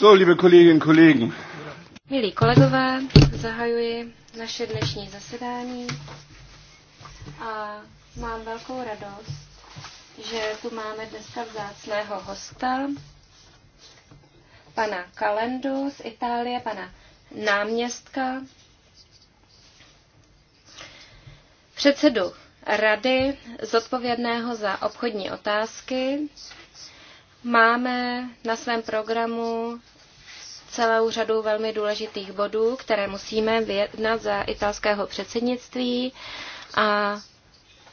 So, liebe Kolleginnen Kollegen. Milí kolegové, zahajuji naše dnešní zasedání a mám velkou radost, že tu máme dneska vzácného hosta, pana Kalendu z Itálie, pana náměstka, předsedu rady zodpovědného za obchodní otázky. Máme na svém programu celou řadu velmi důležitých bodů, které musíme vyjednat za italského předsednictví a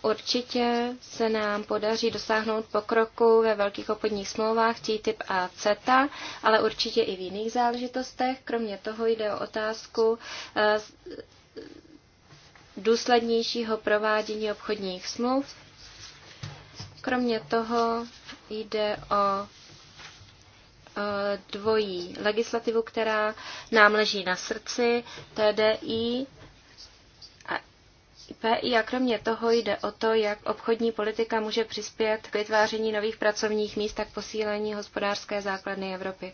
určitě se nám podaří dosáhnout pokroku ve velkých obchodních smlouvách TTIP a CETA, ale určitě i v jiných záležitostech. Kromě toho jde o otázku eh, důslednějšího provádění obchodních smluv. Kromě toho jde o Eh, dvojí legislativu, která nám leží na srdci, TDI a IPI a kromě toho jde o to, jak obchodní politika může přispět k vytváření nových pracovních míst a k posílení hospodářské základny Evropy.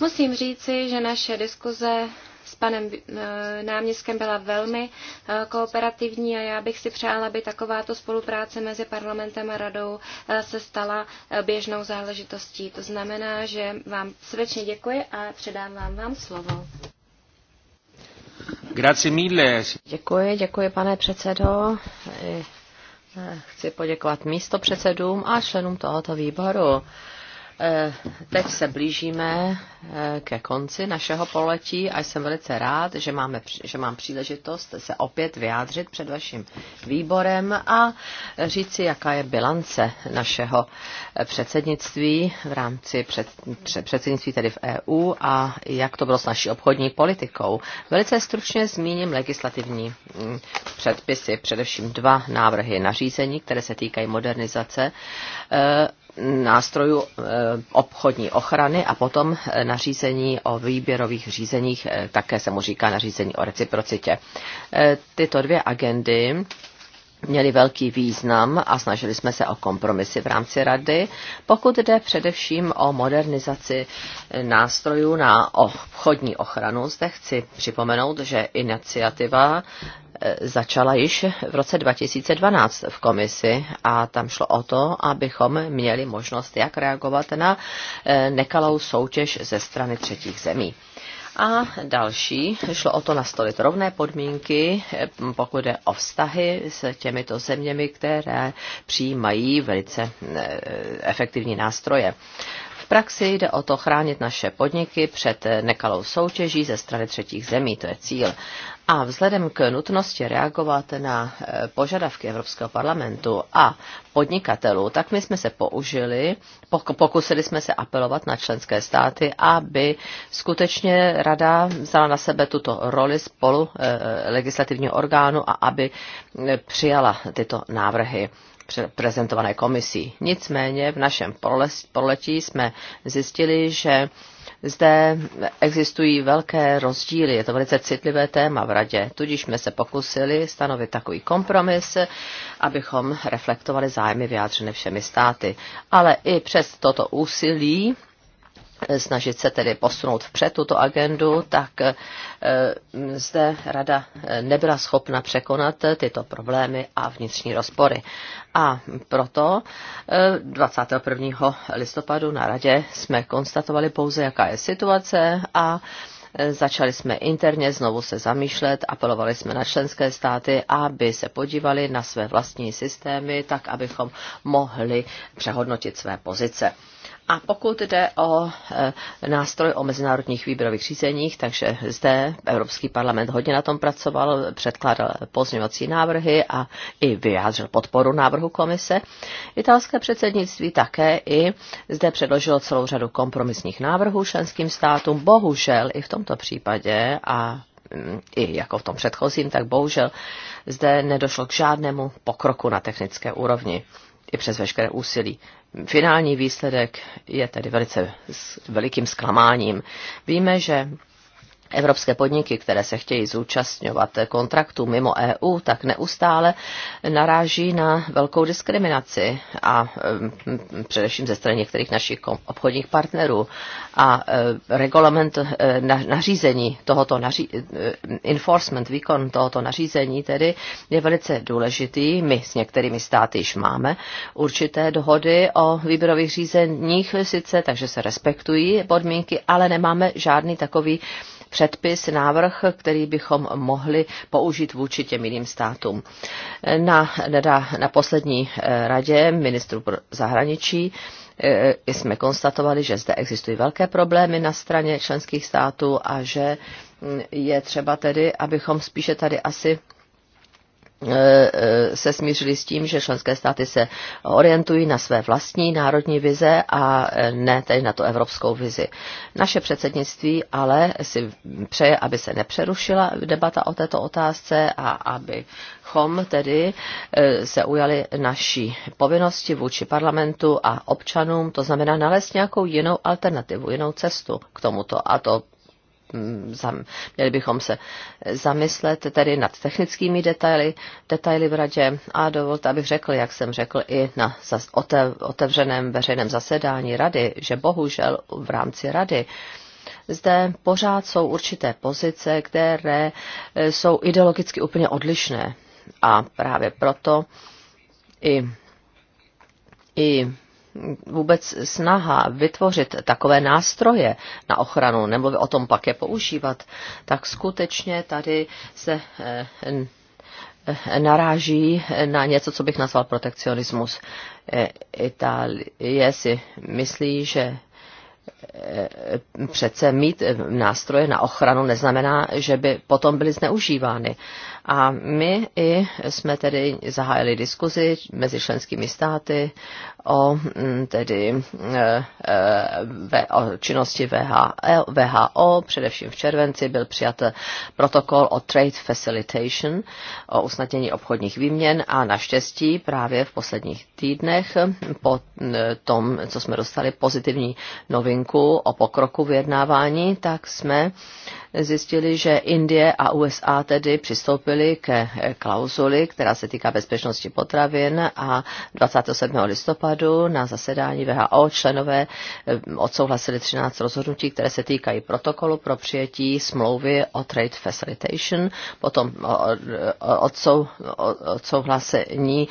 Musím říci, že naše diskuze s panem eh, náměstkem byla velmi eh, kooperativní a já bych si přála, aby takováto spolupráce mezi parlamentem a radou eh, se stala běžnou záležitostí. To znamená, že vám srdečně děkuji a předám vám, vám slovo. Děkuji, děkuji pane předsedo. Chci poděkovat místo předsedům a členům tohoto výboru. Eh, teď se blížíme eh, ke konci našeho poletí a jsem velice rád, že, máme, že mám příležitost se opět vyjádřit před vaším výborem a říci, jaká je bilance našeho eh, předsednictví v rámci před, před, předsednictví tedy v EU a jak to bylo s naší obchodní politikou. Velice stručně zmíním legislativní mm, předpisy, především dva návrhy nařízení, které se týkají modernizace nástrojů eh, obchodní ochrany a potom eh, nařízení o výběrových řízeních, eh, také se mu říká nařízení o reciprocitě. Tyto dvě agendy měly velký význam a snažili jsme se o kompromisy v rámci rady, pokud jde především o modernizaci nástrojů na obchodní ochranu. Zde chci připomenout, že iniciativa začala již v roce 2012 v komisi a tam šlo o to, abychom měli možnost, jak reagovat na eh, nekalou soutěž ze strany třetích zemí. A další, šlo o to nastolit rovné podmínky, eh, pokud jde o vztahy s těmito zeměmi, které přijímají velice eh, efektivní nástroje. V praxi jde o to chránit naše podniky před nekalou soutěží ze strany třetích zemí, to je cíl. A vzhledem k nutnosti reagovat na eh, požadavky Evropského parlamentu a podnikatelů, tak my jsme se použili, pokusili jsme se apelovat na členské státy, aby skutečně Rada vzala na sebe tuto roli spolu eh, legislativního orgánu a aby eh, přijala tyto návrhy prezentované komisí. Nicméně v našem proletí jsme zjistili, že zde existují velké rozdíly, je to velice citlivé téma v radě, tudíž jsme se pokusili stanovit takový kompromis, abychom reflektovali zájmy vyjádřené všemi státy. Ale i přes toto úsilí snažit se tedy posunout vpřed tuto agendu, tak eh, zde rada eh, nebyla schopna překonat eh, tyto problémy a vnitřní rozpory. A proto 21. listopadu na radě jsme konstatovali pouze, jaká je situace a Začali jsme interně znovu se zamýšlet, apelovali jsme na členské státy, aby se podívali na své vlastní systémy, tak abychom mohli přehodnotit své pozice. A pokud jde o eh, nástroj o mezinárodních výběrových řízeních, takže zde Evropský parlament hodně na tom pracoval, předkládal pozměňovací návrhy a i vyjádřil podporu návrhu komise. Italské předsednictví také i zde předložilo celou řadu kompromisních návrhů členským státům. Bohužel i v tomto případě a mm, i jako v tom předchozím, tak bohužel zde nedošlo k žádnému pokroku na technické úrovni i přes veškeré úsilí. Finální výsledek je tedy velice s velikým zklamáním. Víme, že Evropské podniky, které se chtějí zúčastňovat kontraktů mimo EU, tak neustále naráží na velkou diskriminaci a mm, především ze strany některých našich obchodních partnerů. A e, regulament e, nařízení tohoto naří, e, enforcement, výkon tohoto nařízení tedy je velice důležitý. My s některými státy již máme určité dohody o výběrových řízeních sice, takže se respektují podmínky, ale nemáme žádný takový předpis, návrh, který bychom mohli použít vůči těm jiným státům. Na, na, na poslední eh, radě ministru zahraničí eh, jsme konstatovali, že zde existují velké problémy na straně členských států a že hm, je třeba tedy, abychom spíše tady asi E, e, se smířili s tím, že členské státy se orientují na své vlastní národní vize a ne tedy na tu evropskou vizi. Naše předsednictví ale si přeje, aby se nepřerušila debata o této otázce a aby tedy e, se ujali naší povinnosti vůči parlamentu a občanům, to znamená nalézt nějakou jinou alternativu, jinou cestu k tomuto. A to Mm, měli bychom se zamyslet tedy nad technickými detaily, detaily v radě a dovolte, abych řekl, jak jsem řekl i na otevřeném veřejném zasedání rady, že bohužel v rámci rady zde pořád jsou určité pozice, které e, jsou ideologicky úplně odlišné. A právě proto i, i vůbec snaha vytvořit takové nástroje na ochranu, nemluvím o tom pak je používat, tak skutečně tady se eh, eh, naráží na něco, co bych nazval protekcionismus. Eh, Itálie si myslí, že Eh, přece mít eh, nástroje na ochranu neznamená, že by potom byly zneužívány. A my i jsme tedy zahájili diskuzi mezi členskými státy o, mm, tedy, eh, o činnosti VHO. E, Především v červenci byl přijat protokol o trade facilitation, o usnadnění obchodních výměn a naštěstí právě v posledních týdnech po tom, co jsme dostali pozitivní novinku, pokroku, o pokroku vyjednávání, tak jsme zjistili, že Indie a USA tedy přistoupili ke klauzuli, která se týká bezpečnosti potravin a 27. listopadu na zasedání VHO členové eh, odsouhlasili 13 rozhodnutí, které se týkají protokolu pro přijetí smlouvy o trade facilitation, potom odsou, odsouhlasení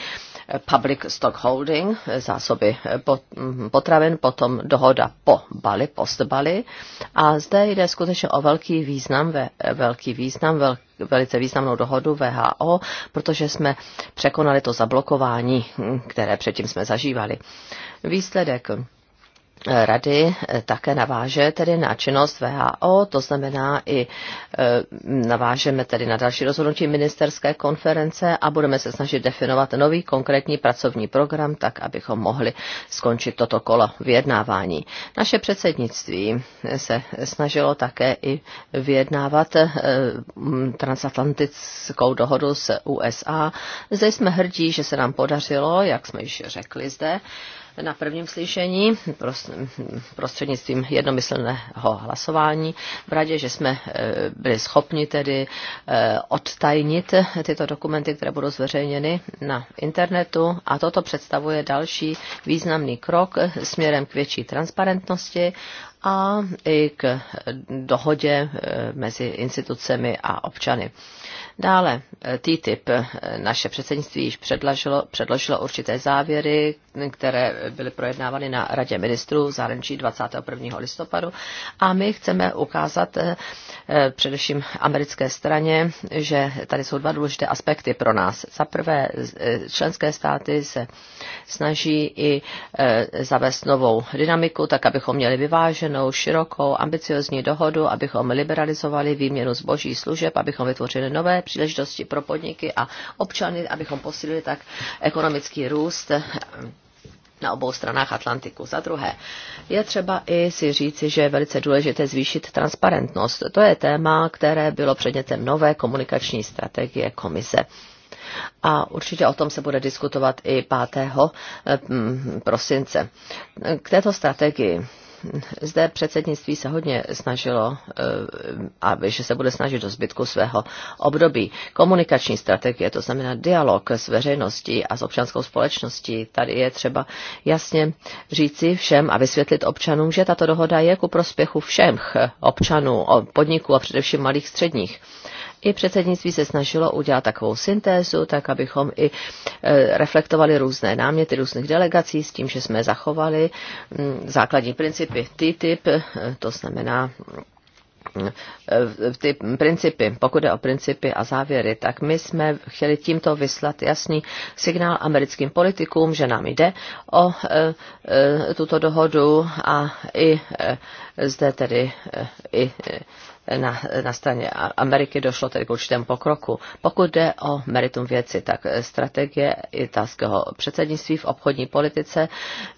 public stock holding, zásoby eh, mm, potravin, potom dohoda po Bali, post Bali. A zde jde skutečně o velký význam, ve, velký význam, vel, velice významnou dohodu VHO, protože jsme překonali to zablokování, které předtím jsme zažívali. Výsledek rady eh, také naváže tedy na činnost VHO, to znamená i eh, navážeme tedy na další rozhodnutí ministerské konference a budeme se snažit definovat nový konkrétní pracovní program, tak abychom mohli skončit toto kolo vyjednávání. Naše předsednictví se snažilo také i vyjednávat eh, transatlantickou dohodu s USA. Zde jsme hrdí, že se nám podařilo, jak jsme již řekli zde, na prvním slyšení prostřednictvím jednomyslného hlasování v radě, že jsme e, byli schopni tedy e, odtajnit tyto dokumenty, které budou zveřejněny na internetu a toto představuje další významný krok směrem k větší transparentnosti a i k dohodě eh, mezi institucemi a občany. Dále eh, TTIP, eh, naše předsednictví již předložilo, předložilo určité závěry, které byly projednávány na Radě ministrů zahraničí 21. listopadu a my chceme ukázat především americké straně, že tady jsou dva důležité aspekty pro nás. Za prvé, členské státy se snaží i zavést novou dynamiku, tak abychom měli vyvážené uzavřenou širokou, ambiciozní dohodu, abychom liberalizovali výměnu zboží služeb, abychom vytvořili nové příležitosti pro podniky a občany, abychom posílili tak ekonomický růst na obou stranách Atlantiku. Za druhé, je třeba i si říci, že je velice důležité zvýšit transparentnost. To je téma, které bylo předmětem nové komunikační strategie komise. A určitě o tom se bude diskutovat i 5. Eh, prosince. K této strategii zde předsednictví se hodně snažilo, eh, aby, že se bude snažit do zbytku svého období. Komunikační strategie, to znamená dialog s veřejností a s občanskou společností. Tady je třeba jasně říci všem a vysvětlit občanům, že tato dohoda je ku prospěchu všech občanů, podniků a především malých středních. I předsednictví se snažilo udělat takovou syntézu, tak abychom i e, reflektovali různé náměty různých delegací s tím, že jsme zachovali mm, základní principy TTIP, e, to znamená mm, e, ty principy, pokud je o principy a závěry, tak my jsme chtěli tímto vyslat jasný signál americkým politikům, že nám jde o e, tuto dohodu a i e, zde tedy e, i na, na straně Ameriky došlo tedy k určitému pokroku. Pokud jde o meritum věci, tak strategie italského předsednictví v obchodní politice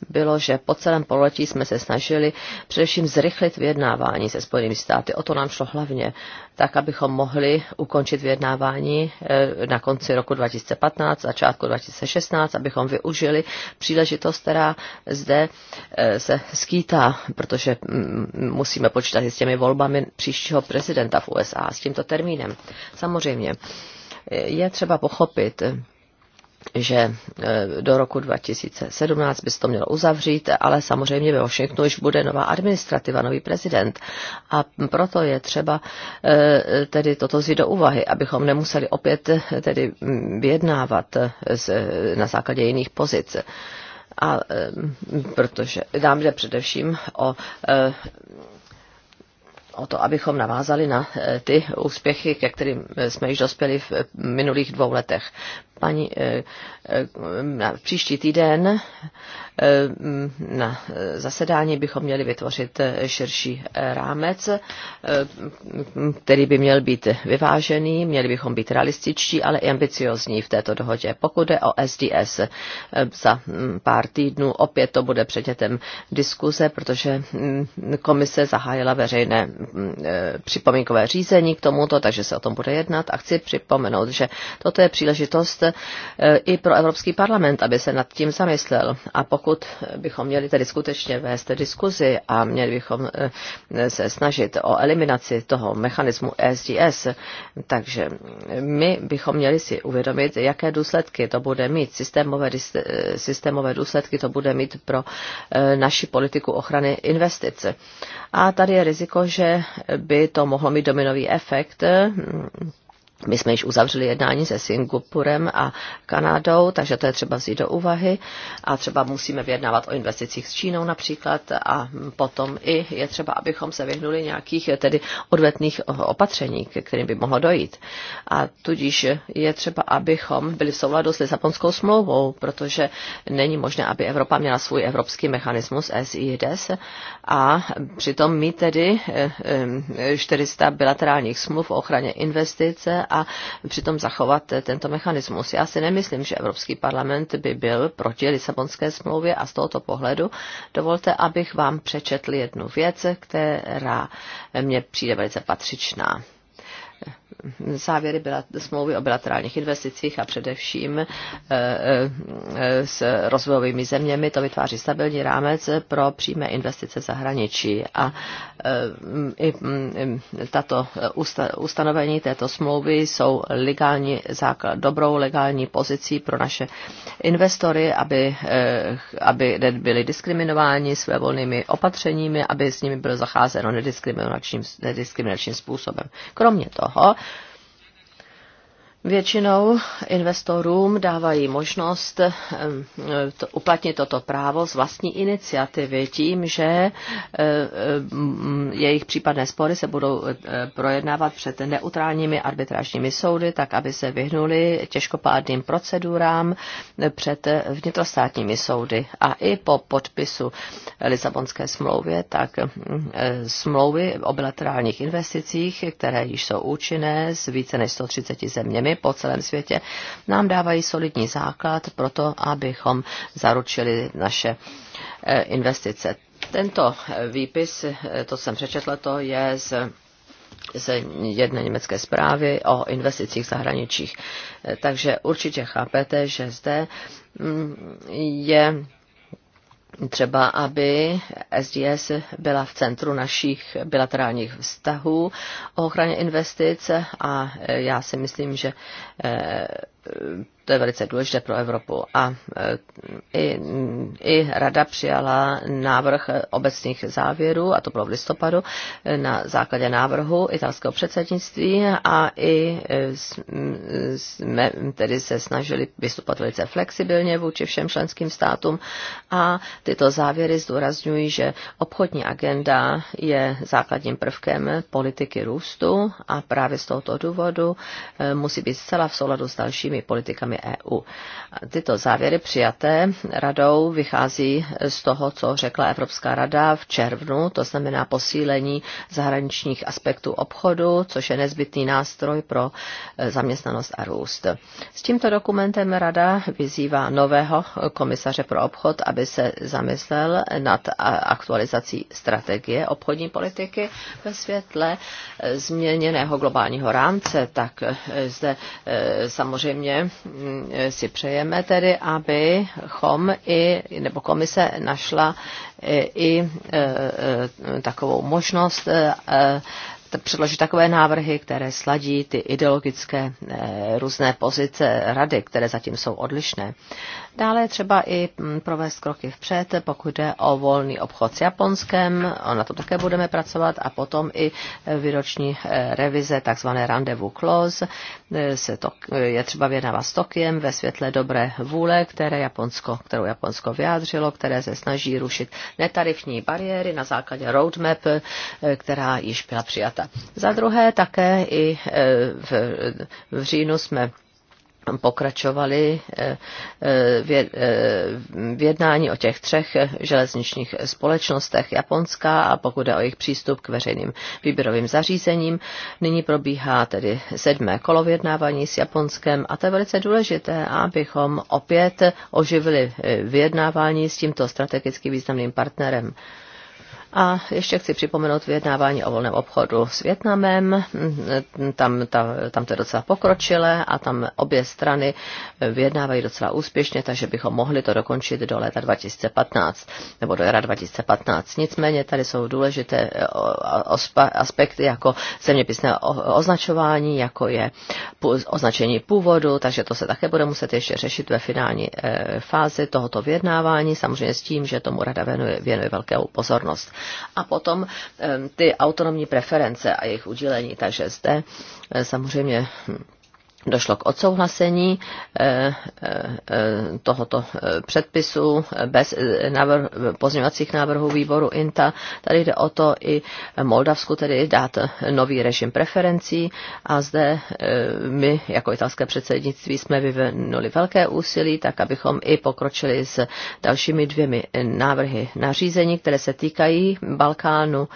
bylo, že po celém pololetí jsme se snažili především zrychlit vyjednávání se Spojenými státy. O to nám šlo hlavně tak abychom mohli ukončit vyjednávání eh, na konci roku 2015, začátku 2016, abychom využili příležitost, která zde eh, se skýtá, protože mm, musíme počítat i s těmi volbami příštího prezidenta v USA, s tímto termínem. Samozřejmě eh, je třeba pochopit, že e, do roku 2017 by se to mělo uzavřít, ale samozřejmě ve Washingtonu už bude nová administrativa, nový prezident. A proto je třeba e, tedy toto vzít do úvahy, abychom nemuseli opět e, tedy vyjednávat na základě jiných pozic a protože dám jde především o, o to, abychom navázali na ty úspěchy, ke kterým jsme již dospěli v minulých dvou letech paní, eh, eh, na příští týden eh, mm, na zasedání bychom měli vytvořit širší rámec, mm, který by měl být vyvážený, měli bychom být realističtí, ale i ambiciozní v této dohodě. Pokud je o SDS, za mm, pár týdnů opět to bude předmětem diskuze, protože komise zahájila veřejné připomínkové řízení k tomuto, takže se o tom bude jednat a chci připomenout, že toto je příležitost E, i pro Evropský parlament, aby se nad tím zamyslel. A pokud bychom měli tedy skutečně vést diskuzi a měli bychom e, se snažit o eliminaci toho mechanismu SDS, takže my bychom měli si uvědomit, jaké důsledky to bude mít, systémové, e, systémové důsledky to bude mít pro naši politiku ochrany investic. A tady je riziko, že by to mohlo mít dominový efekt, my jsme již uzavřeli jednání se Singapurem a Kanadou, takže to je třeba vzít do úvahy. A třeba musíme vyjednávat o investicích s Čínou například a potom i je třeba, abychom se vyhnuli nějakých tedy odvetných opatření, k kterým by mohlo dojít. A tudíž je třeba, abychom byli v souladu s Lisabonskou smlouvou, protože není možné, aby Evropa měla svůj evropský mechanismus SIDS a přitom mít tedy 400 eh, eh, bilaterálních smluv o ochraně investice a přitom zachovat tento mechanismus. Já si nemyslím, že Evropský parlament by byl proti Lisabonské smlouvě a z tohoto pohledu dovolte, abych vám přečetl jednu věc, která mě přijde velice patřičná závěry byla, smlouvy o bilaterálních investicích a především eh, eh, s rozvojovými zeměmi. To vytváří stabilní rámec pro přímé investice zahraničí. A eh, mm, i tato ustanovení této smlouvy jsou legální základ, dobrou legální pozicí pro naše investory, aby, aby byli diskriminováni své volnými opatřeními, aby s nimi bylo zacházeno nediskriminačním, nediskriminačním způsobem. Kromě toho, Většinou investorům dávají možnost eh, uplatnit toto právo z vlastní iniciativy tím, že eh, eh, jejich případné spory se budou projednávat před neutrálními arbitrážními soudy, tak aby se vyhnuli těžkopádným procedurám před vnitrostátními soudy. A i po podpisu Lisabonské smlouvy, tak smlouvy o bilaterálních investicích, které již jsou účinné s více než 130 zeměmi, po celém světě nám dávají solidní základ pro to, abychom zaručili naše eh, investice. Tento eh, výpis, eh, to jsem přečetla, to je z z jedné německé zprávy o investicích v zahraničích. Takže určitě chápete, že zde mm, je třeba, aby SDS byla v centru našich bilaterálních vztahů o ochraně investic a já si myslím, že eh, to je velice důležité pro Evropu. A e, i, i rada přijala návrh obecných závěrů, a to bylo v listopadu, na základě návrhu italského předsednictví a i e, jsme tedy se snažili vystupovat velice flexibilně vůči všem členským státům a tyto závěry zdůrazňují, že obchodní agenda je základním prvkem politiky růstu a právě z tohoto důvodu e, musí být zcela v souladu s dalšími politikami programy EU. Tyto závěry přijaté radou vychází z toho, co řekla Evropská rada v červnu, to znamená posílení zahraničních aspektů obchodu, což je nezbytný nástroj pro eh, zaměstnanost a růst. S tímto dokumentem rada vyzývá nového komisaře pro obchod, aby se zamyslel nad eh, aktualizací strategie obchodní politiky ve světle eh, změněného globálního rámce, tak zde samozřejmě si přejeme tedy, abychom i, nebo komise našla e, i e, e, takovou možnost předložit takové návrhy, které sladí ty ideologické různé pozice rady, které zatím jsou odlišné. Dále je třeba i mm, provést kroky vpřed, pokud jde o volný obchod s Japonskem, na to také budeme pracovat a potom i e, výroční e, revize, takzvané rendezvous clause, e, se to, je třeba vyjednávat s Tokiem ve světle dobré vůle, které Japonsko, kterou Japonsko vyjádřilo, které se snaží rušit netarifní bariéry na základě roadmap, která již byla přijata. Za druhé také i v, v říjnu jsme pokračovali eh, eh, eh, v jednání o těch třech železničních společnostech Japonská a pokud je o jejich přístup k veřejným výběrovým zařízením. Nyní probíhá tedy sedmé kolo vyjednávání s Japonskem a to je velice důležité, abychom opět oživili vyjednávání s tímto strategicky významným partnerem. A ještě chci připomenout vyjednávání o volném obchodu s Větnamem. Tam, ta, tam to je docela pokročilé a tam obě strany vyjednávají docela úspěšně, takže bychom mohli to dokončit do léta 2015 nebo do jara 2015. Nicméně tady jsou důležité eh, aspekty jako zeměpisné označování, jako je označení původu, takže to se také bude muset ještě řešit ve finální eh, fázi tohoto vyjednávání, samozřejmě s tím, že tomu rada věnuje, věnuje velkou pozornost a potom ty autonomní preference a jejich udělení. Takže zde samozřejmě hm, došlo k odsouhlasení eh, eh, eh, tohoto předpisu bez návrh, pozměňovacích návrhů výboru INTA. Tady jde o to i Moldavsku tedy dát nový režim preferencí a zde my jako italské předsednictví jsme vyvinuli velké úsilí, tak abychom i pokročili s dalšími dvěmi návrhy nařízení, které se týkají Balkánu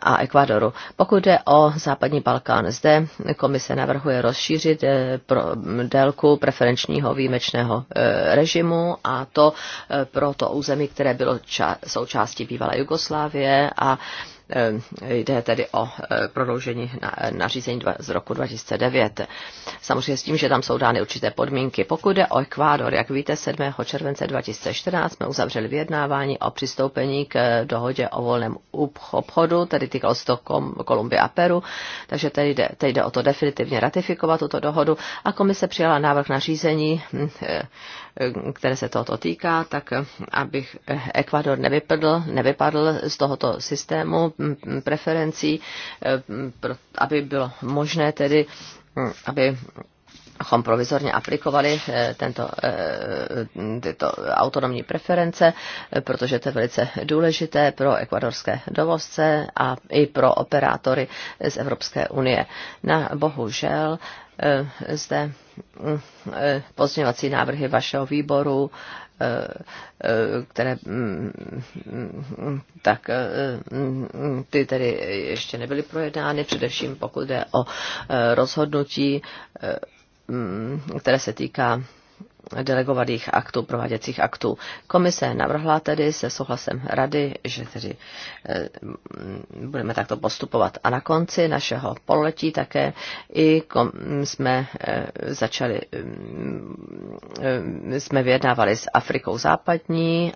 a Ekvadoru. Pokud jde o západní Balkán, zde komise navrhuje rozšířit pro délku preferenčního výjimečného e, režimu a to e, pro to území, které bylo součástí bývalé Jugoslávie a Eh, jde tedy o eh, prodloužení eh, nařízení z roku 2009. Samozřejmě s tím, že tam jsou dány určité podmínky. Pokud jde o Ekvádor, jak víte, 7. července 2014 jsme uzavřeli vyjednávání o přistoupení k dohodě o volném obchodu, tedy týkalo se to Kolumbie a Peru, takže teď jde, teď jde o to definitivně ratifikovat tuto dohodu a komise přijala návrh nařízení hm, které se tohoto týká, tak abych Ekvador nevypadl, nevypadl z tohoto systému preferencí, aby bylo možné tedy, aby abychom provizorně aplikovali eh, tento, eh, tyto autonomní preference, eh, protože to je velice důležité pro ekvadorské dovozce a i pro operátory z Evropské unie. Na bohužel zde mm, pozměňovací návrhy vašeho výboru, které mm, mm, tak ty tedy ještě nebyly projednány, především pokud jde o rozhodnutí Mm, které se týká delegovaných aktů, prováděcích aktů. Komise navrhla tedy se souhlasem rady, že tedy eh, budeme takto postupovat. A na konci našeho poletí také i jsme eh, začali, mm, eh, jsme vyjednávali s Afrikou západní,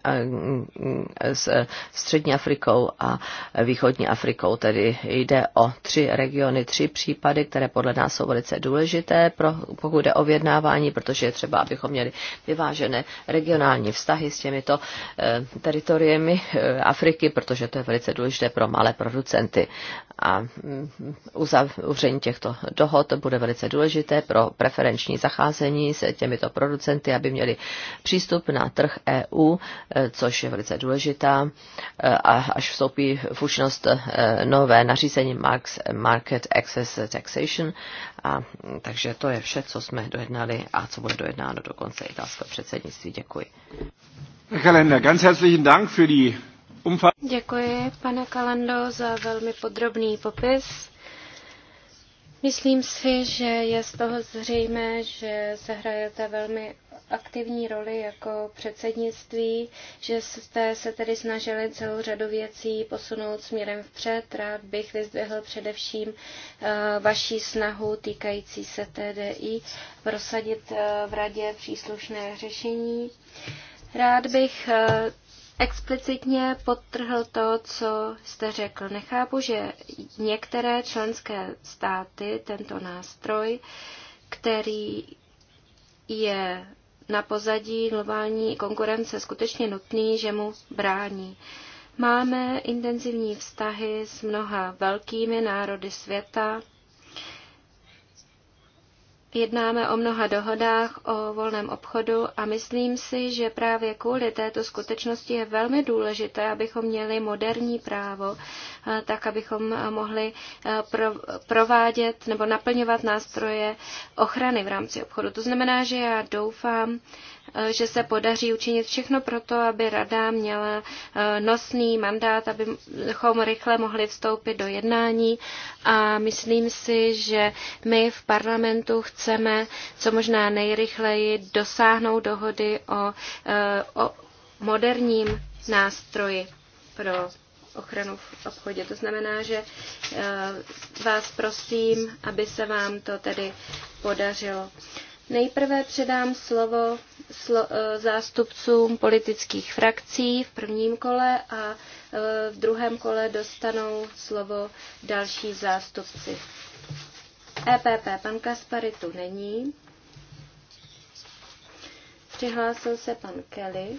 s střední Afrikou a východní Afrikou. Tedy jde o tři regiony, tři případy, které podle nás jsou velice důležité, pro, pokud jde o vyjednávání, protože je třeba, abychom měli měli vyvážené regionální vztahy s těmito eh, teritoriemi eh, Afriky, protože to je velice důležité pro malé producenty a mm, uzavření těchto dohod bude velice důležité pro preferenční zacházení se těmito producenty, aby měli přístup na trh EU, e, což je velice důležitá. E, a až vstoupí v účinnost e, nové nařízení Market Access Taxation, a, mm, takže to je vše, co jsme dojednali a co bude dojednáno do konce italského předsednictví. Děkuji. Herr Kalender, ganz herzlichen Dank für die Děkuji, pane Kalando, za velmi podrobný popis. Myslím si, že je z toho zřejmé, že zahrajete velmi aktivní roli jako předsednictví, že jste se tedy snažili celou řadu věcí posunout směrem vpřed. Rád bych vyzdvihl především eh, vaší snahu týkající se TDI prosadit eh, v radě příslušné řešení. Rád bych eh, explicitně podtrhl to, co jste řekl. Nechápu, že některé členské státy tento nástroj, který je na pozadí globální konkurence skutečně nutný, že mu brání. Máme intenzivní vztahy s mnoha velkými národy světa, jednáme o mnoha dohodách o volném obchodu a myslím si, že právě kvůli této skutečnosti je velmi důležité, abychom měli moderní právo, eh, tak abychom mohli eh, provádět nebo naplňovat nástroje ochrany v rámci obchodu. To znamená, že já doufám, Eh, že se podaří učinit všechno pro to, aby rada měla eh, nosný mandát, abychom rychle mohli vstoupit do jednání a myslím si, že my v parlamentu chceme co možná nejrychleji dosáhnout dohody o, eh, o moderním nástroji pro ochranu v obchodě. To znamená, že vás prosím, aby se vám to tedy podařilo. Nejprve předám slovo slo, eh, zástupcům politických frakcí v prvním kole a eh, v druhém kole dostanou slovo další zástupci. EPP, pan Kaspary tu není. Přihlásil se pan Kelly.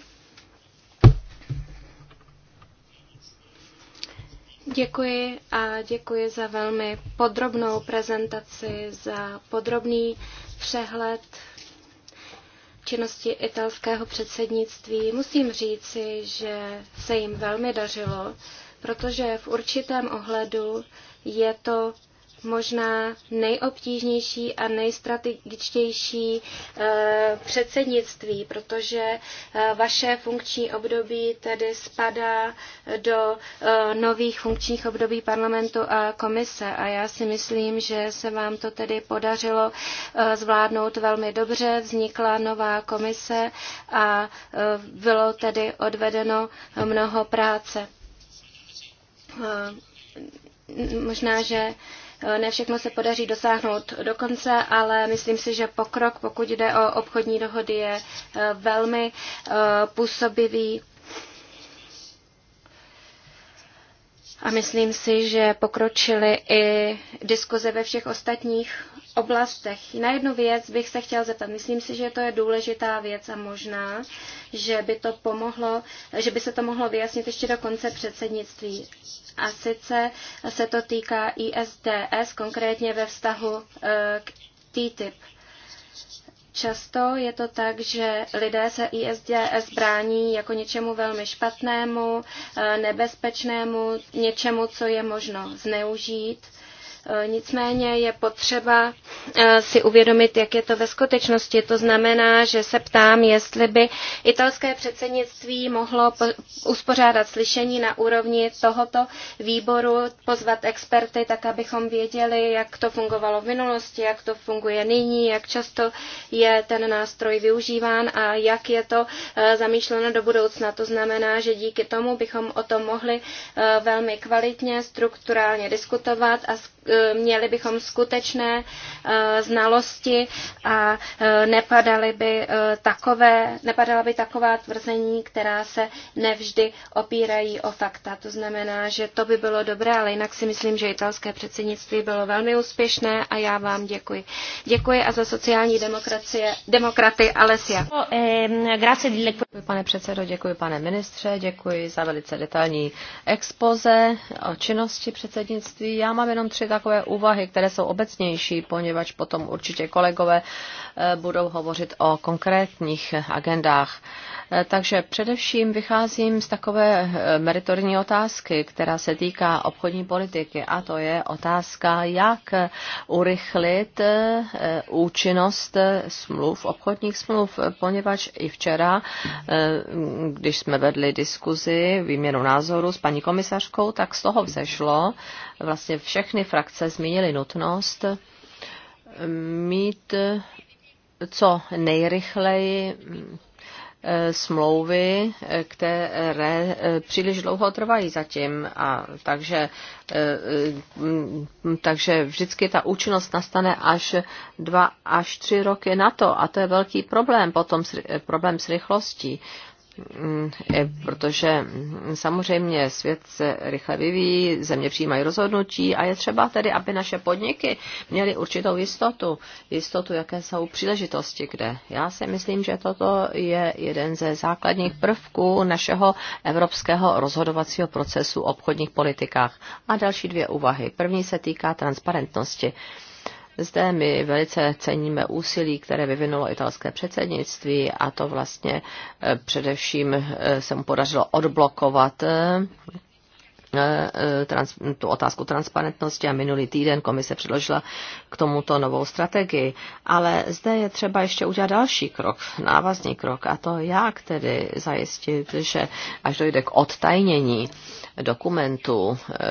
Děkuji a děkuji za velmi podrobnou prezentaci, za podrobný přehled činnosti italského předsednictví. Musím říci, že se jim velmi dařilo, protože v určitém ohledu je to možná nejobtížnější a nejstrategičtější eh, předsednictví, protože eh, vaše funkční období tedy spadá do eh, nových funkčních období parlamentu a komise. A já si myslím, že se vám to tedy podařilo zvládnout velmi dobře. Vznikla nová komise a bylo tedy odvedeno mnoho práce možná, že Eh, ne všechno se podaří dosáhnout do konce, ale myslím si, že pokrok, pokud jde o obchodní dohody, je eh, velmi eh, působivý. A myslím si, že pokročily i diskuze ve všech ostatních oblastech. Na jednu věc bych se chtěl zeptat. Myslím si, že to je důležitá věc a možná, že by, to pomohlo, že by se to mohlo vyjasnit ještě do konce předsednictví. A sice se to týká ISDS, konkrétně ve vztahu e, k TTIP. Často je to tak, že lidé se ISDS brání jako něčemu velmi špatnému, e, nebezpečnému, něčemu, co je možno zneužít Eh, nicméně je potřeba eh, si uvědomit, jak je to ve skutečnosti. To znamená, že se ptám, jestli by italské předsednictví mohlo uspořádat slyšení na úrovni tohoto výboru, pozvat experty, tak abychom věděli, jak to fungovalo v minulosti, jak to funguje nyní, jak často je ten nástroj využíván a jak je to eh, zamýšleno do budoucna. To znamená, že díky tomu bychom o tom mohli velmi kvalitně, strukturálně diskutovat a E, měli bychom skutečné e, znalosti a e, nepadaly by takové, nepadala by taková tvrzení, která se nevždy opírají o fakta. To znamená, že to by bylo dobré, ale jinak si myslím, že italské předsednictví bylo velmi úspěšné a já vám děkuji. Děkuji a za sociální demokracie, demokraty Alessia. Děkuji, pane předsedo, děkuji, pane ministře, děkuji za velice detailní expoze o činnosti předsednictví. Já mám jenom tři tak takové úvahy, které jsou obecnější, poněvadž potom určitě kolegové eh, budou hovořit o konkrétních agendách. Eh, takže především vycházím z takové eh, meritorní otázky, která se týká obchodní politiky a to je otázka, jak eh, urychlit účinnost smluv, obchodních smluv, poněvadž i včera, když jsme vedli diskuzi, výměnu názoru s paní komisařkou, tak z toho vzešlo, vlastně všechny frakce zmínily nutnost mít co nejrychleji mm, smlouvy, eh, které eh, příliš dlouho trvají zatím. A takže, eh, mm, takže vždycky ta účinnost nastane až dva až tři roky na to a to je velký problém potom s, problém s rychlostí. Mm, protože mm, samozřejmě svět se rychle vyvíjí, země přijímají rozhodnutí a je třeba tedy, aby naše podniky měly určitou jistotu, jistotu, jaké jsou příležitosti, kde. Já si myslím, že toto je jeden ze základních prvků našeho evropského rozhodovacího procesu o obchodních politikách. A další dvě úvahy. První se týká transparentnosti. Zde my velice ceníme úsilí, které vyvinulo italské předsednictví a to vlastně eh, především eh, se mu podařilo odblokovat eh, Eh, eh, trans, tu otázku transparentnosti a minulý týden komise předložila k tomuto novou strategii. Ale zde je třeba ještě udělat další krok, návazný krok, a to jak tedy zajistit, že až dojde k odtajnění dokumentu, eh,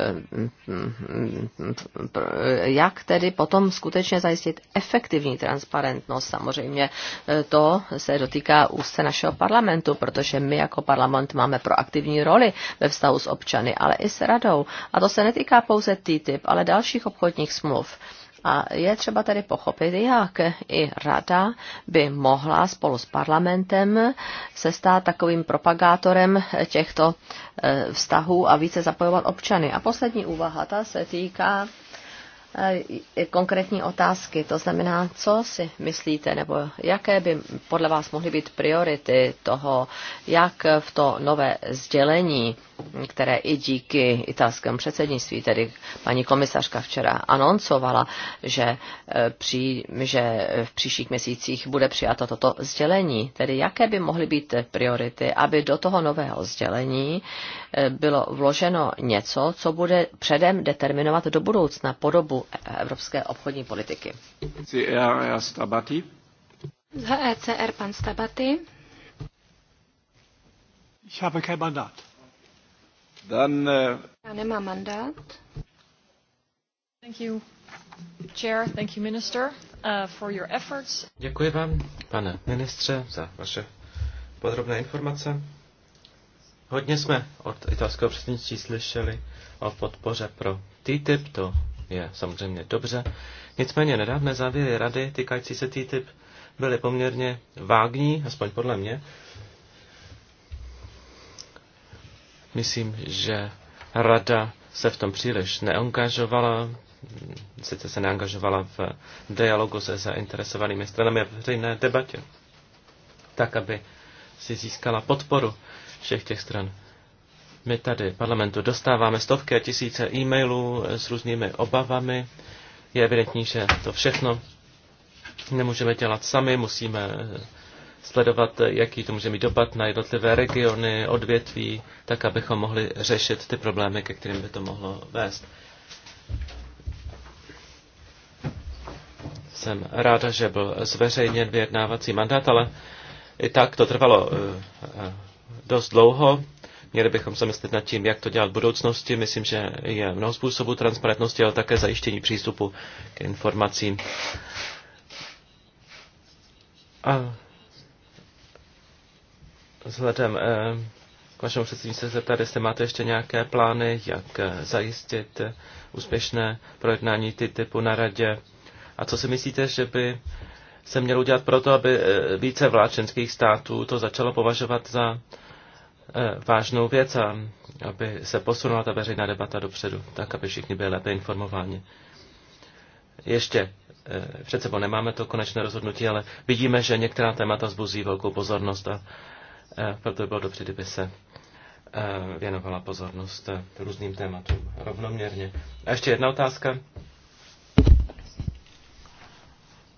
jak tedy potom skutečně zajistit efektivní transparentnost. Samozřejmě to se dotýká úzce našeho parlamentu, protože my jako parlament máme proaktivní roli ve vztahu s občany, ale i s radou. A to se netýká pouze TTIP, ale dalších obchodních smluv. A je třeba tady pochopit, jak i rada by mohla spolu s parlamentem se stát takovým propagátorem těchto eh, vztahů a více zapojovat občany. A poslední úvaha, ta se týká eh, konkrétní otázky, to znamená, co si myslíte, nebo jaké by podle vás mohly být priority toho, jak v to nové sdělení které i díky italskému předsednictví, tedy paní komisařka včera anoncovala, že, eh, při, že v příštích měsících bude přijato toto sdělení. Tedy jaké by mohly být priority, aby do toho nového sdělení eh, bylo vloženo něco, co bude předem determinovat do budoucna podobu evropské obchodní politiky. Za ECR pan Stabaty. Ich habe kein Mandat. Then, eh, Já nemám mandát. Thank you, Chair, thank you, Minister, uh, for your efforts. Děkuji vám, pane ministře, za vaše podrobné informace. Hodně jsme od italského předsednictví slyšeli o podpoře pro TTIP, to je samozřejmě dobře. Nicméně nedávné závěry rady týkající se TTIP byly poměrně vágní, aspoň podle mě. Myslím, že rada se v tom příliš neangažovala, sice se neangažovala v dialogu se zainteresovanými stranami a veřejné debatě, tak, aby si získala podporu všech těch stran. My tady v parlamentu dostáváme stovky a tisíce e-mailů s různými obavami. Je evidentní, že to všechno nemůžeme dělat sami, musíme sledovat, jaký to může mít dopad na jednotlivé regiony, odvětví, tak abychom mohli řešit ty problémy, ke kterým by to mohlo vést. Jsem ráda, že byl zveřejněn vyjednávací mandát, ale i tak to trvalo eh, eh, dost dlouho. Měli bychom se myslet nad tím, jak to dělat v budoucnosti. Myslím, že je mnoho způsobů transparentnosti, ale také zajištění přístupu k informacím. A vzhledem eh, k vašemu předsednictví se zeptat, jestli máte ještě nějaké plány, jak eh, zajistit eh, úspěšné projednání ty typu na radě. A co si myslíte, že by se mělo udělat to, aby více členských států to začalo považovat za vážnou věc a aby se posunula ta veřejná debata dopředu, tak aby všichni byli lépe informováni. Ještě před sebou nemáme to konečné rozhodnutí, ale vidíme, že některá témata zbuzí velkou pozornost a Eh, proto by bylo dobře, kdyby se eh, věnovala pozornost eh, různým tématům rovnoměrně. A ještě jedna otázka.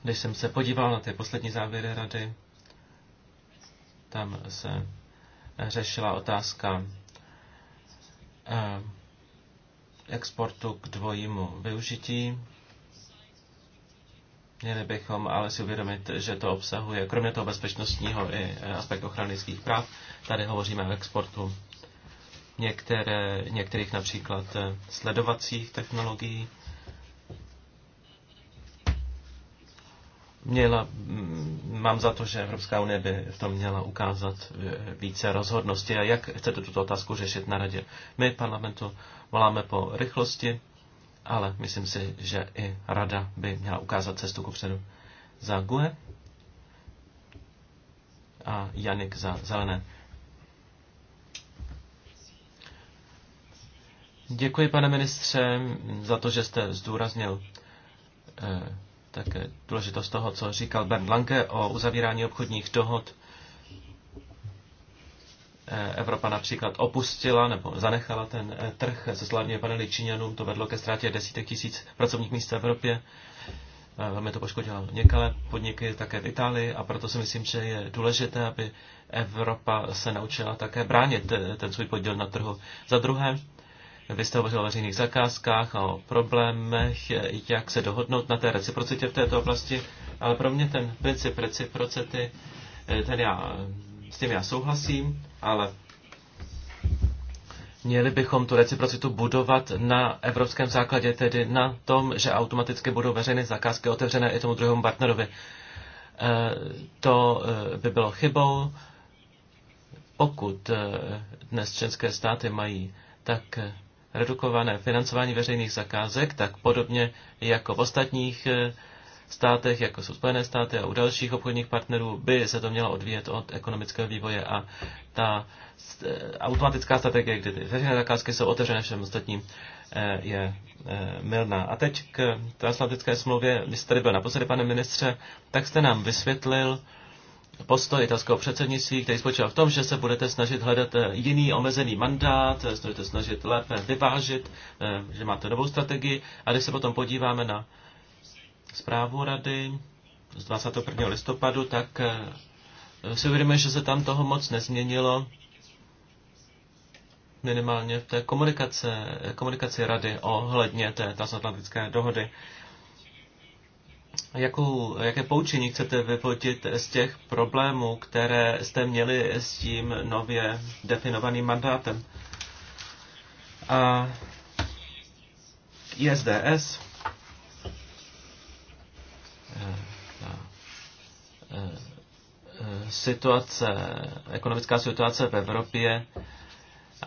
Když jsem se podíval na ty poslední závěry rady, tam se řešila otázka exportu k dvojímu využití Měli bychom ale si uvědomit, že to obsahuje, kromě toho bezpečnostního, i eh, aspekt ochrany lidských práv. Tady hovoříme o exportu některé, některých například eh, sledovacích technologií. Měla, mm, mám za to, že Evropská unie by v tom měla ukázat eh, více rozhodnosti a jak chcete tuto otázku řešit na radě. My parlamentu voláme po rychlosti, ale myslím si, že i rada by měla ukázat cestu předu za GUE a Janik za zelené. Děkuji, pane ministře, za to, že jste zdůraznil eh, také důležitost toho, co říkal Bernd Lanke o uzavírání obchodních dohod Eh, Evropa například opustila nebo zanechala ten eh, trh se solárními panely Číňanům, to vedlo ke ztrátě desítek tisíc pracovních míst v Evropě. Eh, velmi to poškodilo Některé podniky také v Itálii a proto si myslím, že je důležité, aby Evropa se naučila také bránit ten svůj podíl na trhu. Za druhé, vy jste hovořil o veřejných zakázkách a o problémech, jak se dohodnout na té reciprocitě v této oblasti, ale pro mě ten princip reciprocity, ten já s tím já souhlasím, ale měli bychom tu reciprocitu budovat na evropském základě, tedy na tom, že automaticky budou veřejné zakázky otevřené i tomu druhému partnerovi. Eh, to eh, by bylo chybou. Pokud eh, dnes členské státy mají tak redukované financování veřejných zakázek, tak podobně jako v ostatních státech, jako jsou Spojené státy a u dalších obchodních partnerů, by se to mělo odvíjet od ekonomického vývoje a ta eh, automatická strategie, kdy ty veřejné zakázky jsou otevřené všem ostatním, eh, je eh, milná. A teď k transatlantické smlouvě. Vy jste tady byl naposledy, pane ministře, tak jste nám vysvětlil postoj italského předsednictví, který spočíval v tom, že se budete snažit hledat jiný omezený mandát, budete snažit lépe vyvážit, že máte novou strategii. A když se potom podíváme na zprávu rady z 21. listopadu, tak eh, si uvědomujeme, že se tam toho moc nezměnilo, minimálně v té komunikace, komunikaci rady ohledně té transatlantické dohody. Jakou, jaké poučení chcete vyvodit z těch problémů, které jste měli s tím nově definovaným mandátem? A ISDS, situace, ekonomická situace v Evropě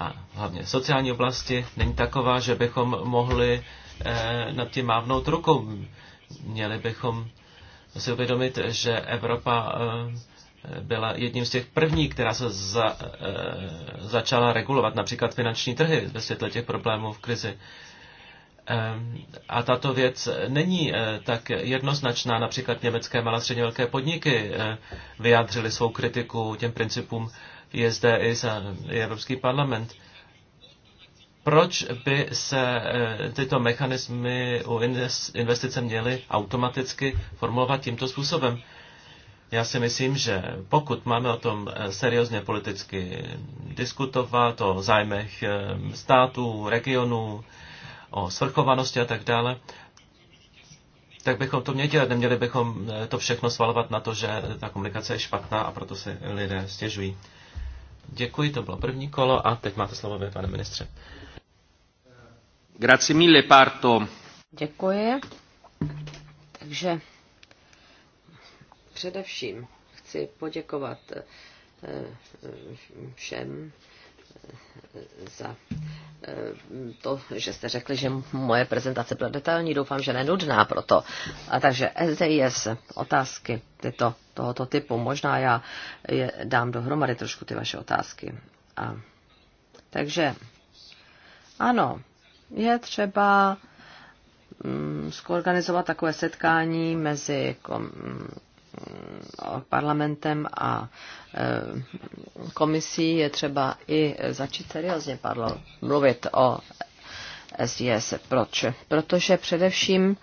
a hlavně v sociální oblasti není taková, že bychom mohli eh, nad tím mávnout rukou. Měli bychom si uvědomit, že Evropa eh, byla jedním z těch prvních, která se za, eh, začala regulovat, například finanční trhy ve světle těch problémů v krizi. Ehm, a tato věc není eh, tak jednoznačná. Například německé malé středně velké podniky eh, vyjádřily svou kritiku těm principům je zde i, za, Evropský parlament. Proč by se eh, tyto mechanismy u investice měly automaticky formulovat tímto způsobem? Já si myslím, že pokud máme o tom seriózně politicky diskutovat, o zájmech států, regionů, o svrchovanosti a tak dále, tak bychom to měli dělat. Neměli bychom eh, to všechno svalovat na to, že ta komunikace je špatná a proto se lidé stěžují. Děkuji, to bylo první kolo a teď máte slovo vy, pane ministře. Grazie mille, parto. Děkuji. Takže především chci poděkovat eh, eh, všem za eh, to, že jste řekli, že moje prezentace byla detailní, doufám, že nenudná proto. A takže SDIS, otázky tyto, tohoto typu, možná já je dám dohromady trošku ty vaše otázky. A, takže ano, je třeba mm, zorganizovat takové setkání mezi kom, Eh, parlamentem a eh, komisí je třeba i začít seriózně mluvit o SIS. Proč? Protože především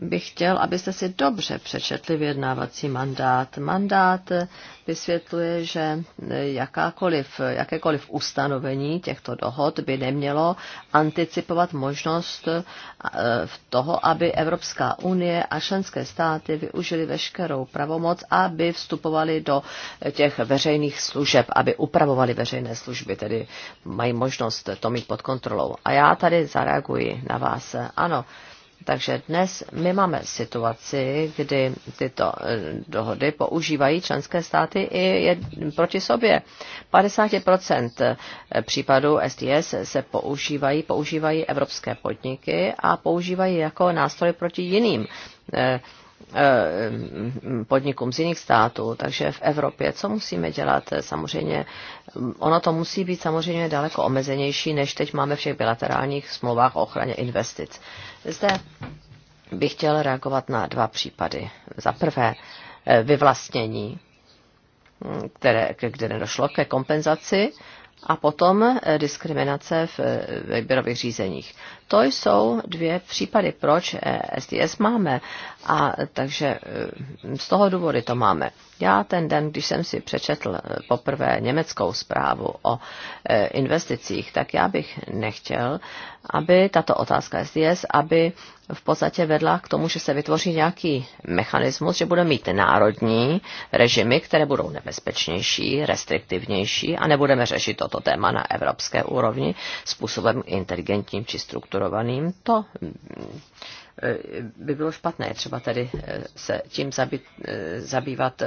bych chtěl, abyste si dobře přečetli vyjednávací mandát. Mandát vysvětluje, že jakákoliv, jakékoliv ustanovení těchto dohod by nemělo anticipovat možnost eh, v toho, aby Evropská unie a členské státy využili veškerou pravomoc, aby vstupovali do těch veřejných služeb, aby upravovali veřejné služby, tedy mají možnost to mít pod kontrolou. A já tady zareaguji na vás. Ano, takže dnes my máme situaci, kdy tyto eh, dohody používají členské státy i proti sobě. 50% eh, případů STS se používají, používají evropské podniky a používají jako nástroj proti jiným eh, podnikům z jiných států. Takže v Evropě, co musíme dělat? Samozřejmě, mm, ono to musí být samozřejmě daleko omezenější, než teď máme v těch bilaterálních smlouvách o ochraně investic. Zde bych chtěl reagovat na dva případy. Za prvé eh, vyvlastnění, mm, které, kde nedošlo ke kompenzaci a potom eh, diskriminace v eh, výběrových řízeních. To jsou dvě případy, proč SDS eh, máme a takže z toho důvody to máme. Já ten den, když jsem si přečetl poprvé německou zprávu o investicích, tak já bych nechtěl, aby tato otázka SDS, aby v podstatě vedla k tomu, že se vytvoří nějaký mechanismus, že budeme mít národní režimy, které budou nebezpečnější, restriktivnější a nebudeme řešit toto téma na evropské úrovni způsobem inteligentním či strukturovaným. To mm, e, by bylo špatné, třeba tedy e, se tím e, zabývat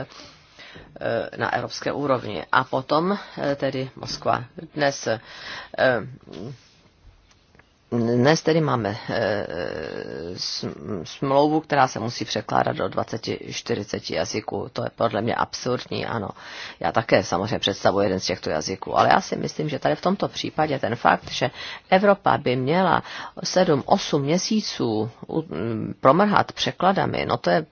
na evropské úrovni. A potom tedy Moskva dnes dnes tedy máme eh, smlouvu, která se musí překládat do 20-40 jazyků. To je podle mě absurdní, ano. Já také samozřejmě představuji jeden z těchto jazyků, ale já si myslím, že tady v tomto případě ten fakt, že Evropa by měla 7-8 měsíců promrhat překladami, no to je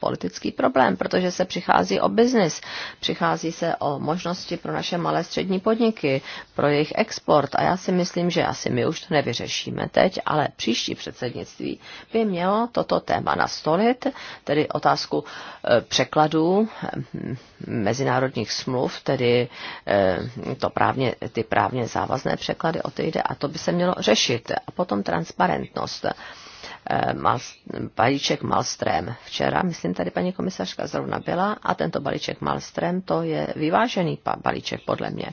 politický problém, protože se přichází o biznis, přichází se o možnosti pro naše malé střední podniky, pro jejich export a já si myslím, že asi my už to nevyřešíme teď, ale příští předsednictví by mělo toto téma nastolit, tedy otázku eh, překladů hm, mezinárodních smluv, tedy eh, to právně, ty právně závazné překlady, o to jde a to by se mělo řešit. A potom transparentnost. Eh, balíček Malstrem. Včera, myslím, tady paní komisařka zrovna byla a tento balíček Malstrem, to je vyvážený balíček podle mě.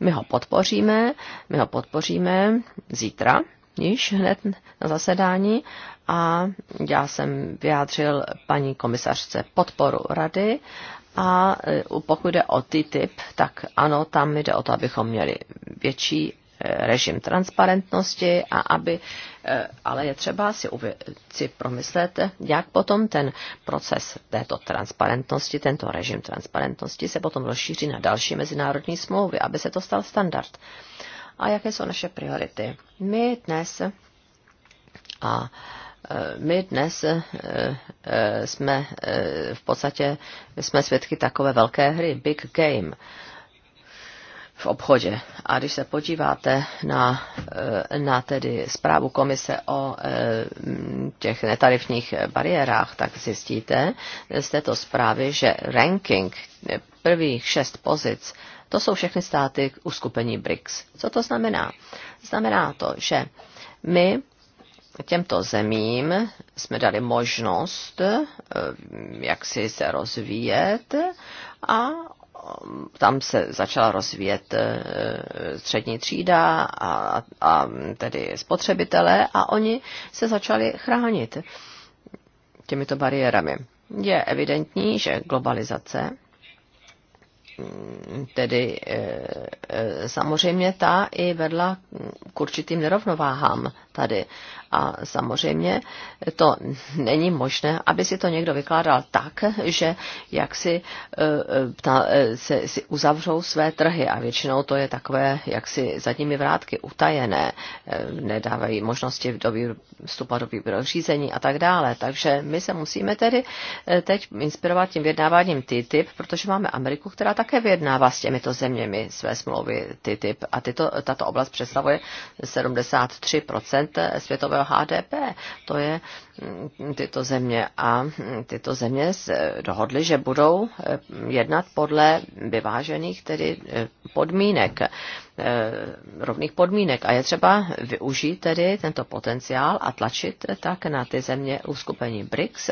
My ho podpoříme, my ho podpoříme zítra, již hned na zasedání a já jsem vyjádřil paní komisařce podporu rady a eh, pokud jde o ty typ, tak ano, tam jde o to, abychom měli větší Eh, režim transparentnosti a aby, eh, ale je třeba si, uvě, si promyslet, jak potom ten proces této transparentnosti, tento režim transparentnosti se potom rozšíří na další mezinárodní smlouvy, aby se to stal standard. A jaké jsou naše priority? My dnes a eh, my dnes jsme v podstatě jsme svědky takové velké hry, big game v obchodě. A když se podíváte na, eh, na tedy zprávu komise o eh, těch netarifních bariérách, tak zjistíte z této zprávy, že ranking prvních šest pozic, to jsou všechny státy k uskupení BRICS. Co to znamená? Znamená to, že my těmto zemím jsme dali možnost, eh, jak si se rozvíjet a tam se začala rozvíjet eh, střední třída a, a tedy spotřebitelé a oni se začali chránit těmito bariérami. Je evidentní, že globalizace, mm, tedy eh, eh, samozřejmě ta i vedla k určitým nerovnováhám tady. A samozřejmě to není možné, aby si to někdo vykládal tak, že jak si, e, e, ta, e, se, si uzavřou své trhy a většinou to je takové, jak si zadními vrátky utajené, nedávají možnosti do vstupa do řízení a tak dále. Takže my se musíme tedy teď inspirovat tím vyjednáváním TTIP, protože máme Ameriku, která také vyjednává s těmito zeměmi své smlouvy TTIP a tyto, tato oblast představuje 73% světového HDP. To je mm, tyto země. A mm, tyto země se eh, dohodly, že budou eh, jednat podle vyvážených tedy eh, podmínek, rovných podmínek. A je třeba využít tedy tento potenciál a tlačit tak na ty země uskupení BRICS,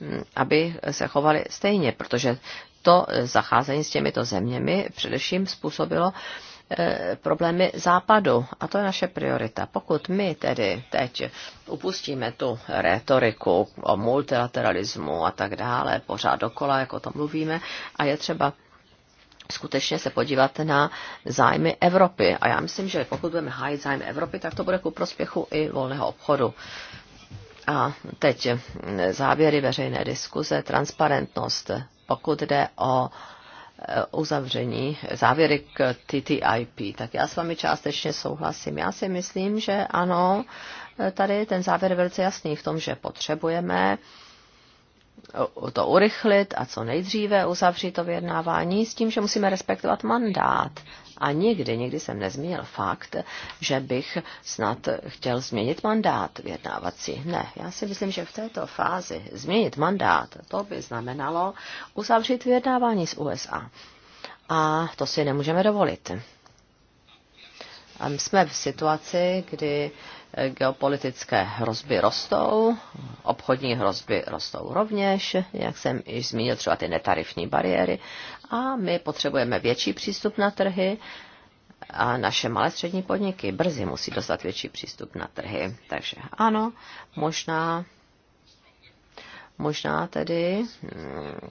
mm, aby se chovali stejně, protože to zacházení s těmito zeměmi především způsobilo uh, Eh, problémy západu. A to je naše priorita. Pokud my tedy teď upustíme tu retoriku o multilateralismu a tak dále, pořád dokola, jak o tom mluvíme, a je třeba skutečně se podívat na zájmy Evropy. A já myslím, že pokud budeme hájit zájmy Evropy, tak to bude ku prospěchu i volného obchodu. A teď závěry veřejné diskuze, transparentnost, pokud jde o uh, Eh, uzavření, závěry k TTIP. Tak já s vámi částečně souhlasím. Já si myslím, že ano, eh, tady ten závěr je velice jasný v tom, že potřebujeme to urychlit a co nejdříve uzavřít to vyjednávání s tím, že musíme respektovat mandát a nikdy, nikdy jsem nezmínil fakt, že bych snad chtěl změnit mandát vyjednávací. Ne, já si myslím, že v této fázi změnit mandát, to by znamenalo uzavřít vyjednávání s USA. A to si nemůžeme dovolit. A jsme v situaci, kdy geopolitické hrozby rostou, obchodní hrozby rostou rovněž, jak jsem již zmínil, třeba ty netarifní bariéry. A my potřebujeme větší přístup na trhy a naše malé střední podniky brzy musí dostat větší přístup na trhy. Takže ano, možná, možná tedy hmm,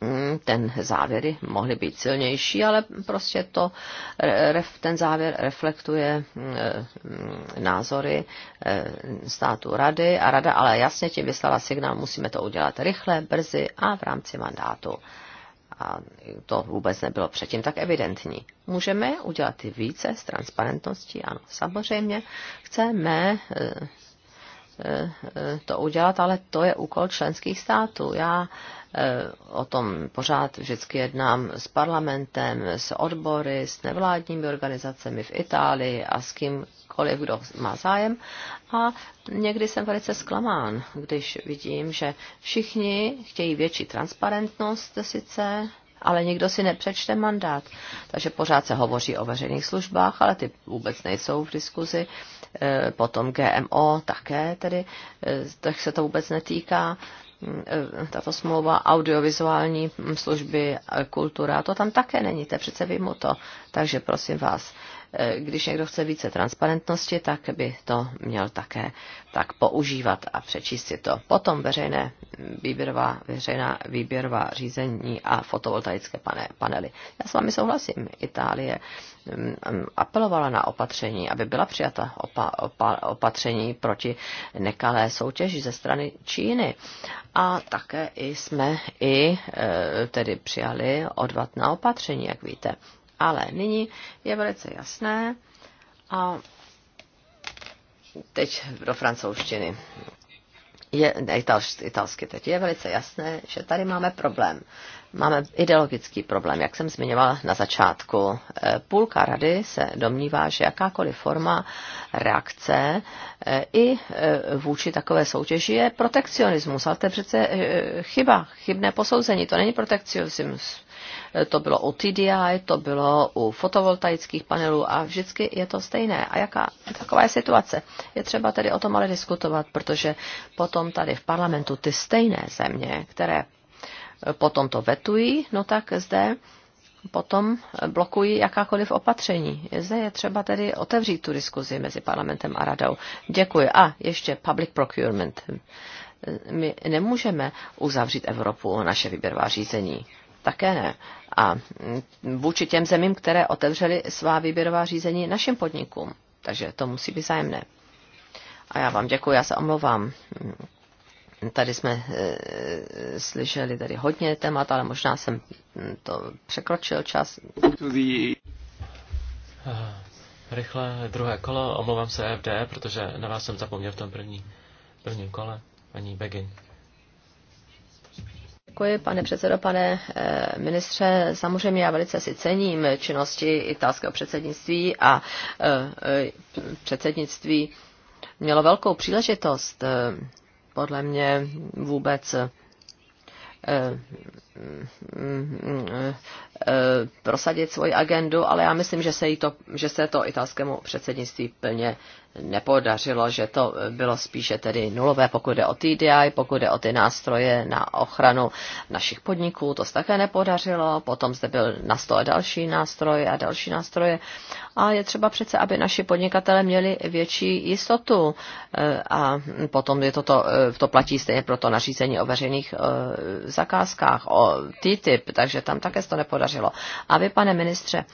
Mm, ten závěry mohly být silnější, ale prostě to, ten závěr reflektuje mm, názory eh, státu rady a rada ale jasně tím vyslala signál, musíme to udělat rychle, brzy a v rámci mandátu. A to vůbec nebylo předtím tak evidentní. Můžeme udělat i více s transparentností, ano, samozřejmě. Chceme eh, Eh, to udělat, ale to je úkol členských států. Já eh, o tom pořád vždycky jednám s parlamentem, s odbory, s nevládními organizacemi v Itálii a s kýmkoliv, kdo má zájem. A někdy jsem velice zklamán, když vidím, že všichni chtějí větší transparentnost sice, ale nikdo si nepřečte mandát. Takže pořád se hovoří o veřejných službách, ale ty vůbec nejsou v diskuzi. Eh, potom GMO také, tedy eh, tak se to vůbec netýká eh, tato smlouva, audiovizuální mm, služby, kultura, to tam také není, to je přece mimo to. Takže prosím vás, když někdo chce více transparentnosti, tak by to měl také tak používat a přečíst si to. Potom veřejné výběrová, veřejná výběrová řízení a fotovoltaické panely. Já s vámi souhlasím. Itálie mm, apelovala na opatření, aby byla přijata opa, opa, opatření proti nekalé soutěži ze strany Číny. A také jsme i e, tedy přijali odvatná opatření, jak víte. Ale nyní je velice jasné a teď do francouzštiny. Je, ne, italsky, italsky teď je velice jasné, že tady máme problém. Máme ideologický problém, jak jsem zmiňovala na začátku. Eh, půlka rady se domnívá, že jakákoliv forma reakce eh, i eh, vůči takové soutěži je protekcionismus, ale to je přece chyba, chybné posouzení, to není protekcionismus to bylo u TDI, to bylo u fotovoltaických panelů a vždycky je to stejné. A jaká taková je situace? Je třeba tedy o tom ale diskutovat, protože potom tady v parlamentu ty stejné země, které potom to vetují, no tak zde potom blokují jakákoliv opatření. Zde je třeba tedy otevřít tu diskuzi mezi parlamentem a radou. Děkuji. A ještě public procurement. My nemůžeme uzavřít Evropu naše výběrová řízení také ne. A vůči těm zemím, které otevřely svá výběrová řízení našim podnikům. Takže to musí být zájemné. A já vám děkuji, já se omlouvám. Tady jsme e, slyšeli tady hodně témat, ale možná jsem to překročil čas. Eh, rychle druhé kolo, omlouvám se FD, protože na vás jsem zapomněl v tom první, prvním kole, paní Begin. Děkuji, pane předsedo, pane eh, ministře. Samozřejmě já velice si cením činnosti italského předsednictví a eh, předsednictví mělo velkou příležitost, eh, podle mě vůbec Eh, prosadit svoji agendu, ale já myslím, že se, jí to, že se to italskému předsednictví plně nepodařilo, že to bylo spíše tedy nulové, pokud jde o TDI, pokud jde o ty nástroje na ochranu našich podniků, to se také nepodařilo, potom zde byl na stole další nástroje a další nástroje a je třeba přece, aby naši podnikatele měli větší jistotu eh, a potom je toto, eh, to platí stejně pro to nařízení o veřejných zakázkách, o TTIP, takže tam také se to nepodařilo podařilo. A vy, pane ministře,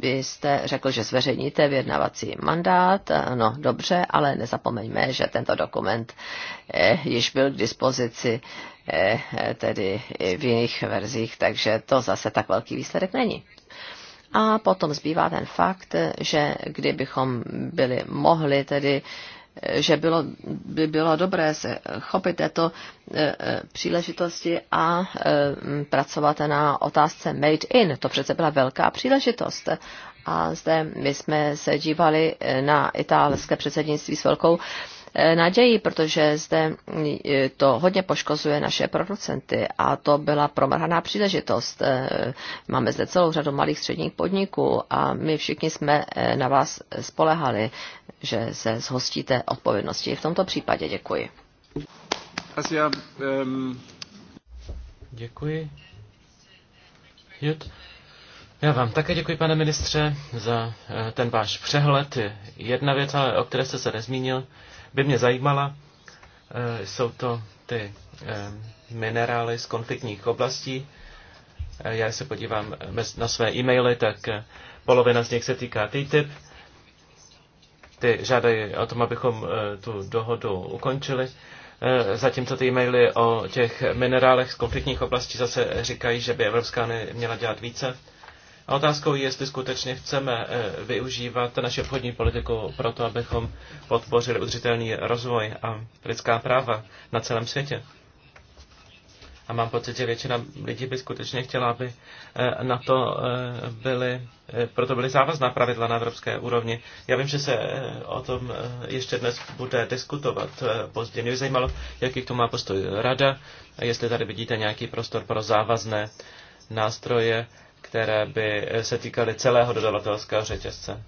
vy jste řekl, že zveřejníte vyjednavací mandát, no dobře, ale nezapomeňme, že tento dokument eh, již byl k dispozici eh, tedy v jiných verzích, takže to zase tak velký výsledek není. A potom zbývá ten fakt, že kdybychom byli mohli tedy eh, že bylo, by bylo dobré se chopit této e, e, příležitosti a e, pracovat na otázce Made in. To přece byla velká příležitost. A zde my jsme se dívali na italské předsednictví s velkou Eh, naději, protože zde mm, eh, to hodně poškozuje naše producenty a to byla promrhaná příležitost. Eh, máme zde celou řadu malých středních podniků a my všichni jsme na vás spolehali, že se zhostíte odpovědnosti. V tomto případě děkuji. Asia, um... Děkuji. Jut. Já vám také děkuji, pane ministře, za ten váš přehled. Jedna věc, ale o které jste se nezmínil, by mě zajímala. Eh, jsou to ty eh, minerály z konfliktních oblastí. Eh, já se podívám na své e-maily, tak polovina z nich se týká TTIP. Ty žádají o tom, abychom tu dohodu ukončili. Zatímco ty e-maily o těch minerálech z konfliktních oblastí zase říkají, že by Evropská unie měla dělat více a otázkou je, jestli skutečně chceme eh, využívat naši obchodní politiku pro to, abychom podpořili udržitelný rozvoj a lidská práva na celém světě. A mám pocit, že většina lidí by skutečně chtěla, aby eh, na to eh, byly, proto byly závazná pravidla na evropské úrovni. Já vím, že se o tom ještě dnes bude diskutovat později. Mě by zajímalo, jaký k tomu má postoj rada, jestli tady vidíte nějaký prostor pro závazné nástroje které by se týkaly celého dodavatelského řetězce.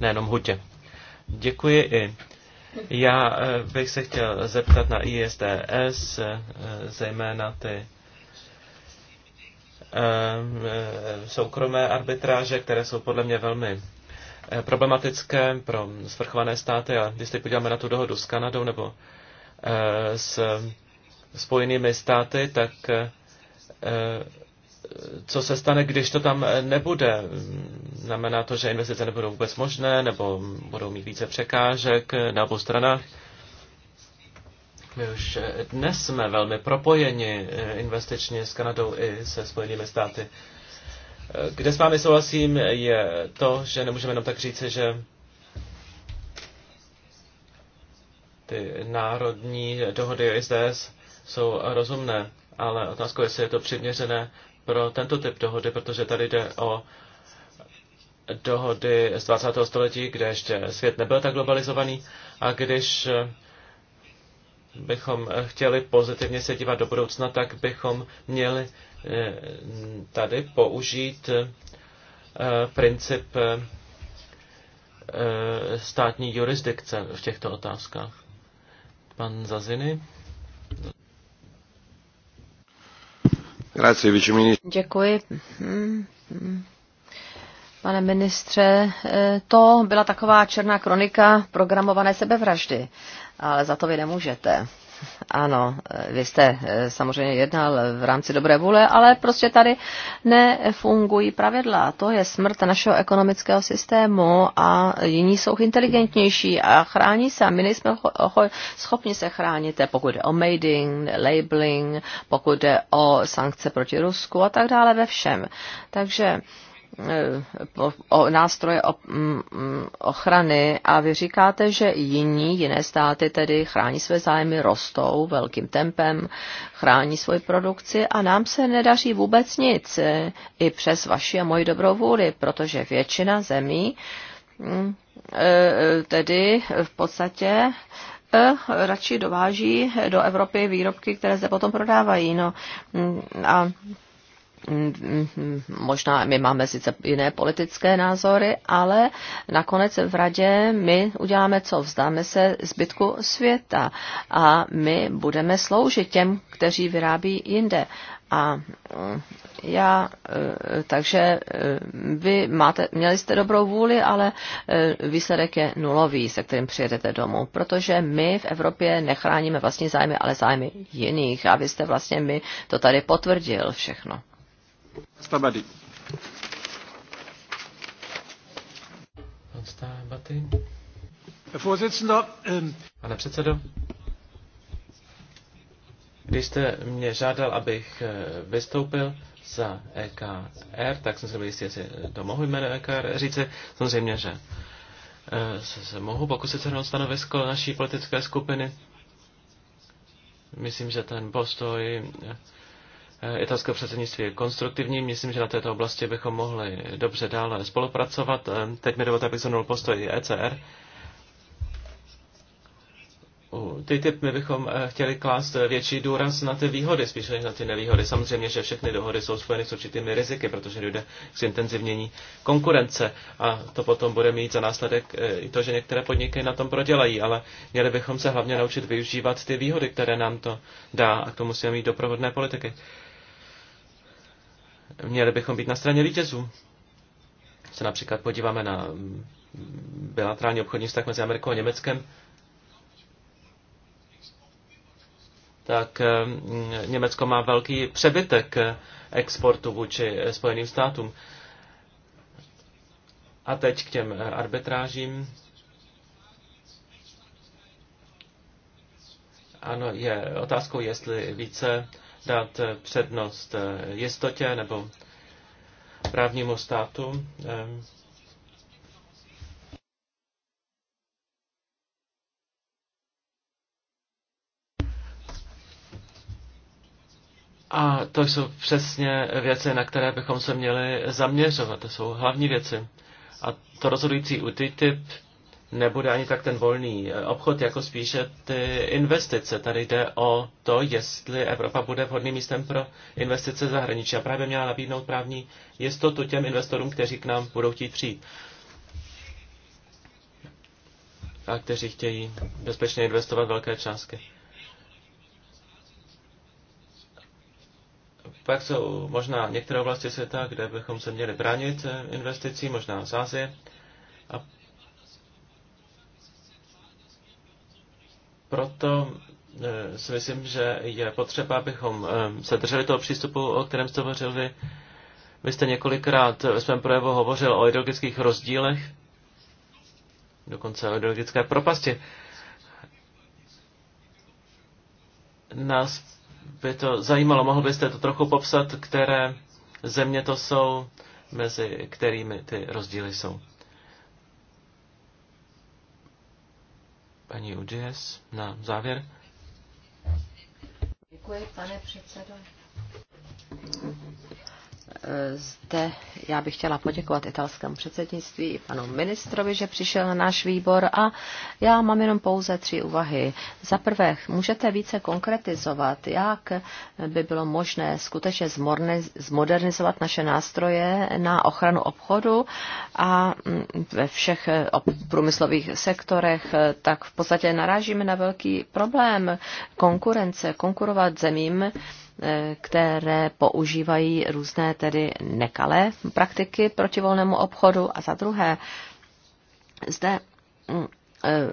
Nejenom hutě. Děkuji i. Já eh, bych se chtěl zeptat na ISDS, eh, zejména ty eh, soukromé arbitráže, které jsou podle mě velmi problematické pro svrchované státy. A když se podíváme na tu dohodu s Kanadou nebo s Spojenými státy, tak eh, co se stane, když to tam nebude? Znamená to, že investice nebudou vůbec možné, nebo budou mít více překážek na obou stranách? My už eh, dnes jsme velmi propojeni eh, investičně s Kanadou i se Spojenými státy. Kde s vámi souhlasím, je to, že nemůžeme jenom tak říci, že ty národní dohody o SDS jsou rozumné, ale otázkou je, jestli je to přiměřené pro tento typ dohody, protože tady jde o dohody z 20. století, kde ještě svět nebyl tak globalizovaný a když bychom chtěli pozitivně se dívat do budoucna, tak bychom měli eh, tady použít eh, princip eh, státní jurisdikce v těchto otázkách. Pan Zaziny. Děkuji. Hmm, hmm. Pane ministře, eh, to byla taková černá kronika programované sebevraždy, ale za to vy nemůžete ano, vy jste eh, samozřejmě jednal v rámci dobré vůle, ale prostě tady nefungují pravidla. To je smrt našeho ekonomického systému a jiní jsou inteligentnější a chrání se a my nejsme schopni se chránit, pokud jde o mading, labeling, pokud jde o sankce proti Rusku a tak dále ve všem. Takže Eh, o nástroje mm, mm, ochrany a vy říkáte, že jiní, jiné státy tedy chrání své zájmy, rostou velkým tempem, chrání svoji produkci a nám se nedaří vůbec nic, eh, i přes vaši a moji dobrou vůli, protože většina zemí mm, eh, tedy v podstatě radši dováží do Evropy výrobky, které se potom prodávají. No, a Mm, mm, možná my máme sice jiné politické názory, ale nakonec v radě my uděláme co? Vzdáme se zbytku světa a my budeme sloužit těm, kteří vyrábí jinde. A mm, já, eh, takže eh, vy máte, měli jste dobrou vůli, ale eh, výsledek je nulový, se kterým přijedete domů, protože my v Evropě nechráníme vlastní zájmy, ale zájmy jiných. A vy jste vlastně mi to tady potvrdil všechno. Stabady. Pan ehm, Pane předsedo, když jste mě žádal, abych eh, vystoupil za EKR, tak jsem se byl jistý, jestli to mohu jméno EKR říci. Samozřejmě, že eh, se, se mohu pokusit shrnout stanovisko naší politické skupiny. Myslím, že ten postoj eh, italského předsednictví je konstruktivní. Myslím, že na této oblasti bychom mohli dobře dále spolupracovat. Teď mi dovolte, abych zhrnul postoj ECR. U TTIP my bychom eh, chtěli klást větší důraz na ty výhody, spíš než na ty nevýhody. Samozřejmě, že všechny dohody jsou spojeny s určitými riziky, protože jde k zintenzivnění konkurence a to potom bude mít za následek eh, i to, že některé podniky na tom prodělají, ale měli bychom se hlavně naučit využívat ty výhody, které nám to dá a k tomu musíme mít doprovodné politiky měli bychom být na straně vítězů. Se například podíváme na mm, bilaterální obchodní vztah mezi Amerikou a Německem, tak mm, Německo má velký přebytek exportu vůči Spojeným státům. A teď k těm eh, arbitrážím. Ano, je otázkou, jestli více dát eh, přednost eh, jistotě nebo právnímu státu. Eh. A to jsou přesně věci, na které bychom se měli zaměřovat. To jsou hlavní věci. A to rozhodující u TTIP nebude ani tak ten volný eh, obchod, jako spíše ty investice. Tady jde o to, jestli Evropa bude vhodným místem pro investice zahraničí. A právě měla nabídnout právní jistotu těm investorům, kteří k nám budou chtít přijít. A kteří chtějí bezpečně investovat velké částky. Pak jsou možná některé oblasti světa, kde bychom se měli bránit eh, investicím, možná z Asie. A Proto eh, si myslím, že je potřeba, abychom eh, se drželi toho přístupu, o kterém jste hovořil vy. Vy jste několikrát ve svém projevu hovořil o ideologických rozdílech, dokonce o ideologické propasti. Nás by to zajímalo, mohl byste to trochu popsat, které země to jsou, mezi kterými ty rozdíly jsou. paní UGS na závěr. Děkuji, pane předsedo zde já bych chtěla poděkovat italskému předsednictví i panu ministrovi, že přišel na náš výbor a já mám jenom pouze tři úvahy. Za prvé, můžete více konkretizovat, jak by bylo možné skutečně zmodernizovat naše nástroje na ochranu obchodu a mm, ve všech eh, průmyslových sektorech, eh, tak v podstatě narážíme na velký problém konkurence, konkurovat zemím, Eh, které používají různé tedy nekalé praktiky proti volnému obchodu a za druhé zde mm, eh,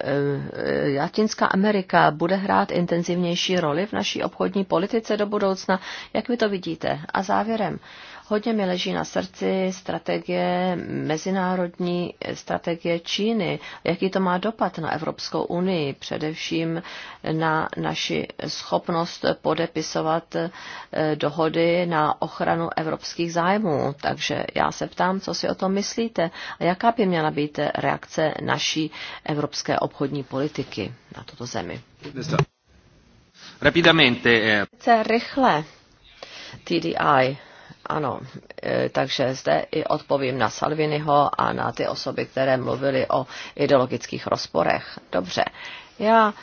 eh, Latinská Amerika bude hrát intenzivnější roli v naší obchodní politice do budoucna. Jak vy to vidíte? A závěrem, Hodně mi leží na srdci strategie, mezinárodní strategie Číny. Jaký to má dopad na Evropskou unii, především na naši schopnost podepisovat eh, dohody na ochranu evropských zájmů. Takže já se ptám, co si o tom myslíte a jaká by měla být reakce naší evropské obchodní politiky na tuto zemi. Rapidamente. Eh, rychle. TDI. Ano, e, takže zde i odpovím na Salviniho a na ty osoby, které mluvily o ideologických rozporech. Dobře, já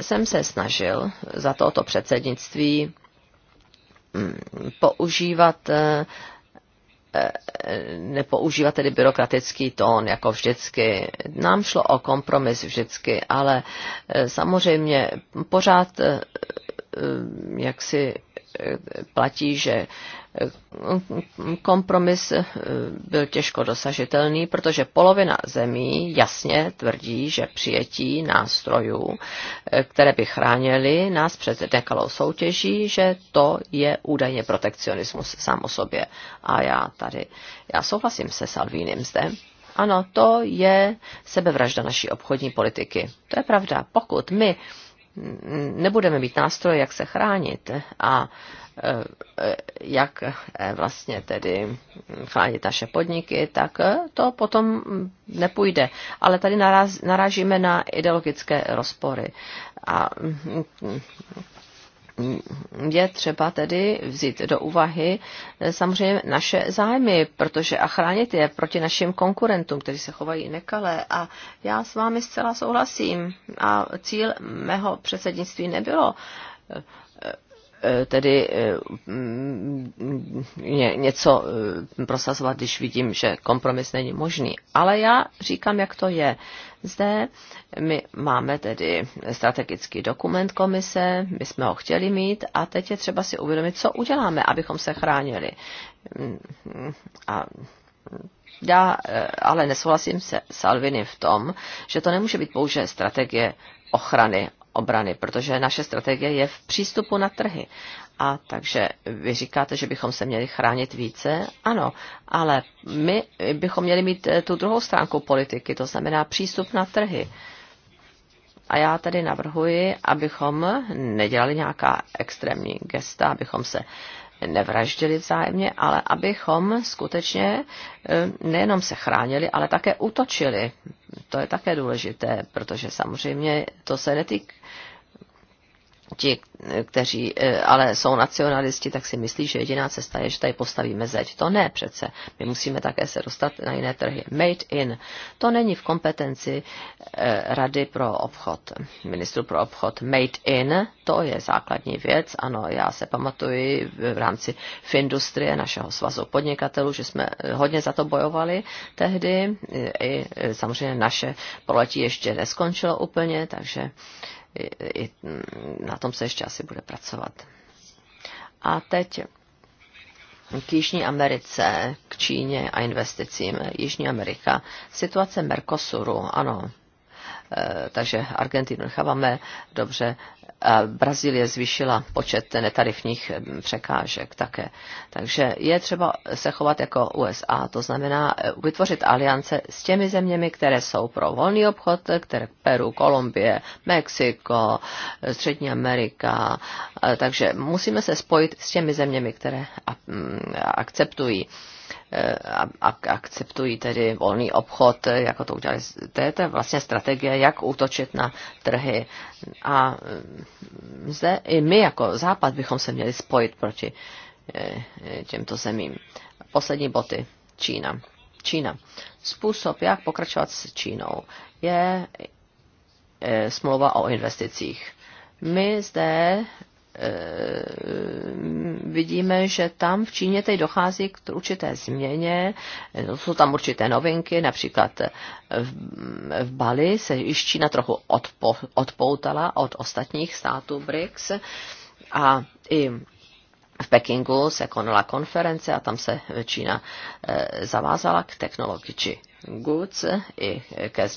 jsem se snažil za toto předsednictví mm, používat e, e, nepoužívat tedy byrokratický tón, jako vždycky. Nám šlo o kompromis vždycky, ale samozřejmě pořád jak si platí, že kompromis eh, byl těžko dosažitelný, protože polovina zemí jasně tvrdí, že přijetí nástrojů, eh, které by chránili nás před nekalou soutěží, že to je údajně protekcionismus sám o sobě. A já tady, já souhlasím se Salvínem zde, ano, to je sebevražda naší obchodní politiky. To je pravda. Pokud my nebudeme mít nástroje, jak se chránit a eh, jak eh, vlastně tedy chránit naše podniky, tak eh, to potom nepůjde. Ale tady narazíme narážíme na ideologické rozpory. A je třeba tedy vzít do úvahy eh, samozřejmě naše zájmy, protože a chránit je proti našim konkurentům, kteří se chovají nekalé. A já s vámi zcela souhlasím. A cíl mého předsednictví nebylo eh, E, tedy e, mm, něco e, prosazovat, když vidím, že kompromis není možný. Ale já říkám, jak to je. Zde my máme tedy strategický dokument komise, my jsme ho chtěli mít a teď je třeba si uvědomit, co uděláme, abychom se chránili. A já ale nesouhlasím se Salvini v tom, že to nemůže být pouze strategie ochrany obrany, protože naše strategie je v přístupu na trhy. A takže vy říkáte, že bychom se měli chránit více? Ano, ale my bychom měli mít eh, tu druhou stránku politiky, to znamená přístup na trhy. A já tady navrhuji, abychom nedělali nějaká extrémní gesta, abychom se nevraždili vzájemně, ale abychom skutečně eh, nejenom se chránili, ale také útočili. To je také důležité, protože samozřejmě to se netýká ti, kteří eh, ale jsou nacionalisti, tak si myslí, že jediná cesta je, že tady postavíme zeď. To ne přece. My musíme také se dostat na jiné trhy. Made in. To není v kompetenci eh, Rady pro obchod, ministru pro obchod. Made in, to je základní věc. Ano, já se pamatuji v rámci Findustrie, našeho svazu podnikatelů, že jsme eh, hodně za to bojovali tehdy. I samozřejmě naše proletí ještě neskončilo úplně, takže i na tom se ještě asi bude pracovat. A teď k Jižní Americe, k Číně a investicím. Jižní Amerika, situace Mercosuru, ano. E, takže Argentinu necháváme dobře, Brazílie zvýšila počet netarifních mm, překážek také. Takže je třeba se chovat jako USA, to znamená e, vytvořit aliance s těmi zeměmi, které jsou pro volný obchod, které Peru, Kolumbie, Mexiko, e, Střední Amerika. E, takže musíme se spojit s těmi zeměmi, které mm, akceptují Eh, akceptují tedy volný obchod, eh, jako to udělali. To je, to je vlastně strategie, jak útočit na trhy. A mm, zde i my jako Západ bychom se měli spojit proti eh, těmto zemím. Poslední boty. Čína. Čína. Způsob, jak pokračovat s Čínou, je smlouva o investicích. My zde Eh, vidíme, že tam v Číně teď dochází k určité změně, eh, jsou tam určité novinky, například eh, v, mm, v Bali se již Čína trochu odpo, odpoutala od ostatních států BRICS a i v Pekingu se konala konference a tam se Čína eh, zavázala k technologii goods i ke,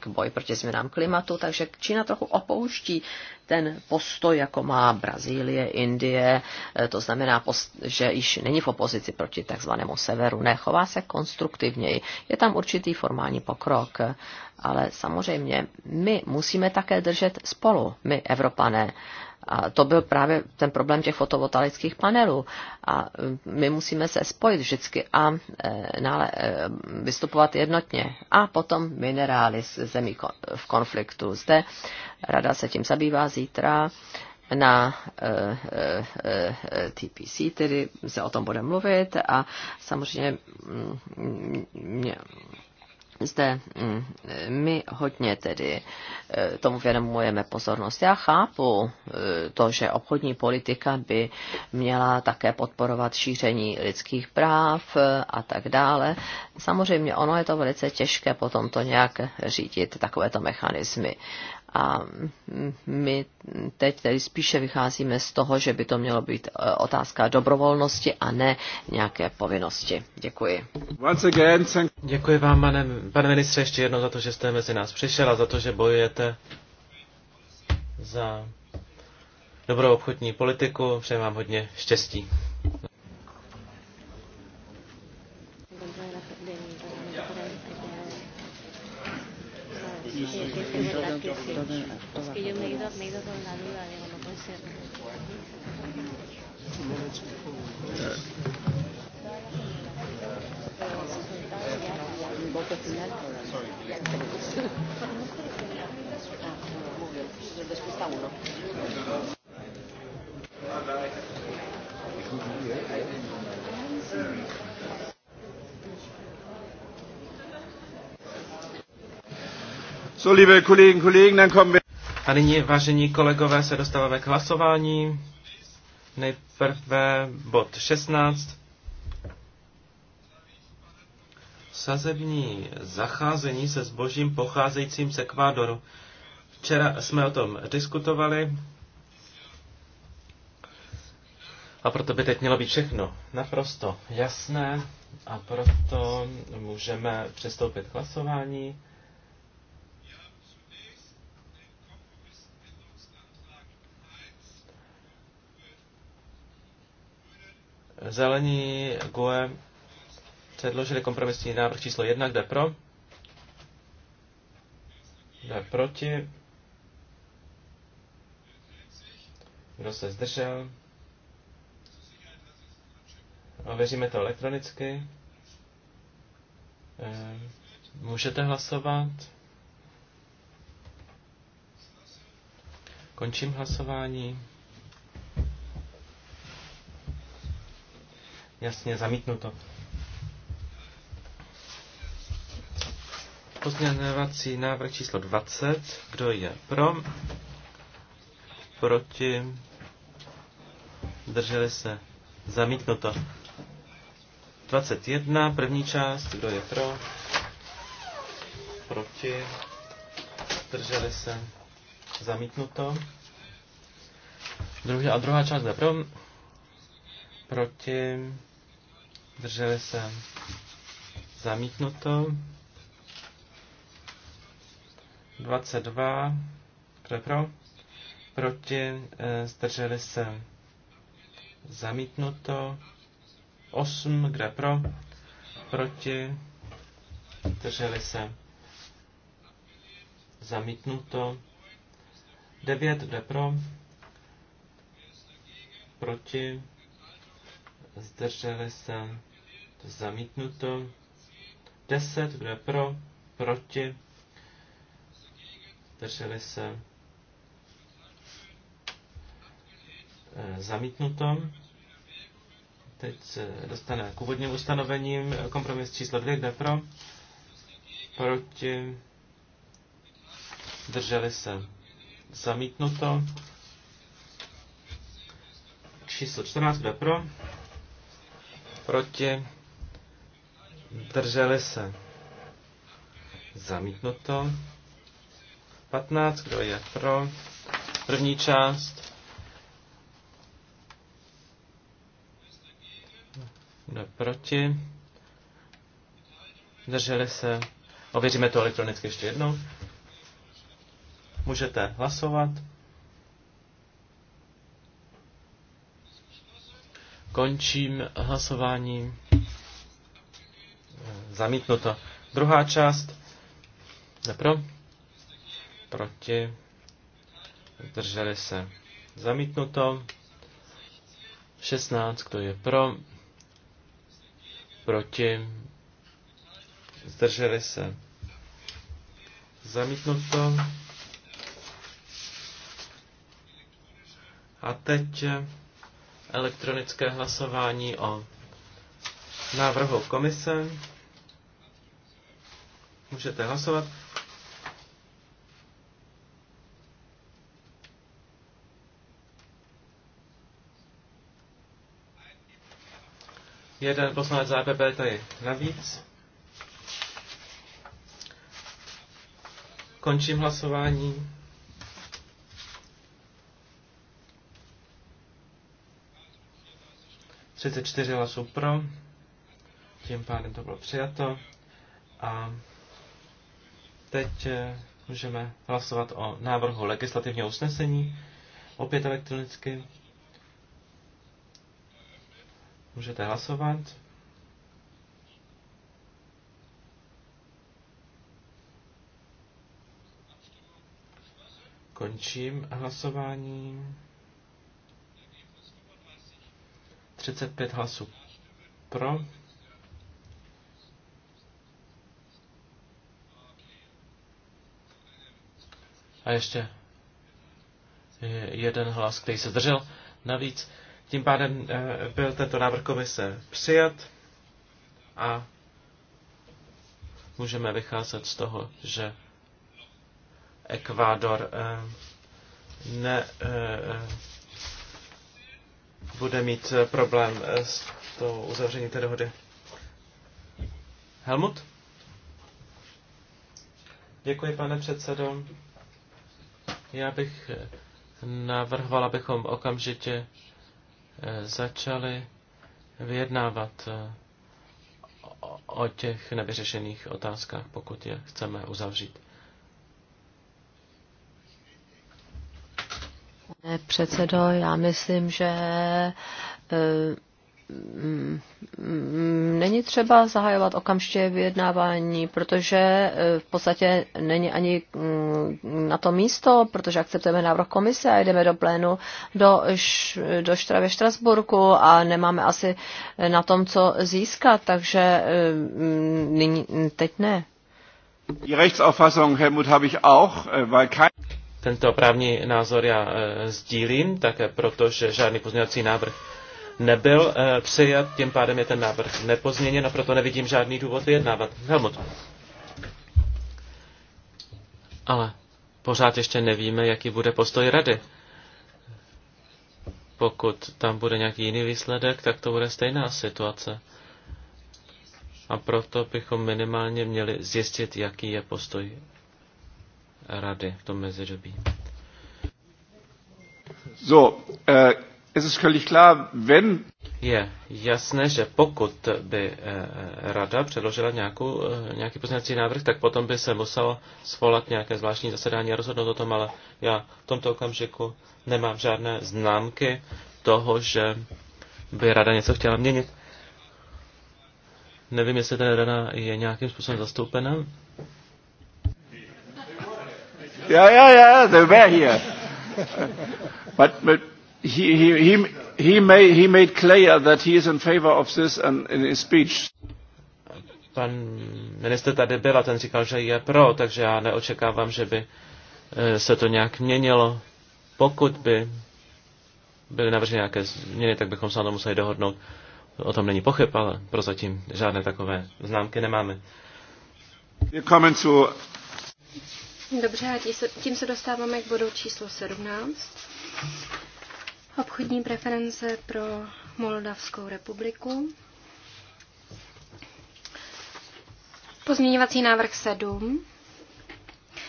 k boji proti změnám klimatu, takže Čína trochu opouští ten postoj, jako má Brazílie, Indie, eh, to znamená, že již není v opozici proti takzvanému severu, nechová se konstruktivněji. Je tam určitý formální pokrok, ale samozřejmě my musíme také držet spolu, my Evropané a to byl právě ten problém těch fotovoltaických panelů. A mm, my musíme se spojit vždycky a e, nále, e, vystupovat jednotně. A potom minerály z zemí v konfliktu. Zde rada se tím zabývá zítra na e, TPC, tedy se o tom bude mluvit a samozřejmě mm, mě, zde mm, my hodně tedy eh, tomu věnujeme pozornost. Já chápu eh, to, že obchodní politika by měla také podporovat šíření lidských práv eh, a tak dále. Samozřejmě ono je to velice těžké potom to nějak řídit, takovéto mechanismy. A my teď tedy spíše vycházíme z toho, že by to mělo být e, otázka dobrovolnosti a ne nějaké povinnosti. Děkuji. Děkuji vám, pane, pane ministře, ještě jednou za to, že jste mezi nás přišel a za to, že bojujete za dobrou obchodní politiku. Přeji vám hodně štěstí. todo. todo es que yo me he, ido, me he ido con la duda, digo, no puede ser. you. So, liebe Kollegen, Kollegen, dann kommen wir... A nyní, vážení kolegové, se dostáváme k hlasování. Nejprve bod 16. Sazební zacházení se zbožím pocházejícím z Ekvádoru. Včera jsme o tom diskutovali a proto by teď mělo být všechno naprosto jasné a proto můžeme přistoupit k hlasování. Zelení GUE předložili kompromisní návrh číslo 1, kde pro, kde proti, kdo se zdržel. Ověříme to elektronicky. Eh, můžete hlasovat. Končím hlasování. Jasně, zamítnuto. Pozměňovací návrh číslo 20. Kdo je pro? Proti? Drželi se. Zamítnuto. 21. První část. Kdo je pro? Proti? Drželi se. Zamítnuto. Druhá a druhá část je pro? Proti? Drželi se. Zamítnuto. 22. Eh, Kdo je pro? Proti. Zdrželi se. Zamítnuto. 8. Kdo je pro? Proti. Zdrželi se. Zamítnuto. 9. Kdo je pro? Proti zdrželi se, to zamítnuto. deset, kdo je pro, proti, zdrželi se, eh, zamítnuto. Teď se dostane k úvodním ustanovením kompromis číslo 2, kde pro, proti, zdrželi se, zamítnuto. Číslo 14, kde pro, proti, drželi se. Zamítnuto. 15, kdo je pro, první část. Kdo je proti, drželi se. Ověříme to elektronicky ještě jednou. Můžete hlasovat. Končím hlasování. Zamítnuto. Druhá část. Pro? Proti. Drželi se. Zamítnuto. 16. Kdo je pro? Proti. Zdrželi se. Zamítnuto. A teď elektronické hlasování o návrhu komise. Můžete hlasovat. Jeden poslanec za EPP tady navíc. Končím hlasování. 34 hlasů pro, tím pádem to bylo přijato. A teď eh, můžeme hlasovat o návrhu legislativního usnesení, opět elektronicky. Můžete hlasovat. Končím hlasování. 35 hlasů pro. A ještě jeden hlas, který se zdržel. Navíc tím pádem eh, byl tento návrh komise přijat a můžeme vycházet z toho, že Ekvádor eh, ne, eh, bude mít eh, problém eh, s to uzavření té dohody. Helmut? Děkuji, pane předsedo. Já bych eh, navrhoval, abychom okamžitě začali vyjednávat o těch nevyřešených otázkách, pokud je chceme uzavřít. Pane předsedo, já myslím, že eh, mm, není třeba zahajovat okamžitě vyjednávání, protože eh, v podstatě není ani mm, na to místo, protože akceptujeme návrh komise a jdeme do plénu do, do Štravě Štrasburku a nemáme asi na tom, co získat, takže eh, mm, nyní, teď ne. Die Rechtsauffassung, Helmut, habe ich auch, äh, weil kein... Tento právní názor já e, sdílím, také protože žádný pozměňovací návrh nebyl e, přijat, tím pádem je ten návrh nepozměněn a proto nevidím žádný důvod vyjednávat. Helmut. Ale pořád ještě nevíme, jaký bude postoj rady. Pokud tam bude nějaký jiný výsledek, tak to bude stejná situace. A proto bychom minimálně měli zjistit, jaký je postoj rady v tom mezidobí. So, uh, es ist völlig klar, wenn... Je jasné, že pokud by uh, rada předložila nějakou, uh, nějaký poznávací návrh, tak potom by se muselo svolat nějaké zvláštní zasedání a rozhodnout o tom, ale já v tomto okamžiku nemám žádné známky toho, že by rada něco chtěla měnit. Nevím, jestli ta rada je nějakým způsobem zastoupena Yeah, yeah, yeah, they were here. but but he, he, he, he, made, he made clear that he is in favor of this and in his speech. Pan minister tady byl a ten říkal, že je pro, takže já neočekávám, že by eh, se to nějak měnilo. Pokud by byly navrženy nějaké změny, tak bychom se na to museli dohodnout. O tom není pochyb, ale prozatím žádné takové známky nemáme. Dobře, a tím se dostáváme k bodu číslo 17. Obchodní preference pro Moldavskou republiku. Pozměňovací návrh 7.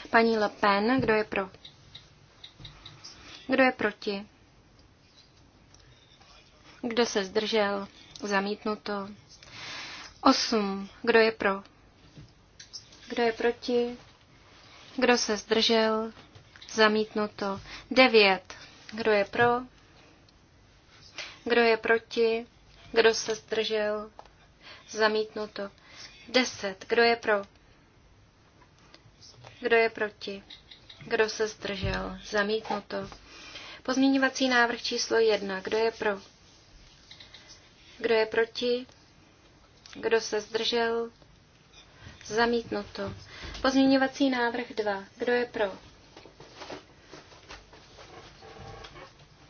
Paní Le Pen, kdo je pro? Kdo je proti? Kdo se zdržel? Zamítnuto. 8. Kdo je pro? Kdo je proti? Kdo se zdržel? Zamítnuto. 9. Kdo je pro? Kdo je proti? Kdo se zdržel? Zamítnuto. 10. Kdo je pro? Kdo je proti? Kdo se zdržel? Zamítnuto. Pozměňovací návrh číslo 1. Kdo je pro? Kdo je proti? Kdo se zdržel? Zamítnuto. Pozměňovací návrh 2. Kdo je pro?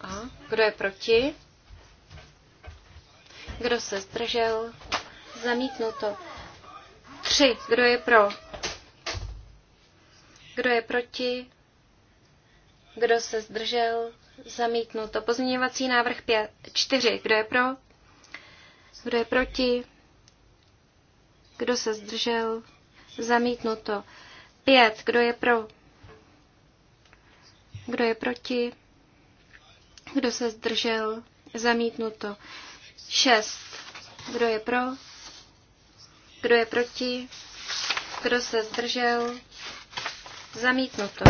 A kdo je proti? Kdo se zdržel? Zamítnuto. 3. Kdo je pro? Kdo je proti? Kdo se zdržel? Zamítnuto. Pozměňovací návrh 5. 4. Kdo je pro? Kdo je proti? Kdo se zdržel? Zamítnuto. Pět. Kdo je pro? Kdo je proti? Kdo se zdržel? Zamítnuto. Šest. Kdo je pro? Kdo je proti? Kdo se zdržel? Zamítnuto.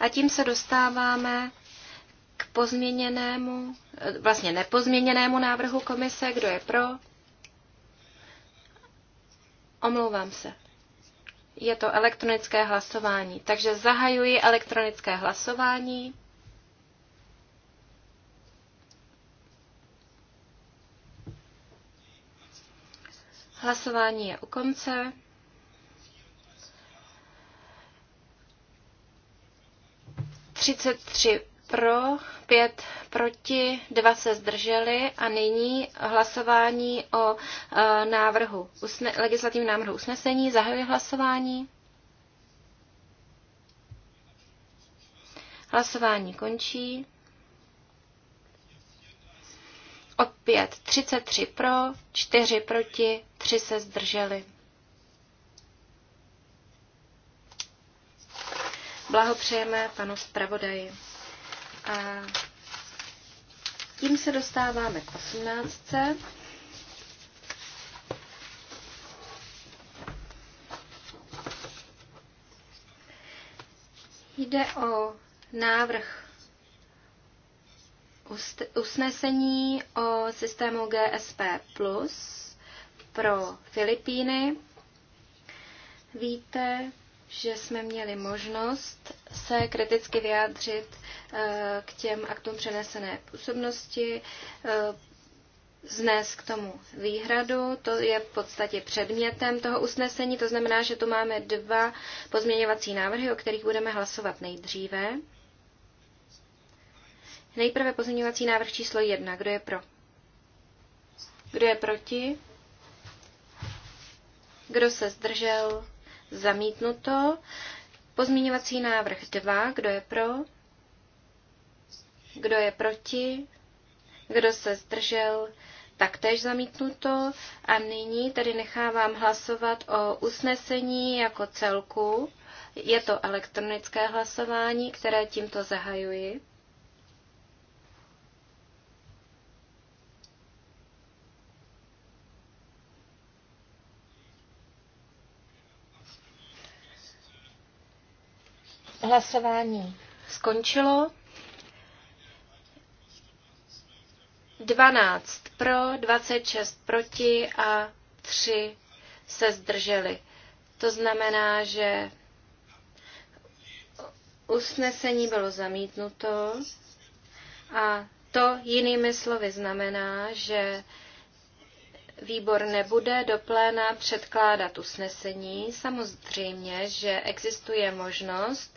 A tím se dostáváme k pozměněnému, eh, vlastně nepozměněnému návrhu komise. Kdo je pro? Omlouvám se. Je to elektronické hlasování. Takže zahajuji elektronické hlasování. Hlasování je u konce. Třicet tři pro, pět proti, dva se zdrželi a nyní hlasování o e, návrhu, usne, legislativní návrhu usnesení. Zahajuji hlasování. Hlasování končí. Opět 33 pro, 4 proti, 3 se zdrželi. Blahopřejeme panu zpravodaji. A tím se dostáváme k osmnáctce. Jde o návrh usnesení o systému GSP Plus pro Filipíny. Víte, že jsme měli možnost se kriticky vyjádřit eh, k těm aktům přenesené působnosti, eh, znes k tomu výhradu. To je v podstatě předmětem toho usnesení, to znamená, že tu máme dva pozměňovací návrhy, o kterých budeme hlasovat nejdříve. Nejprve pozměňovací návrh číslo jedna. Kdo je pro? Kdo je proti? Kdo se zdržel? Zamítnuto. Pozměňovací návrh 2. Kdo je pro? Kdo je proti? Kdo se zdržel? Taktéž zamítnuto. A nyní tedy nechávám hlasovat o usnesení jako celku. Je to elektronické hlasování, které tímto zahajuji. Hlasování skončilo. 12 pro, 26 proti a 3 se zdrželi. To znamená, že usnesení bylo zamítnuto a to jinými slovy znamená, že Výbor nebude do pléna předkládat usnesení. Samozřejmě, že existuje možnost,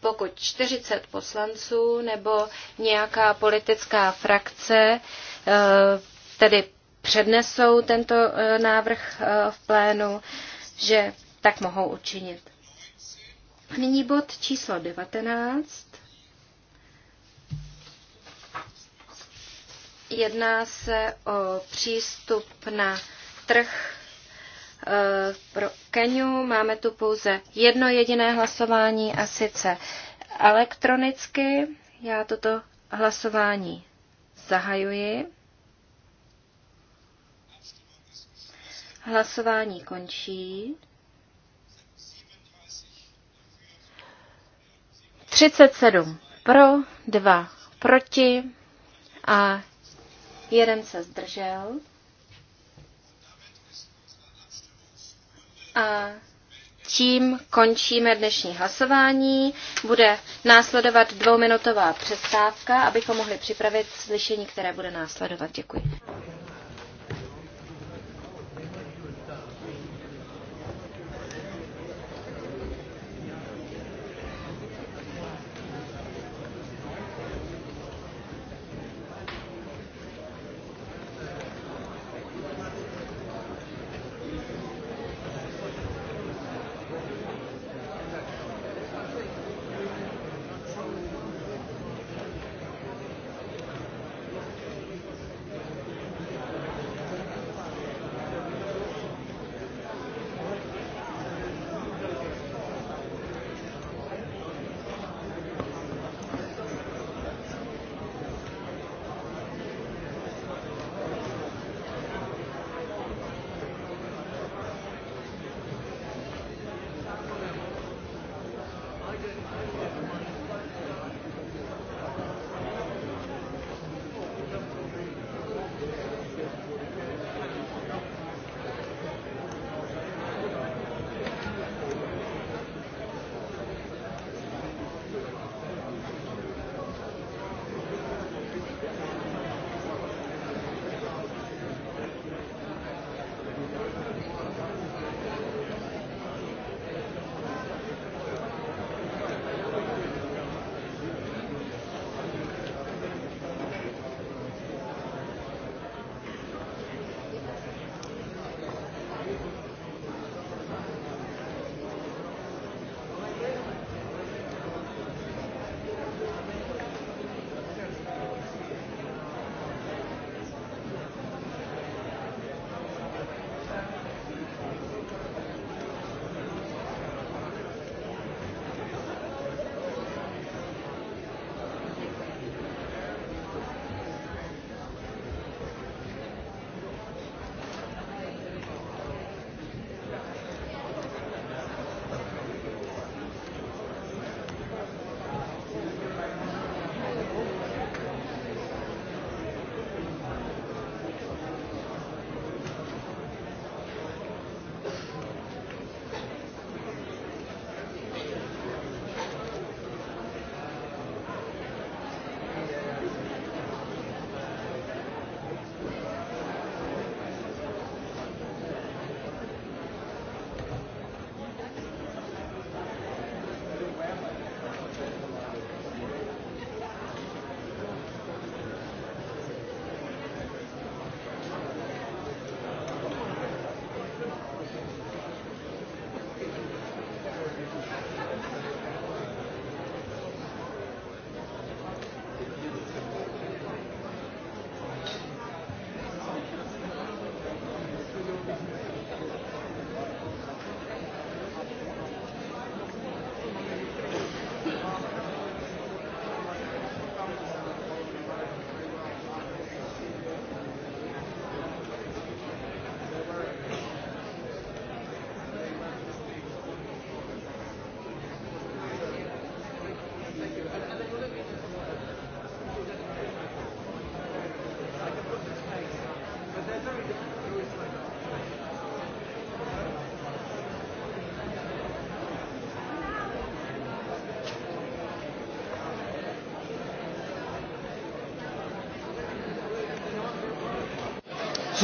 pokud 40 poslanců nebo nějaká politická frakce eh, tedy přednesou tento eh, návrh eh, v plénu, že tak mohou učinit. Nyní bod číslo 19. Jedná se o přístup na trh eh, pro Keniu. Máme tu pouze jedno jediné hlasování a sice elektronicky. Já toto hlasování zahajuji. Hlasování končí. 37 pro, 2 proti a jeden se zdržel. A tím končíme dnešní hlasování. Bude následovat dvouminutová přestávka, abychom mohli připravit slyšení, které bude následovat. Děkuji.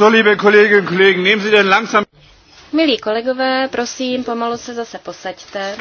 liebe Kolleginnen Kollegen, nehmen Sie denn langsam... Milí kolegové, prosím, pomalu se zase posaďte.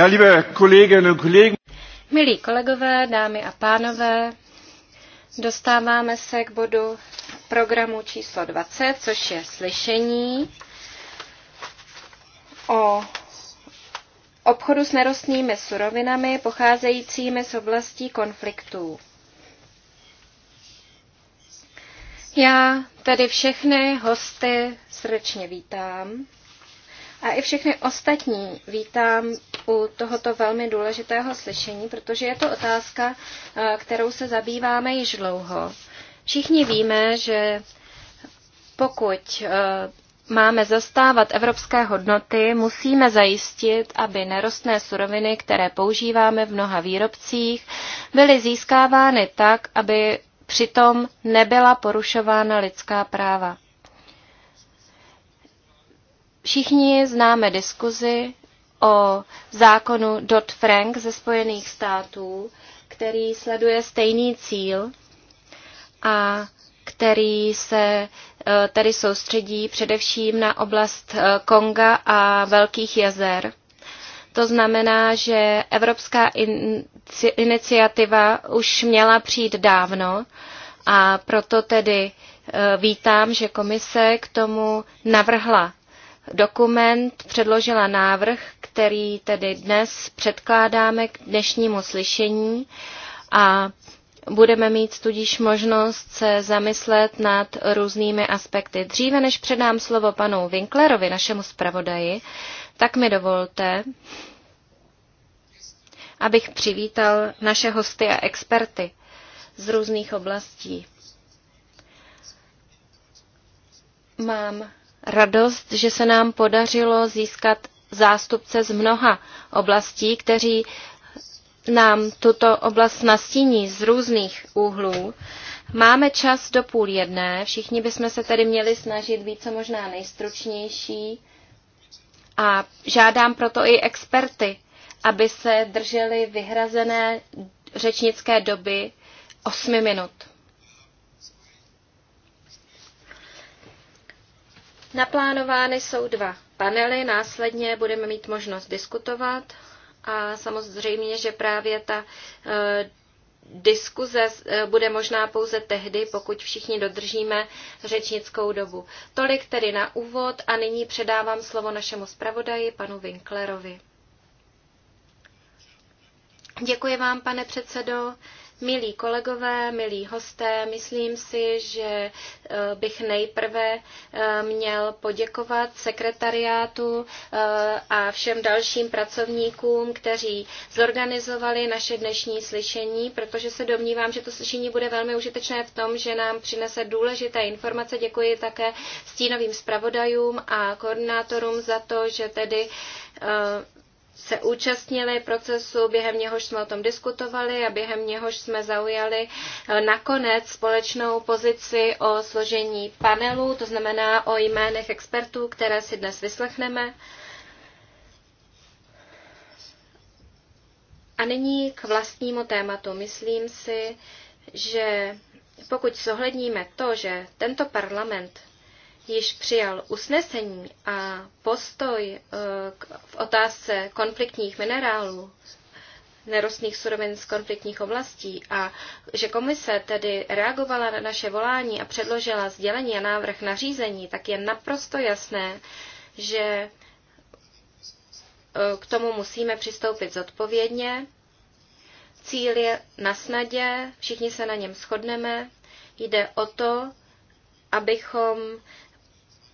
Ja, liebe Kolleginnen und Kollegen. Milí kolegové, dámy a pánové, dostáváme se k bodu programu číslo 20, což je slyšení o obchodu s nerostnými surovinami pocházejícími z oblastí konfliktů. Já tedy všechny hosty srdečně vítám a i všechny ostatní vítám u tohoto velmi důležitého slyšení, protože je to otázka, eh, kterou se zabýváme již dlouho. Všichni víme, že pokud eh, máme zastávat evropské hodnoty, musíme zajistit, aby nerostné suroviny, které používáme v mnoha výrobcích, byly získávány tak, aby přitom nebyla porušována lidská práva. Všichni známe diskuzi o zákonu Dodd-Frank ze Spojených států, který sleduje stejný cíl a který se e, tady soustředí především na oblast e, Konga a Velkých jezer. To znamená, že evropská iniciativa už měla přijít dávno a proto tedy e, vítám, že komise k tomu navrhla dokument, předložila návrh, který tedy dnes předkládáme k dnešnímu slyšení a budeme mít tudíž možnost se zamyslet nad různými aspekty. Dříve než předám slovo panu Winklerovi, našemu zpravodaji, tak mi dovolte, abych přivítal naše hosty a experty z různých oblastí. Mám radost, že se nám podařilo získat zástupce z mnoha oblastí, kteří nám tuto oblast nastíní z různých úhlů. Máme čas do půl jedné, všichni bychom se tedy měli snažit být co možná nejstručnější a žádám proto i experty, aby se drželi vyhrazené řečnické doby 8 minut. Naplánovány jsou dva panely, následně budeme mít možnost diskutovat a samozřejmě, že právě ta e, diskuze e, bude možná pouze tehdy, pokud všichni dodržíme řečnickou dobu. Tolik tedy na úvod a nyní předávám slovo našemu zpravodaji, panu Winklerovi. Děkuji vám, pane předsedo. Milí kolegové, milí hosté, myslím si, že eh, bych nejprve eh, měl poděkovat sekretariátu eh, a všem dalším pracovníkům, kteří zorganizovali naše dnešní slyšení, protože se domnívám, že to slyšení bude velmi užitečné v tom, že nám přinese důležité informace. Děkuji také stínovým zpravodajům a koordinátorům za to, že tedy se účastnili procesu, během něhož jsme o tom diskutovali a během něhož jsme zaujali eh, nakonec společnou pozici o složení panelu, to znamená o jménech expertů, které si dnes vyslechneme. A nyní k vlastnímu tématu. Myslím si, že pokud zohledníme to, že tento parlament již přijal usnesení a postoj eh, v otázce konfliktních minerálů, nerostných surovin z konfliktních oblastí a že komise tedy reagovala na naše volání a předložila sdělení a návrh na řízení, tak je naprosto jasné, že eh, k tomu musíme přistoupit zodpovědně. Cíl je na snadě, všichni se na něm shodneme. Jde o to, abychom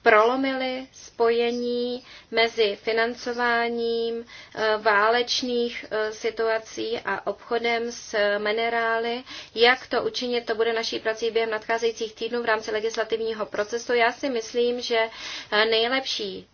prolomili spojení mezi financováním eh, válečných eh, situací a obchodem s minerály. Jak to učinit, to bude naší prací během nadcházejících týdnů v rámci legislativního procesu. Já si myslím, že eh, nejlepší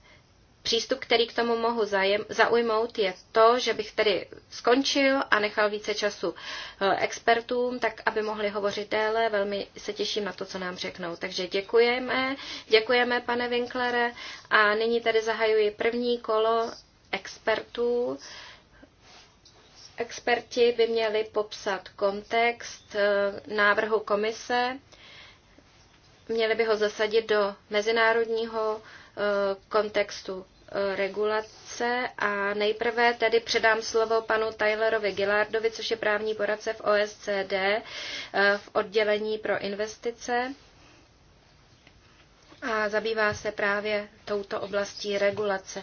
přístup, který k tomu mohu zajem, zaujmout, je to, že bych tedy skončil a nechal více času eh, expertům, tak aby mohli hovořit déle. Velmi se těším na to, co nám řeknou. Takže děkujeme, děkujeme pane Winklere a nyní tady zahajuji první kolo expertů. Experti by měli popsat kontext eh, návrhu komise, měli by ho zasadit do mezinárodního eh, kontextu. Eh, regulace a nejprve tedy předám slovo panu Tylerovi Gillardovi, což je právní poradce v OSCD eh, v oddělení pro investice a zabývá se právě touto oblastí regulace.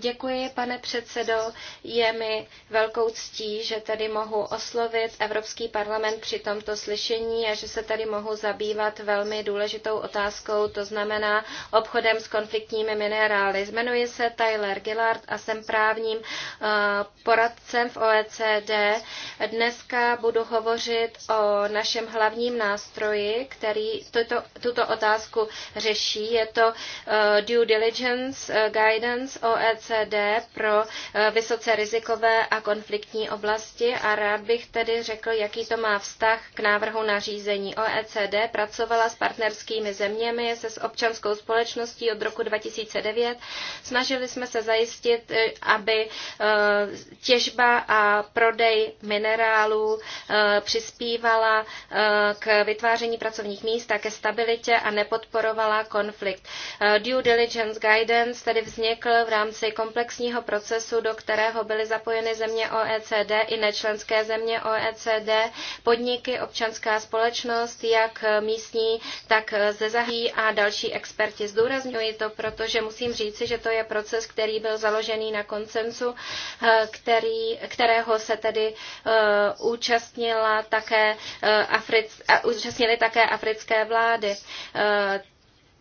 Děkuji, pane předsedo. Je mi velkou ctí, že tady mohu oslovit Evropský parlament při tomto slyšení a že se tady mohu zabývat velmi důležitou otázkou, to znamená obchodem s konfliktními minerály. Jmenuji se Tyler Gillard a jsem právním eh, poradcem v OECD. Dneska budu hovořit o našem hlavním nástroji, který tuto, tuto otázku řeší. Je to eh, due diligence eh, guidance OECD OECD pro eh, vysoce rizikové a konfliktní oblasti a rád bych tedy řekl, jaký to má vztah k návrhu nařízení. OECD pracovala s partnerskými zeměmi, se s občanskou společností od roku 2009. Snažili jsme se zajistit, eh, aby eh, těžba a prodej minerálů přispívala k vytváření pracovních míst a ke stabilitě a nepodporovala konflikt. Due diligence guidance tedy vznikl v rámci komplexního procesu, do kterého byly zapojeny země OECD i nečlenské země OECD, podniky, občanská společnost, jak místní, tak ze zahraničí a další experti. Zdůrazňuji to, protože musím říci, že to je proces, který byl založený na koncensu, eh, který, kterého se tedy eh, účastnila také eh, Afric, účastnili také africké vlády.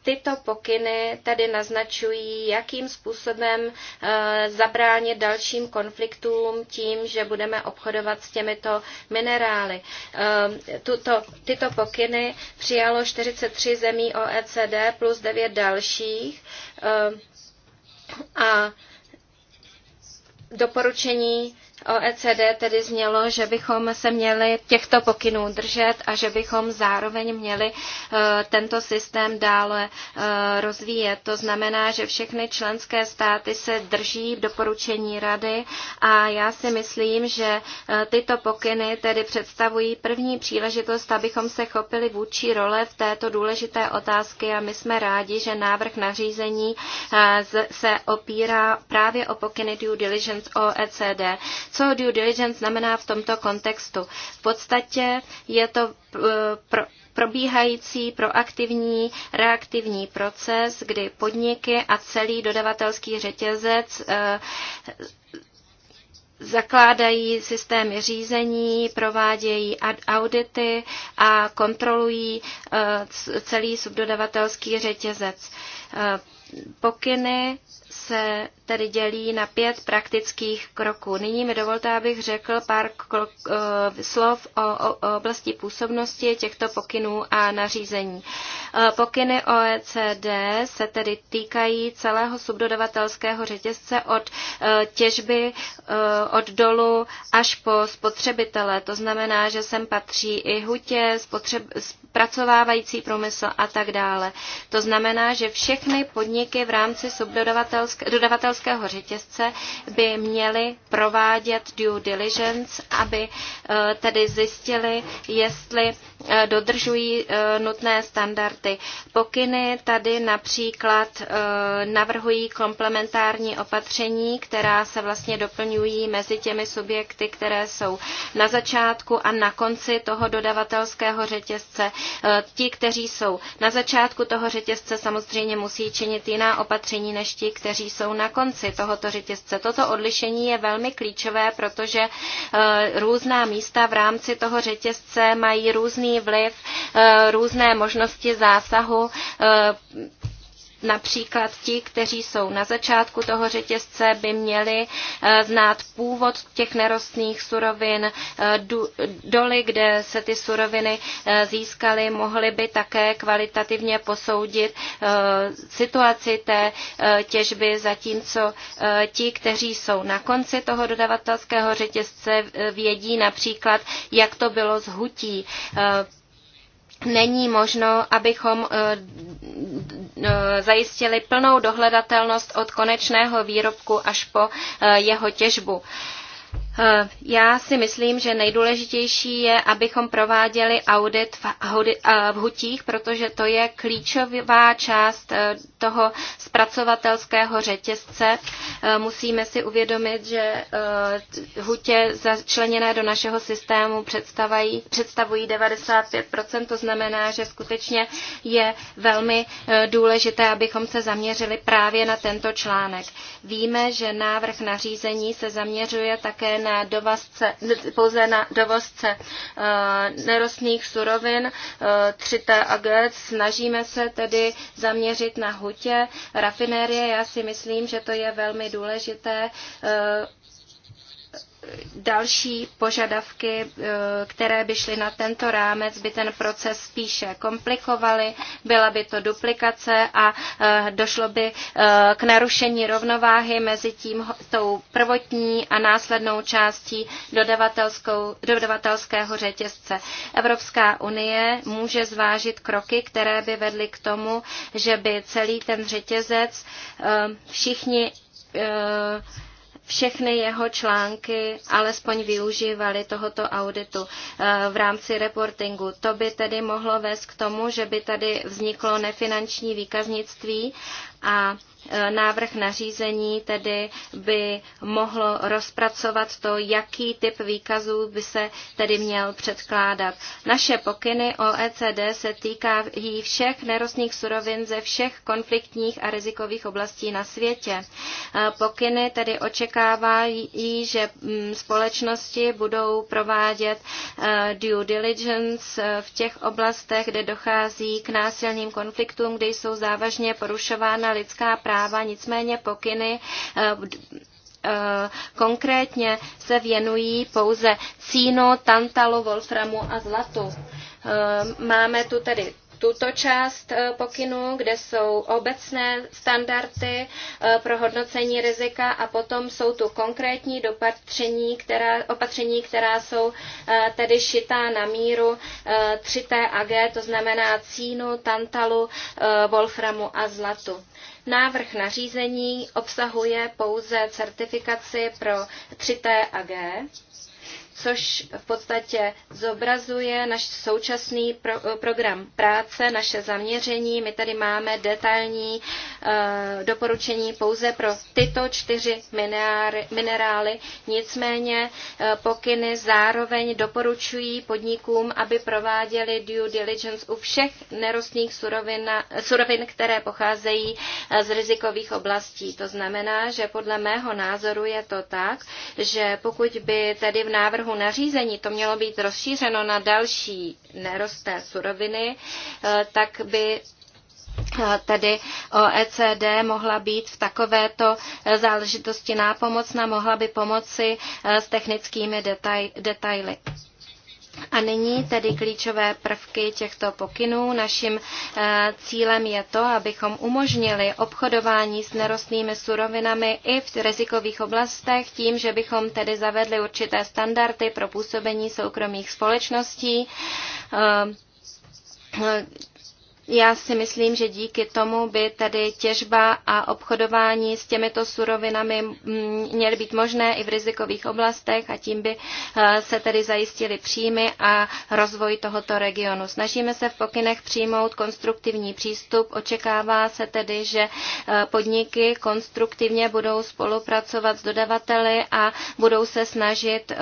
Tyto pokyny tedy naznačují, jakým způsobem eh, zabránit dalším konfliktům tím, že budeme obchodovat s těmito minerály. Eh, tuto, tyto pokyny přijalo 43 zemí OECD plus 9 dalších eh, a doporučení OECD tedy znělo, že bychom se měli těchto pokynů držet a že bychom zároveň měli e, tento systém dále e, rozvíjet. To znamená, že všechny členské státy se drží v doporučení rady a já si myslím, že e, tyto pokyny tedy představují první příležitost, abychom se chopili vůči role v této důležité otázky a my jsme rádi, že návrh nařízení se opírá právě o pokyny due diligence OECD. Co due diligence znamená v tomto kontextu? V podstatě je to e, pro, probíhající proaktivní, reaktivní proces, kdy podniky a celý dodavatelský řetězec e, zakládají systémy řízení, provádějí audity a kontrolují e, celý subdodavatelský řetězec. Pokyny se tedy dělí na pět praktických kroků. Nyní mi dovolte, abych řekl pár eh, slov o oblasti působnosti těchto pokynů a nařízení. Eh, pokyny OECD se tedy týkají celého subdodavatelského řetězce od eh, těžby, od dolu až po spotřebitele. To znamená, že sem patří i hutě, spotřeb, zpracovávající průmysl a tak dále. To znamená, že všechny podniky v rámci dodavatelského řetězce by měly provádět due diligence, aby e, tedy zjistili, jestli e, dodržují e, nutné standardy. Pokyny tady například navrhují komplementární opatření, která se vlastně doplňují mezi těmi subjekty, které jsou na začátku a na konci toho dodavatelského řetězce. Eh, ti, kteří jsou na začátku toho řetězce, samozřejmě musí činit jiná opatření než ti, kteří jsou na konci tohoto řetězce. Toto odlišení je velmi klíčové, protože eh, různá místa v rámci toho řetězce mají různý vliv, eh, různé možnosti zásahu Například ti, kteří jsou na začátku toho řetězce, by měli eh, znát původ těch nerostných surovin, eh, doly, kde se ty suroviny eh, získaly, mohli by také kvalitativně posoudit situaci té těžby, zatímco ti, kteří jsou na konci toho dodavatelského řetězce, vědí například, jak to bylo s hutí není možno, abychom eh, eh, zajistili plnou dohledatelnost od konečného výrobku až po eh, jeho těžbu. Eh, já si myslím, že nejdůležitější je, abychom prováděli audit v eh, hutích, protože to je klíčová část eh, toho zpracovatelského řetězce. Musíme si uvědomit, že hutě začleněné do našeho systému představují 95%, to znamená, že skutečně je velmi důležité, abychom se zaměřili právě na tento článek. Víme, že návrh nařízení se zaměřuje také na, dovozce, pouze na dovozce eh, nerostných surovin 3T eh, a Snažíme se tedy zaměřit na hutě, rafinérie. Já si myslím, že to je velmi důležité eh, další požadavky, eh, které by šly na tento rámec, by ten proces spíše komplikovaly, byla by to duplikace a eh, došlo by eh, k narušení rovnováhy mezi tím tou prvotní a následnou částí dodavatelského řetězce. Evropská unie může zvážit kroky, které by vedly k tomu, že by celý ten řetězec všichni všechny jeho články alespoň využívaly tohoto auditu eh, v rámci reportingu. To by tedy mohlo vést k tomu, že by tady vzniklo nefinanční výkaznictví a E, návrh nařízení tedy by mohl rozpracovat to, jaký typ výkazů by se tedy měl předkládat. Naše pokyny OECD se týkají všech nerostných surovin ze všech konfliktních a rizikových oblastí na světě. E, pokyny tedy očekávají, že mm, společnosti budou provádět e, due diligence v těch oblastech, kde dochází k násilným konfliktům, kde jsou závažně porušována lidská práva práva, nicméně pokyny eh, eh, konkrétně se věnují pouze cínu, tantalu, wolframu a zlatu. Eh, máme tu tedy tuto část eh, pokynu, kde jsou obecné standardy eh, pro hodnocení rizika a potom jsou tu konkrétní dopatření, která, opatření, která jsou eh, tedy šitá na míru 3T to znamená cínu, tantalu, wolframu a zlatu. Návrh nařízení obsahuje pouze certifikaci pro 3T což v podstatě zobrazuje náš současný pro, eh, program práce, naše zaměření. My tady máme detailní uh, doporučení pouze pro tyto čtyři minerály, minerály. Nicméně uh, pokyny zároveň doporučují podnikům, aby prováděli due diligence u všech nerostných surovin, surovin které pocházejí z rizikových oblastí. To znamená, že podle mého názoru je to tak, že pokud by tedy v návrhu návrhu nařízení to mělo být rozšířeno na další nerostné suroviny, eh, tak by eh, tedy OECD mohla být v takovéto eh, záležitosti nápomocna, mohla by pomoci s technickými detaily. A nyní tedy klíčové prvky těchto pokynů. Naším eh, cílem je to, abychom umožnili obchodování s nerostnými surovinami i v rizikových oblastech tím, že bychom tedy zavedli určité standardy pro působení soukromých společností eh, já si myslím, že díky tomu by tady těžba a obchodování s těmito surovinami mm, měly být možné i v rizikových oblastech a tím by eh, se tedy zajistily příjmy a rozvoj tohoto regionu. Snažíme se v pokynech přijmout konstruktivní přístup. Očekává se tedy, že eh, podniky konstruktivně budou spolupracovat s dodavateli a budou se snažit eh,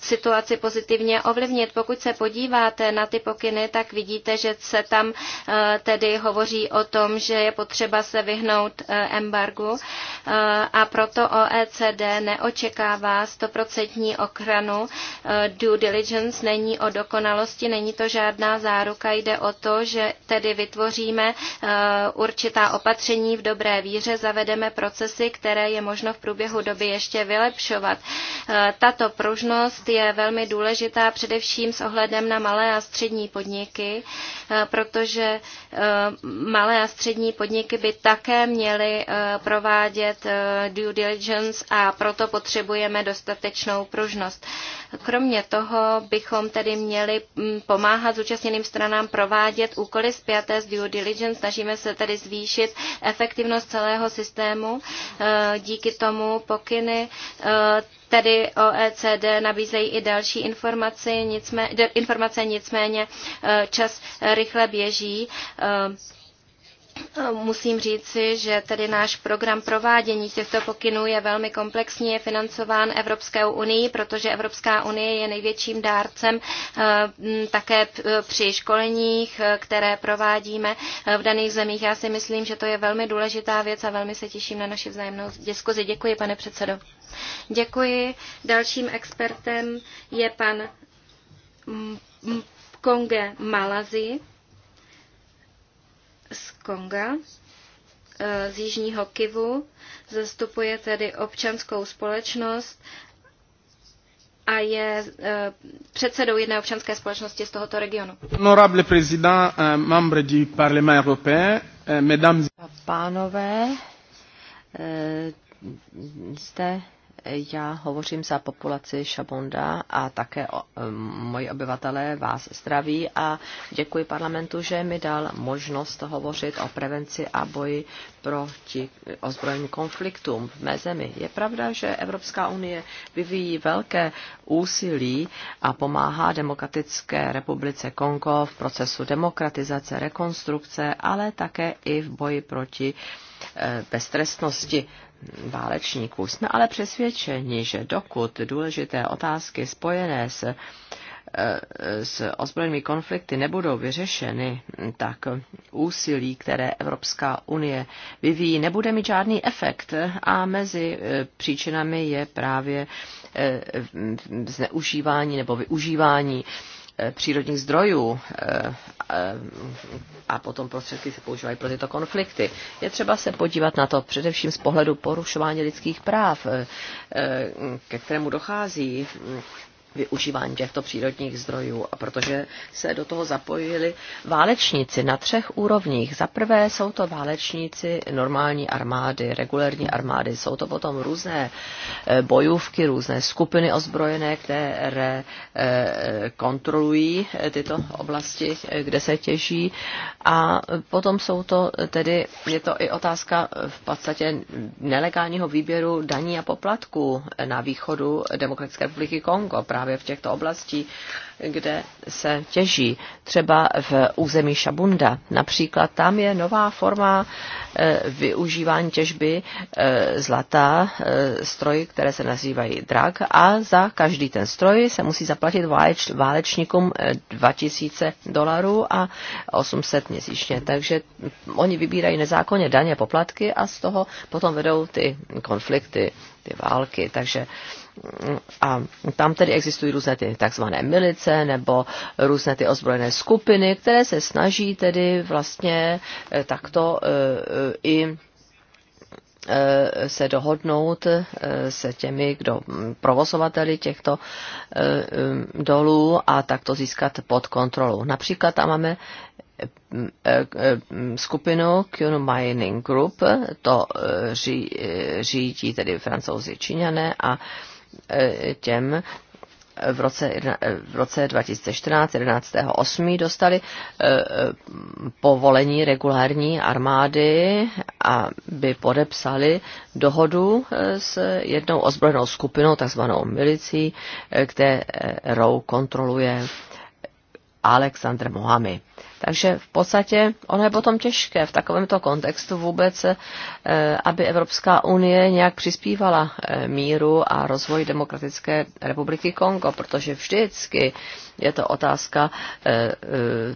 situaci pozitivně ovlivnit. Pokud se podíváte na ty pokyny, tak vidíte, že se tam Eh, tedy hovoří o tom, že je potřeba se vyhnout eh, embargu eh, a proto OECD neočekává stoprocentní ochranu. Due diligence není o dokonalosti, není to žádná záruka, jde o to, že tedy vytvoříme určitá opatření v dobré víře, zavedeme procesy, které je možno v průběhu doby ještě vylepšovat. Tato pružnost je velmi důležitá především s ohledem na malé a střední podniky, protože protože eh, malé a střední podniky by také měly eh, provádět eh, due diligence a proto potřebujeme dostatečnou pružnost. Kromě toho bychom tedy měli mm, pomáhat zúčastněným stranám provádět úkoly zpěté z due diligence. Snažíme se tedy zvýšit efektivnost celého systému. Díky tomu pokyny Tady OECD nabízejí i další informace, nicméně, informace, nicméně eh, čas eh, rychle běží. Eh, musím říci, že tedy náš program provádění těchto pokynů je velmi komplexní, je financován Evropskou unii, protože Evropská unie je největším dárcem také při školeních, které provádíme v daných zemích. Já si myslím, že to je velmi důležitá věc a velmi se těším na naši vzájemnou diskuzi. Děkuji, pane předsedo. Děkuji. Dalším expertem je pan Konge Malazi z Konga, z Jižního Kivu. Zastupuje tedy občanskou společnost a je eh, předsedou jedné občanské společnosti z tohoto regionu. Honorable président, eh, membre du Parlement européen, eh, mesdames... Pánové, jste já hovořím za populaci Šabonda a také o, moji obyvatelé vás zdraví a děkuji parlamentu, že mi dal možnost hovořit o prevenci a boji proti ozbrojeným konfliktům v mé zemi. Je pravda, že Evropská unie vyvíjí velké úsilí a pomáhá Demokratické republice Kongo v procesu demokratizace, rekonstrukce, ale také i v boji proti eh, beztrestnosti válečníků. Jsme ale přesvědčeni, že dokud důležité otázky spojené s, eh, s ozbrojenými konflikty nebudou vyřešeny, tak úsilí, které Evropská unie vyvíjí, nebude mít žádný efekt a mezi eh, příčinami je právě eh, zneužívání nebo využívání Eh, přírodních zdrojů eh, a potom prostředky se používají pro tyto konflikty. Je třeba se podívat na to především z pohledu porušování lidských práv, eh, ke kterému dochází využívání těchto přírodních zdrojů. A protože se do toho zapojili válečníci na třech úrovních. Za prvé jsou to válečníci normální armády, regulární armády. Jsou to potom různé e, bojůvky, různé skupiny ozbrojené, které e, kontrolují e, tyto oblasti, kde se těží. A potom jsou to tedy, je to i otázka v podstatě nelegálního výběru daní a poplatků na východu Demokratické republiky Kongo. Právě právě v těchto oblastí, kde se těží. Třeba v území Šabunda například tam je nová forma eh, využívání těžby eh, zlata, eh, stroj, které se nazývají drak a za každý ten stroj se musí zaplatit váleč, válečníkům 2000 dolarů a 800 měsíčně. Takže oni vybírají nezákonně daně poplatky a z toho potom vedou ty konflikty, ty války. Takže a tam tedy existují různé ty takzvané milice nebo různé ty ozbrojené skupiny, které se snaží tedy vlastně eh, takto eh, eh, i se dohodnout se těmi, kdo hm, provozovateli těchto hm, dolů a takto získat pod kontrolu. Například tam máme hm, skupinu Kyun Mining Group, to řídí tedy francouzi Číňané a těm v roce, v roce 2014, 11.8. dostali eh, eh, povolení regulární armády, aby podepsali dohodu eh, s jednou ozbrojenou skupinou, takzvanou milicí, kterou kontroluje Alexandr Mohamed. Takže v podstatě ono je potom těžké v takovémto kontextu vůbec, eh, aby Evropská unie nějak přispívala eh, míru a rozvoji Demokratické republiky Kongo, protože vždycky je to otázka eh, eh,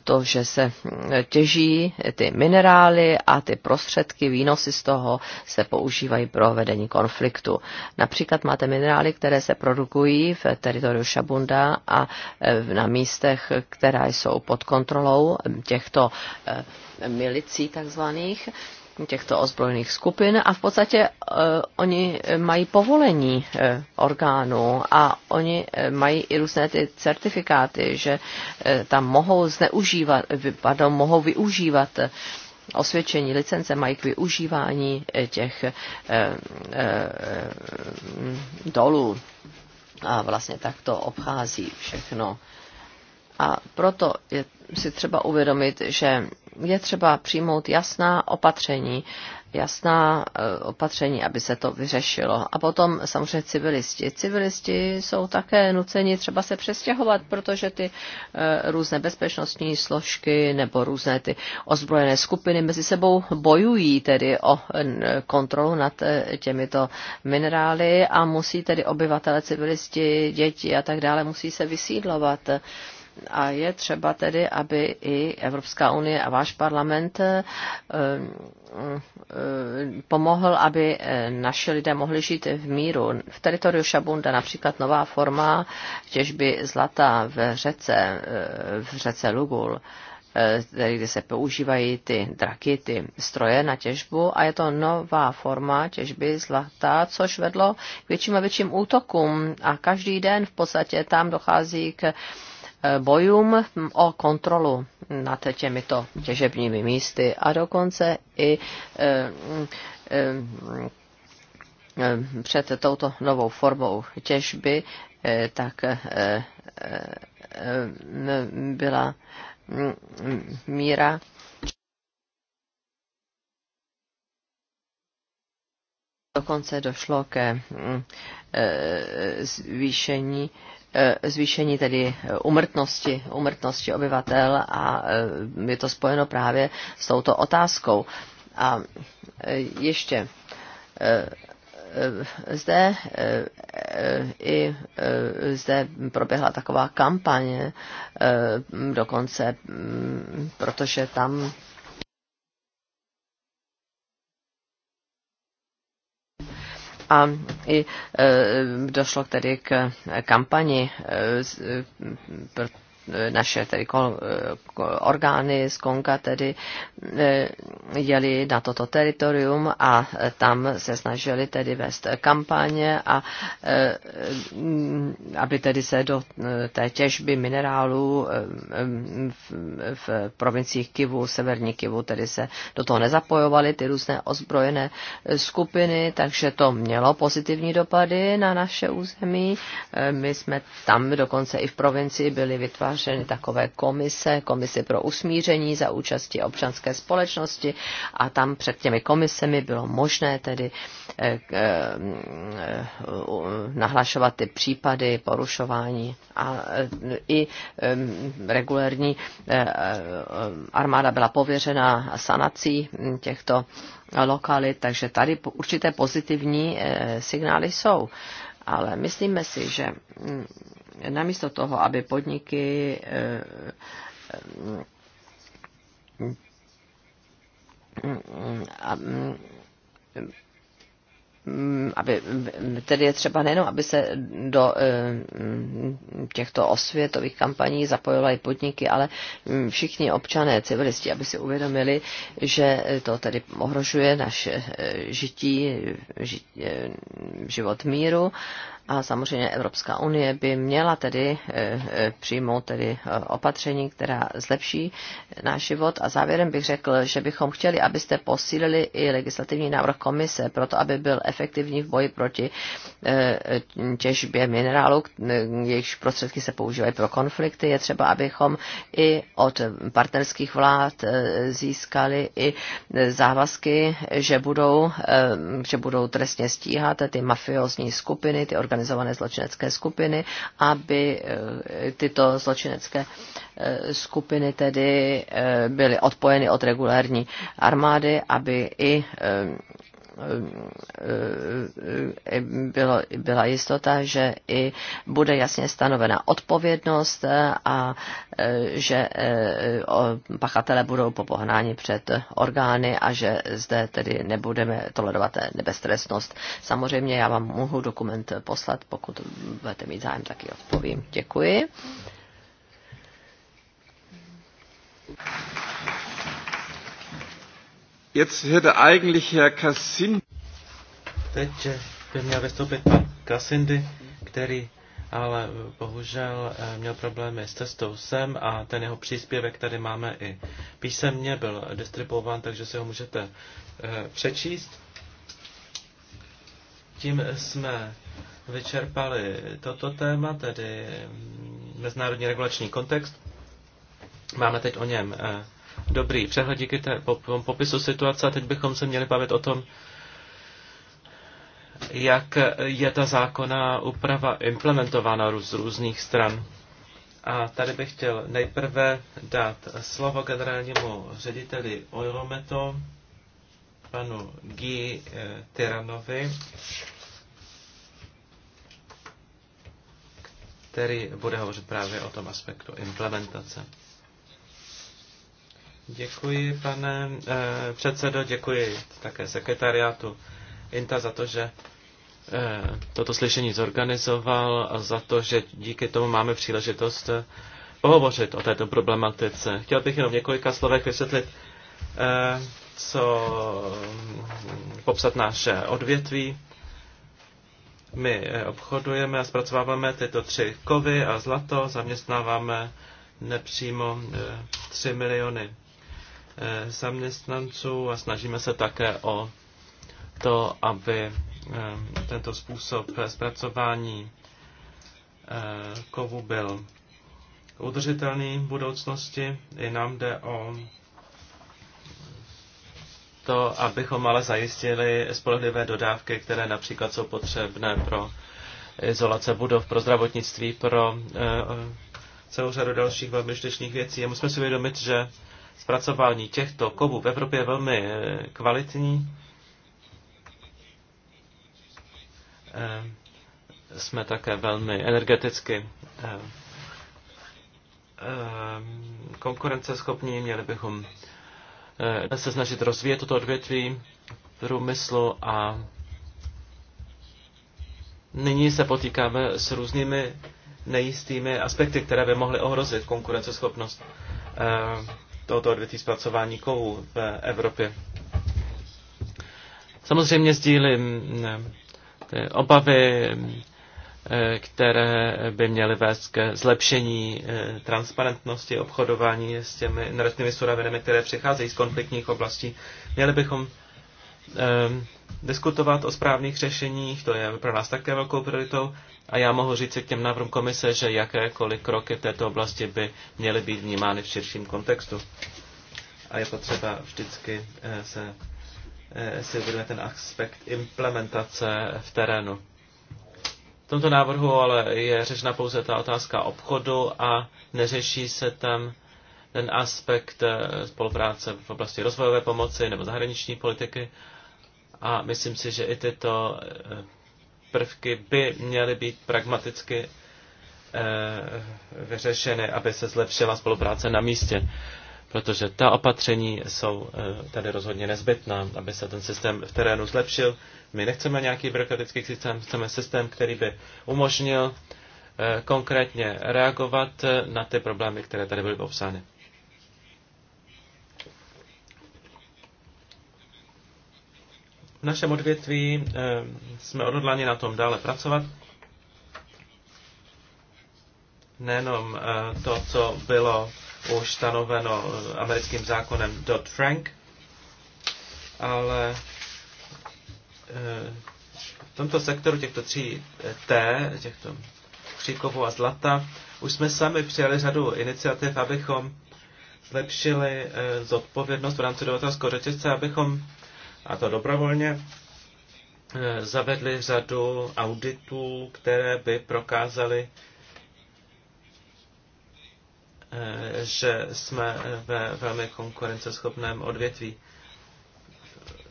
to, že se hm, těží ty minerály a ty prostředky, výnosy z toho se používají pro vedení konfliktu. Například máte minerály, které se produkují v teritoriu Šabunda a eh, na místech, která jsou pod kontrolou hm, těchto milicí takzvaných, těchto ozbrojených skupin a v podstatě uh, oni mají povolení uh, orgánů a oni uh, mají i různé ty certifikáty, že uh, tam mohou zneužívat, pardon, mohou využívat osvědčení licence mají k využívání těch uh, uh, dolů a vlastně tak to obchází všechno a proto je si třeba uvědomit, že je třeba přijmout jasná opatření, jasná e, opatření, aby se to vyřešilo. A potom samozřejmě civilisti. Civilisti jsou také nuceni třeba se přestěhovat, protože ty e, různé bezpečnostní složky nebo různé ty ozbrojené skupiny mezi sebou bojují tedy o kontrolu nad e, těmito minerály a musí tedy obyvatele, civilisti, děti a tak dále musí se vysídlovat a je třeba tedy, aby i Evropská unie a váš parlament eh, eh, pomohl, aby eh, naši lidé mohli žít v míru. V teritoriu Šabunda například nová forma těžby zlata v řece, v řece Lugul tedy kde se používají ty draky, ty stroje na těžbu a je to nová forma těžby zlata, což vedlo k větším a větším útokům a každý den v podstatě tam dochází k bojům o kontrolu nad těmito těžebními místy a dokonce i eh, eh, před touto novou formou těžby, eh, tak byla mm, míra Dokonce došlo ke mm, zvýšení Eh, zvýšení tedy eh, umrtnosti, umrtnosti obyvatel a eh, je to spojeno právě s touto otázkou. A ještě zde i zde proběhla taková kampaně dokonce, mm, protože tam a i e, došlo tedy k kampani e, e, naše tedy orgány z Konga tedy eh, jeli na toto teritorium a tam se snažili tedy vést kampaně a eh, aby tedy se do eh, té těžby minerálů v, v provinciích Kivu, severní Kivu, tedy se do toho nezapojovaly ty různé ozbrojené skupiny, takže to mělo pozitivní dopady na naše území. My jsme tam dokonce i v provincii byli vytvářeni vytvářeny takové komise, komise pro usmíření za účasti občanské společnosti a tam před těmi komisemi bylo možné tedy eh, eh, nahlašovat ty případy porušování a eh, i regulérní armáda byla pověřena sanací těchto lokalit, takže tady určité pozitivní signály jsou. Ale myslíme si, že mm, namísto toho, aby podniky eh, aby, tedy je třeba nejenom, aby se do eh, těchto osvětových kampaní zapojovaly i podniky, ale všichni občané, civilisti, aby si uvědomili, že to tedy ohrožuje naše eh, žití, žití život míru a samozřejmě Evropská unie by měla tedy eh, eh, přijmout tedy eh, opatření, která zlepší náš život. A závěrem bych řekl, že bychom chtěli, abyste posílili i legislativní návrh komise, proto aby byl efektivní v boji proti těžbě minerálu, jejichž prostředky se používají pro konflikty. Je třeba, abychom i od partnerských vlád získali i závazky, že budou, že budou trestně stíhat ty mafiozní skupiny, ty organizace organizované zločinecké skupiny, aby eh, tyto zločinecké eh, skupiny tedy eh, byly odpojeny od regulární armády, aby i E, e, bylo, byla jistota, že i bude jasně stanovena odpovědnost e, a že pachatele budou popohnáni před orgány a že zde tedy nebudeme tolerovat nebeztrestnost. Samozřejmě já vám mohu dokument poslat, pokud budete mít zájem, tak ji odpovím. Děkuji. Jetzt hätte eigentlich Herr Kassin... Teď eh, by měl vystoupit pan Kasindy, který ale eh, bohužel eh, měl problémy s cestou sem a ten jeho příspěvek tady máme i písemně, byl distribuován, takže si ho můžete přečíst. Tím jsme vyčerpali toto téma, tedy mm, mezinárodní regulační kontext. Máme teď o něm dobrý přehled díky té popisu situace a teď bychom se měli bavit o tom, jak je ta zákonná úprava implementována z různých stran. A tady bych chtěl nejprve dát slovo generálnímu řediteli Eurometo, panu Guy eh, Tyranovi, který bude hovořit právě o tom aspektu implementace. Děkuji, pane eh, předsedo, děkuji také sekretariátu INTA za to, že eh, toto slyšení zorganizoval a za to, že díky tomu máme příležitost eh, pohovořit o této problematice. Chtěl bych jenom v několika slovech vysvětlit, eh, co popsat naše odvětví. My obchodujeme a zpracováváme tyto tři kovy a zlato, zaměstnáváme nepřímo 3 miliony Eh, zaměstnanců a snažíme se také o to, aby eh, tento způsob eh, zpracování kovu byl udržitelný v budoucnosti. I nám jde o to, abychom ale zajistili spolehlivé dodávky, které například jsou potřebné pro izolace budov, pro zdravotnictví, pro celou řadu dalších velmi věcí. A musíme si uvědomit, že zpracování těchto kovů v Evropě je velmi eh, kvalitní. Eh, jsme také velmi energeticky eh, konkurenceschopní, měli bychom se snažit rozvíjet toto odvětví průmyslu a nyní se potýkáme s různými nejistými aspekty, které by mohly ohrozit konkurenceschopnost tohoto odvětví zpracování kovů v Evropě. Samozřejmě sdílím ty obavy, eh, které by měly vést ke zlepšení eh, transparentnosti obchodování s těmi nerostnými surovinami, které přicházejí z konfliktních oblastí. Měli bychom eh, diskutovat o správných řešeních, to je pro nás také velkou prioritou. A já mohu říct k těm návrhům komise, že jakékoliv kroky v této oblasti by měly být vnímány v širším kontextu. A je potřeba vždycky eh, se, eh, si uvědomit ten aspekt implementace v terénu. V tomto návrhu ale je řešena pouze ta otázka obchodu a neřeší se tam ten aspekt eh, spolupráce v oblasti rozvojové pomoci nebo zahraniční politiky a myslím si, že i tyto eh, prvky by měly být pragmaticky eh, vyřešeny, aby se zlepšila spolupráce na místě. Protože ta opatření jsou eh, tady rozhodně nezbytná, aby se ten systém v terénu zlepšil. My nechceme nějaký byrokratický systém, chceme systém, který by umožnil konkrétně reagovat na ty problémy, které tady byly popsány. V našem odvětví eh, jsme odhodláni na tom dále pracovat. Nejenom eh, to, co bylo už stanoveno eh, americkým zákonem Dodd-Frank, ale v tomto sektoru těchto tří T, těchto příkovů a zlata, už jsme sami přijali řadu iniciativ, abychom zlepšili zodpovědnost v rámci dovatelského řetězce, abychom a to dobrovolně, eh, zavedli řadu auditů, které by prokázaly, eh, že jsme eh, ve velmi konkurenceschopném odvětví.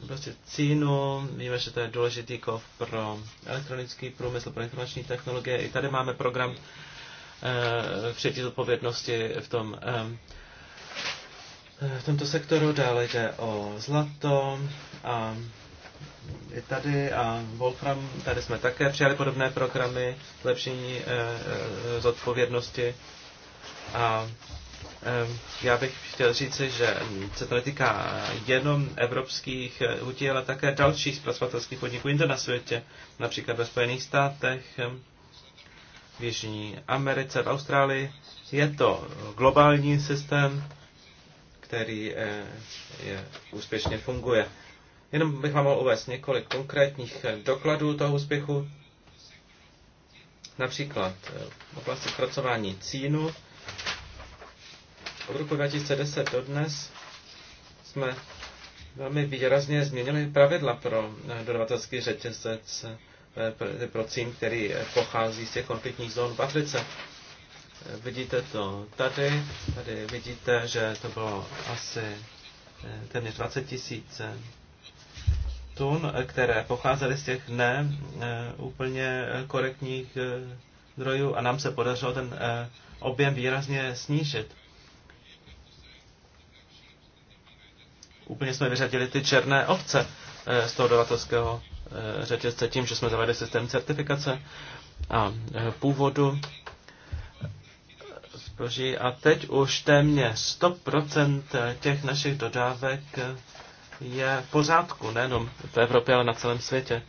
Prostě cínu, víme, že to je důležitý kov pro elektronický průmysl, pro informační technologie. I tady máme program přijetí zodpovědnosti v tom Eh, v tomto sektoru, dále jde o zlato a i tady a Wolfram, tady jsme také přijali podobné programy zlepšení e, e, zodpovědnosti a já bych chtěl říci, že se to netýká jenom evropských hutí, ale také dalších zpracovatelských podniků jinde na světě, například ve Spojených státech, v Jižní Americe, v Austrálii. Je to globální systém, který eh, je, úspěšně funguje. Jenom bych vám mohl uvést několik konkrétních eh, dokladů toho úspěchu. Například eh, v oblasti zpracování cínu. Od roku 2010 do dnes jsme velmi výrazně změnili pravidla pro dodavatelský řetězec pro cín, který pochází z těch konfliktních zón v Africe. Vidíte to tady. Tady vidíte, že to bylo asi eh, téměř 20 tisíc eh, tun, eh, které pocházely z těch ne úplně korektních zdrojů a nám se podařilo ten objem výrazně snížit. Úplně jsme vyřadili ty černé ovce z toho dodatelského řetězce tím, že jsme zavedli systém certifikace a původu zboží a teď už téměř 100% těch našich dodávek je v pořádku, nejenom v Evropě, ale na celém světě.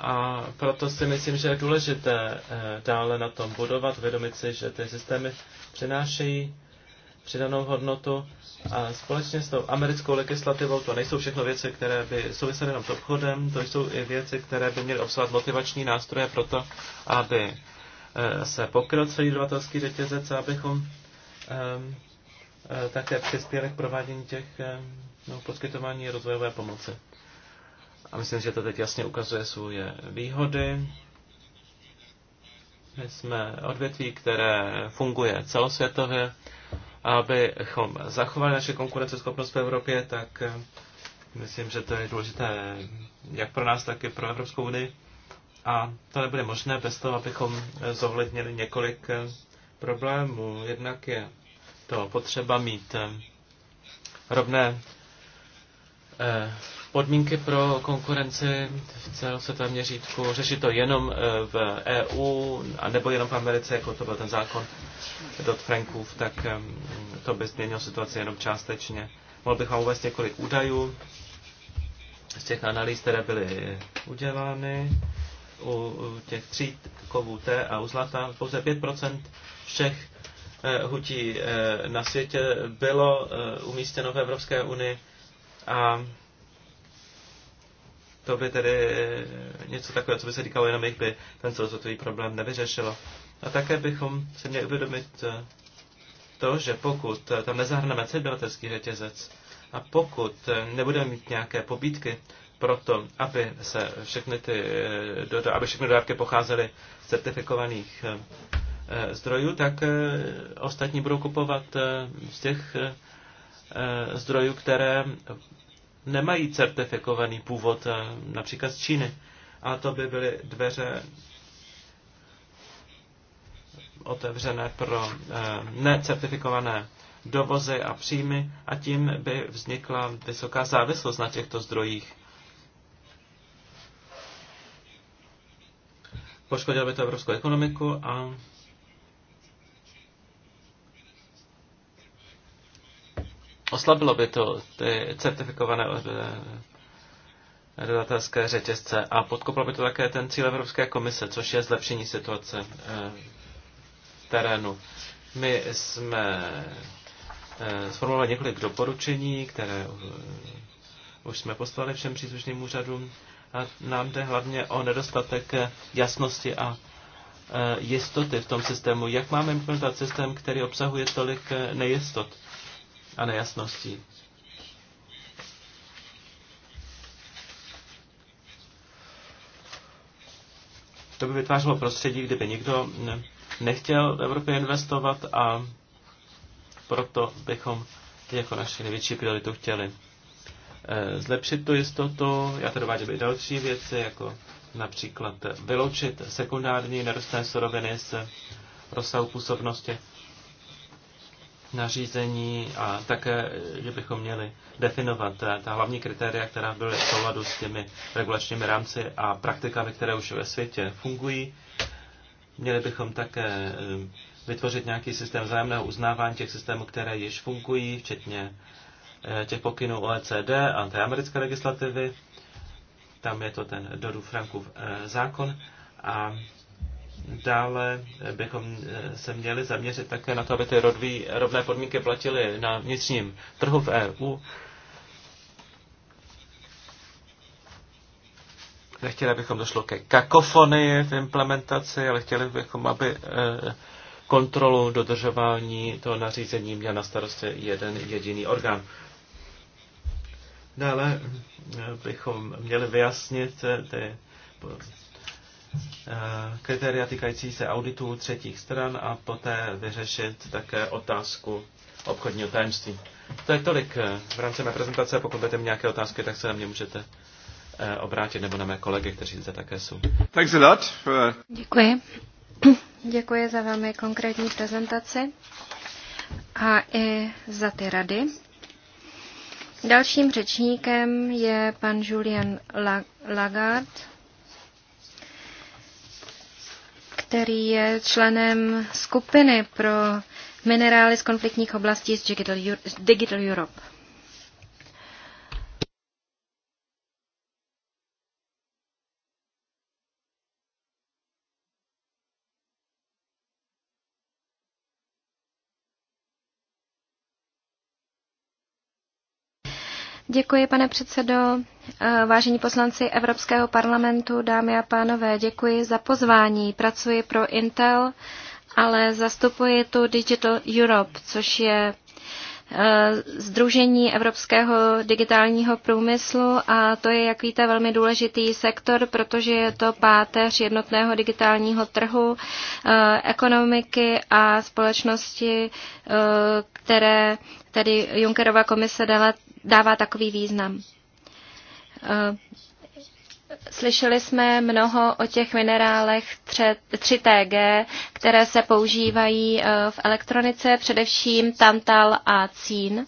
A proto si myslím, že je důležité eh, dále na tom budovat, vědomit si, že ty systémy přinášejí přidanou hodnotu a společně s tou americkou legislativou to nejsou všechno věci, které by souvisely jenom s obchodem, to jsou i věci, které by měly obsahovat motivační nástroje pro to, aby Eh, se pokryl celý dodavatelský řetězec, abychom eh, také přispěli k provádění těch no, poskytování rozvojové pomoci. A myslím, že to teď jasně ukazuje svoje výhody. My jsme odvětví, které funguje celosvětově. Abychom zachovali naše konkurenceschopnost v Evropě, tak myslím, že to je důležité jak pro nás, tak i pro Evropskou unii. A to nebude možné bez toho, abychom eh, zohlednili několik eh, problémů. Jednak je to potřeba mít eh, rovné podmínky pro konkurenci v celosvětovém měřítku, řešit to jenom v EU a nebo jenom v Americe, jako to byl ten zákon dot Frankův, tak to by změnilo situaci jenom částečně. Mohl bych vám uvést několik údajů z těch analýz, které byly udělány u těch tří kovů T a u zlata pouze 5% všech eh, hutí eh, na světě bylo eh, umístěno v Evropské unii a to by tedy něco takového, co by se říkalo jenom jich, by ten celozotový problém nevyřešilo. A také bychom se měli uvědomit to, že pokud tam nezahrneme celý řetězec a pokud nebudeme mít nějaké pobídky proto, aby se všechny ty, eh, aby všechny dodávky pocházely z certifikovaných eh, eh, zdrojů, tak ostatní budou kupovat z těch zdrojů, které nemají certifikovaný původ, například z Číny. A to by byly dveře otevřené pro necertifikované dovozy a příjmy a tím by vznikla vysoká závislost na těchto zdrojích. poškodilo by to evropskou ekonomiku a oslabilo by to ty certifikované eh, dodatelské řetězce a podkoplo by to také ten cíl Evropské komise, což je zlepšení situace eh, v terénu. My jsme eh, sformulovali několik doporučení, které už jsme poslali všem příslušným úřadům a nám jde hlavně o nedostatek jasnosti a e, jistoty v tom systému. Jak máme implementovat systém, který obsahuje tolik e, nejistot a nejasností? To by vytvářelo prostředí, kdyby nikdo nechtěl v Evropě investovat a proto bychom jako naši největší prioritu chtěli Eh, zlepšit tu jistotu. Já to dovádím i další věci, jako například vyloučit sekundární nerostné suroviny z rozsahu působnosti nařízení a také, že bychom měli definovat eh, ta hlavní kritéria, která byly v souladu s těmi regulačními rámci a praktikami, které už ve světě fungují. Měli bychom také eh, vytvořit nějaký systém vzájemného uznávání těch systémů, které již fungují, včetně Eh, těch pokynů OECD a té americké legislativy. Tam je to ten Dodu Frankův eh, zákon. A dále bychom eh, se měli zaměřit také na to, aby ty rodví, rovné podmínky platily na vnitřním trhu v EU. Nechtěli bychom došlo ke kakofonii v implementaci, ale chtěli bychom, aby kontrolu dodržování toho nařízení měl na starosti jeden jediný orgán. Dále no, eh, bychom měli vyjasnit eh, ty eh, kritéria týkající se auditů třetích stran a poté vyřešit také otázku obchodního tajemství. To je tolik v rámci mé prezentace. Pokud budete mít nějaké otázky, tak se na mě můžete obrátit nebo na mé kolegy, kteří zde také jsou. Thanks a lot. Děkuji. Děkuji za velmi konkrétní prezentaci a i za ty rady, Dalším řečníkem je pan Julian Lagard, který je členem skupiny pro minerály z konfliktních oblastí z Digital Europe. Děkuji, pane předsedo. Eh, vážení poslanci Evropského parlamentu, dámy a pánové, děkuji za pozvání. Pracuji pro Intel, ale zastupuji tu Digital Europe, což je Eh, Združení evropského digitálního průmyslu a to je, jak víte, velmi důležitý sektor, protože je to páteř jednotného digitálního trhu, eh, ekonomiky a společnosti, eh, které tedy Junckerova komise dává takový význam. Slyšeli jsme mnoho o těch minerálech 3TG, které se používají eh, v elektronice, především tantal a cín.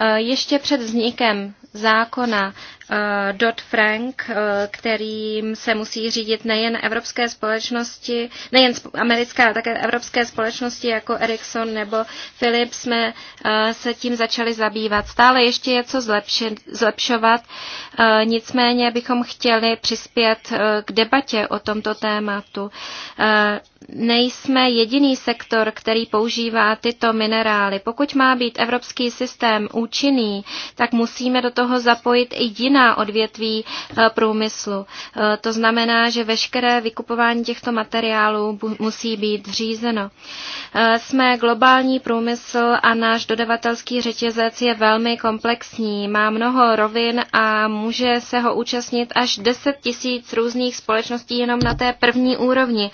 Eh, ještě před vznikem zákona eh, Dodd-Frank, eh, kterým se musí řídit nejen evropské společnosti, nejen americké, ale také evropské společnosti jako Ericsson nebo Philips, jsme eh, se tím začali zabývat. Stále ještě je co zlepšit, zlepšovat, nicméně bychom chtěli přispět k debatě o tomto tématu. Nejsme jediný sektor, který používá tyto minerály. Pokud má být evropský systém účinný, tak musíme do toho toho zapojit i jiná odvětví eh, průmyslu. Eh, to znamená, že veškeré vykupování těchto materiálů musí být řízeno. Eh, jsme globální průmysl a náš dodavatelský řetězec je velmi komplexní. Má mnoho rovin a může se ho účastnit až 10 tisíc různých společností jenom na té první úrovni.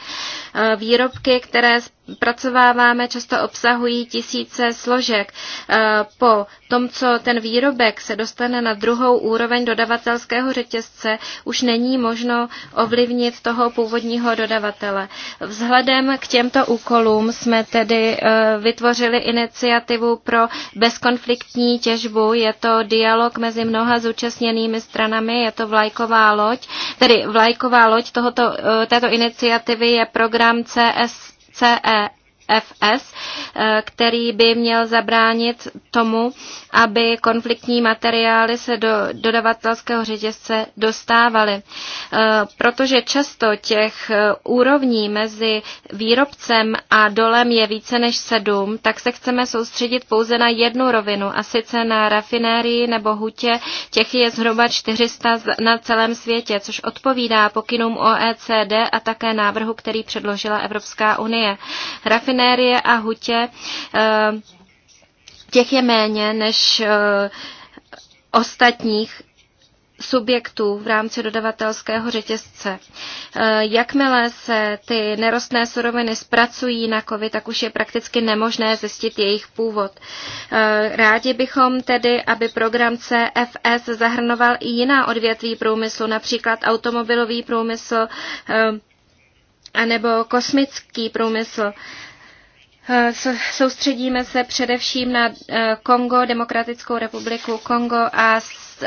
Výrobky, které zpracováváme, často obsahují tisíce složek. E, po tom, co ten výrobek se dostane na druhou úroveň dodavatelského řetězce, už není možno ovlivnit toho původního dodavatele. Vzhledem k těmto úkolům jsme tedy e, vytvořili iniciativu pro bezkonfliktní těžbu. Je to dialog mezi mnoha zúčastněnými stranami, je to vlajková loď, tedy vlajková loď tohoto, e, této iniciativy je program CS CE FS, eh, který by měl zabránit tomu, aby konfliktní materiály se do dodavatelského řetězce dostávaly. Eh, protože často těch eh, úrovní mezi výrobcem a dolem je více než sedm, tak se chceme soustředit pouze na jednu rovinu, a sice na rafinérii nebo hutě. Těch je zhruba 400 na celém světě, což odpovídá pokynům OECD a také návrhu, který předložila Evropská unie. Rafinérie Gardnérie a Hutě, eh, těch je méně než eh, ostatních subjektů v rámci dodavatelského řetězce. Eh, jakmile se ty nerostné suroviny zpracují na kovy, tak už je prakticky nemožné zjistit jejich původ. Rádi bychom tedy, aby program CFS zahrnoval i jiná odvětví průmyslu, například automobilový průmysl anebo kosmický průmysl. Eh, soustředíme se především na eh, Kongo, Demokratickou republiku Kongo a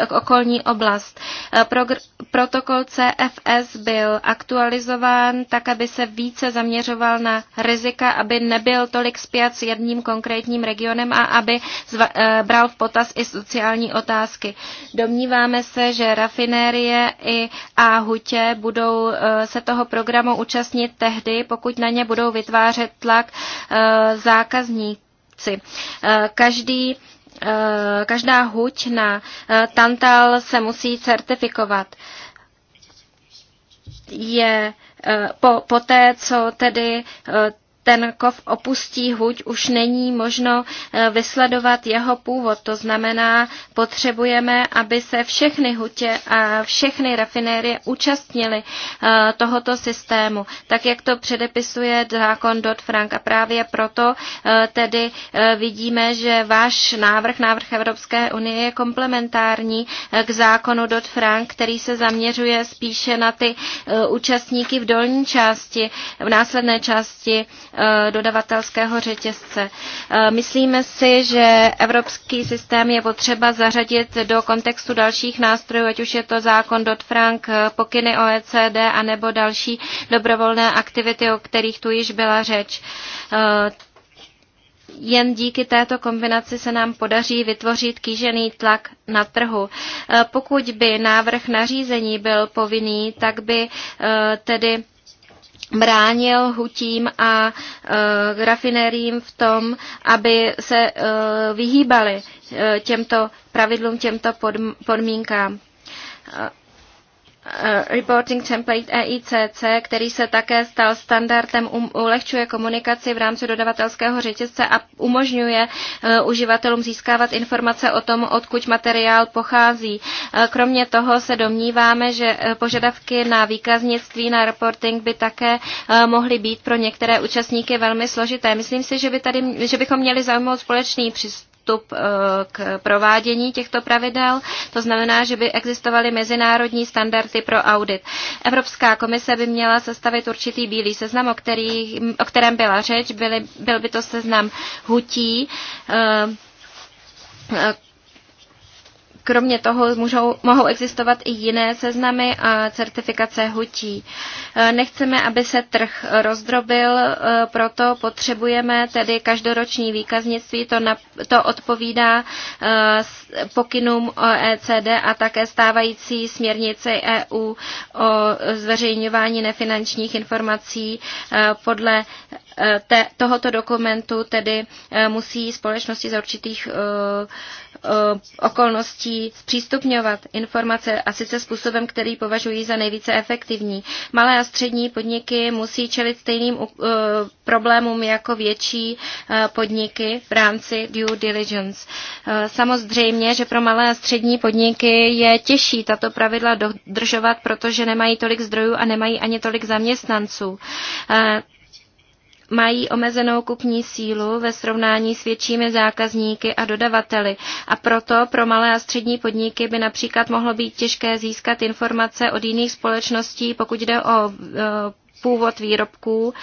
okolní oblast. Eh, progr- protokol CFS byl aktualizován tak, aby se více zaměřoval na rizika, aby nebyl tolik spjat s jedním konkrétním regionem a aby eh, bral v potaz i sociální otázky. Domníváme se, že rafinérie i a hutě budou eh, se toho programu účastnit tehdy, pokud na ně budou vytvářet tlak zákazníci. Každý Eh, každá huť na eh, tantal se musí certifikovat. Je eh, po, po té, co tedy ten kov opustí huď, už není možno eh, vysledovat jeho původ. To znamená, potřebujeme, aby se všechny hutě a všechny rafinérie účastnily eh, tohoto systému, tak jak to předepisuje zákon Dodd-Frank. A právě proto eh, tedy vidíme, že váš návrh, návrh Evropské unie je komplementární k zákonu Dodd-Frank, který se zaměřuje spíše na ty účastníky v dolní části, v následné části Eh, dodavatelského řetězce. Eh, myslíme si, že evropský systém je potřeba zařadit do kontextu dalších nástrojů, ať už je to zákon Dodd-Frank, eh, pokyny OECD a nebo další dobrovolné aktivity, o kterých tu již byla řeč. Jen díky této kombinaci se nám podaří vytvořit kýžený tlak na trhu. Pokud by návrh nařízení byl povinný, tak by tedy bránil hutím a e, rafinériím v tom, aby se e, vyhýbali e, těmto pravidlům, těmto podmínkám. E, Eh, reporting template EICC, který se také stal standardem, um, ulehčuje komunikaci v rámci dodavatelského řetězce a umožňuje uh, uživatelům získávat informace o tom, odkud materiál pochází. Uh, kromě toho se domníváme, že uh, požadavky na výkaznictví, na reporting by také uh, mohly být pro některé účastníky velmi složité. Myslím si, že, by tady, že bychom měli zaujmout společný přístup přístup eh, k provádění těchto pravidel. To znamená, že by existovaly mezinárodní standardy pro audit. Evropská komise by měla sestavit určitý bílý seznam, o, který, o kterém byla řeč. Byly, byl by to seznam hutí, eh, Kromě toho můžou, mohou existovat i jiné seznamy a certifikace hutí. E, nechceme, aby se trh rozdrobil, e, proto potřebujeme tedy každoroční výkaznictví. To, na, to odpovídá e, pokynům OECD a také stávající směrnici EU o zveřejňování nefinančních informací. Podle te, tohoto dokumentu tedy musí společnosti z určitých Eh, okolností zpřístupňovat informace a sice způsobem, který považují za nejvíce efektivní. Malé a střední podniky musí čelit stejným eh, problémům jako větší eh, podniky v rámci due diligence. Samozřejmě, že pro malé a střední podniky je těžší tato pravidla dodržovat, protože nemají tolik zdrojů a nemají ani tolik zaměstnanců mají omezenou kupní sílu ve srovnání s většími zákazníky a dodavateli a proto pro malé a střední podniky by například mohlo být těžké získat informace od jiných společností, pokud jde o původ výrobků.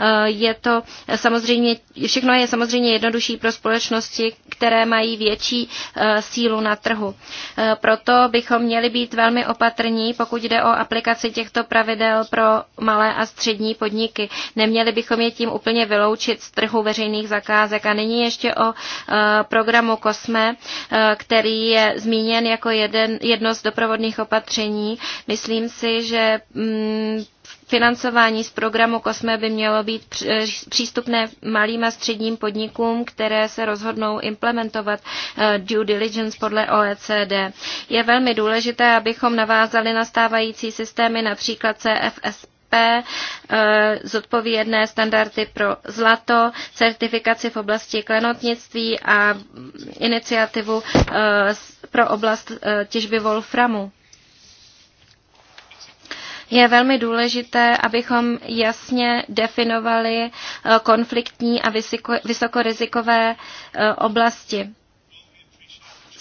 Eh, je to samozřejmě, všechno je samozřejmě jednodušší pro společnosti, které mají větší eh, sílu na trhu. Eh, proto bychom měli být velmi opatrní, pokud jde o aplikaci těchto pravidel pro malé a střední podniky. Neměli bychom je tím úplně vyloučit z trhu veřejných zakázek. A nyní ještě o programu COSME, který je zmíněn jako jeden, jedno z doprovodných opatření. Myslím si, že mm, Financování z programu COSME by mělo být eh, přístupné malým a středním podnikům, které se rozhodnou implementovat eh, due diligence podle OECD. Je velmi důležité, abychom navázali na stávající systémy, například CFSP HDP, eh, zodpovědné standardy pro zlato, certifikaci v oblasti klenotnictví a iniciativu pro oblast těžby wolframu. Je velmi důležité, abychom jasně definovali eh, konfliktní a vysokorizikové eh, oblasti.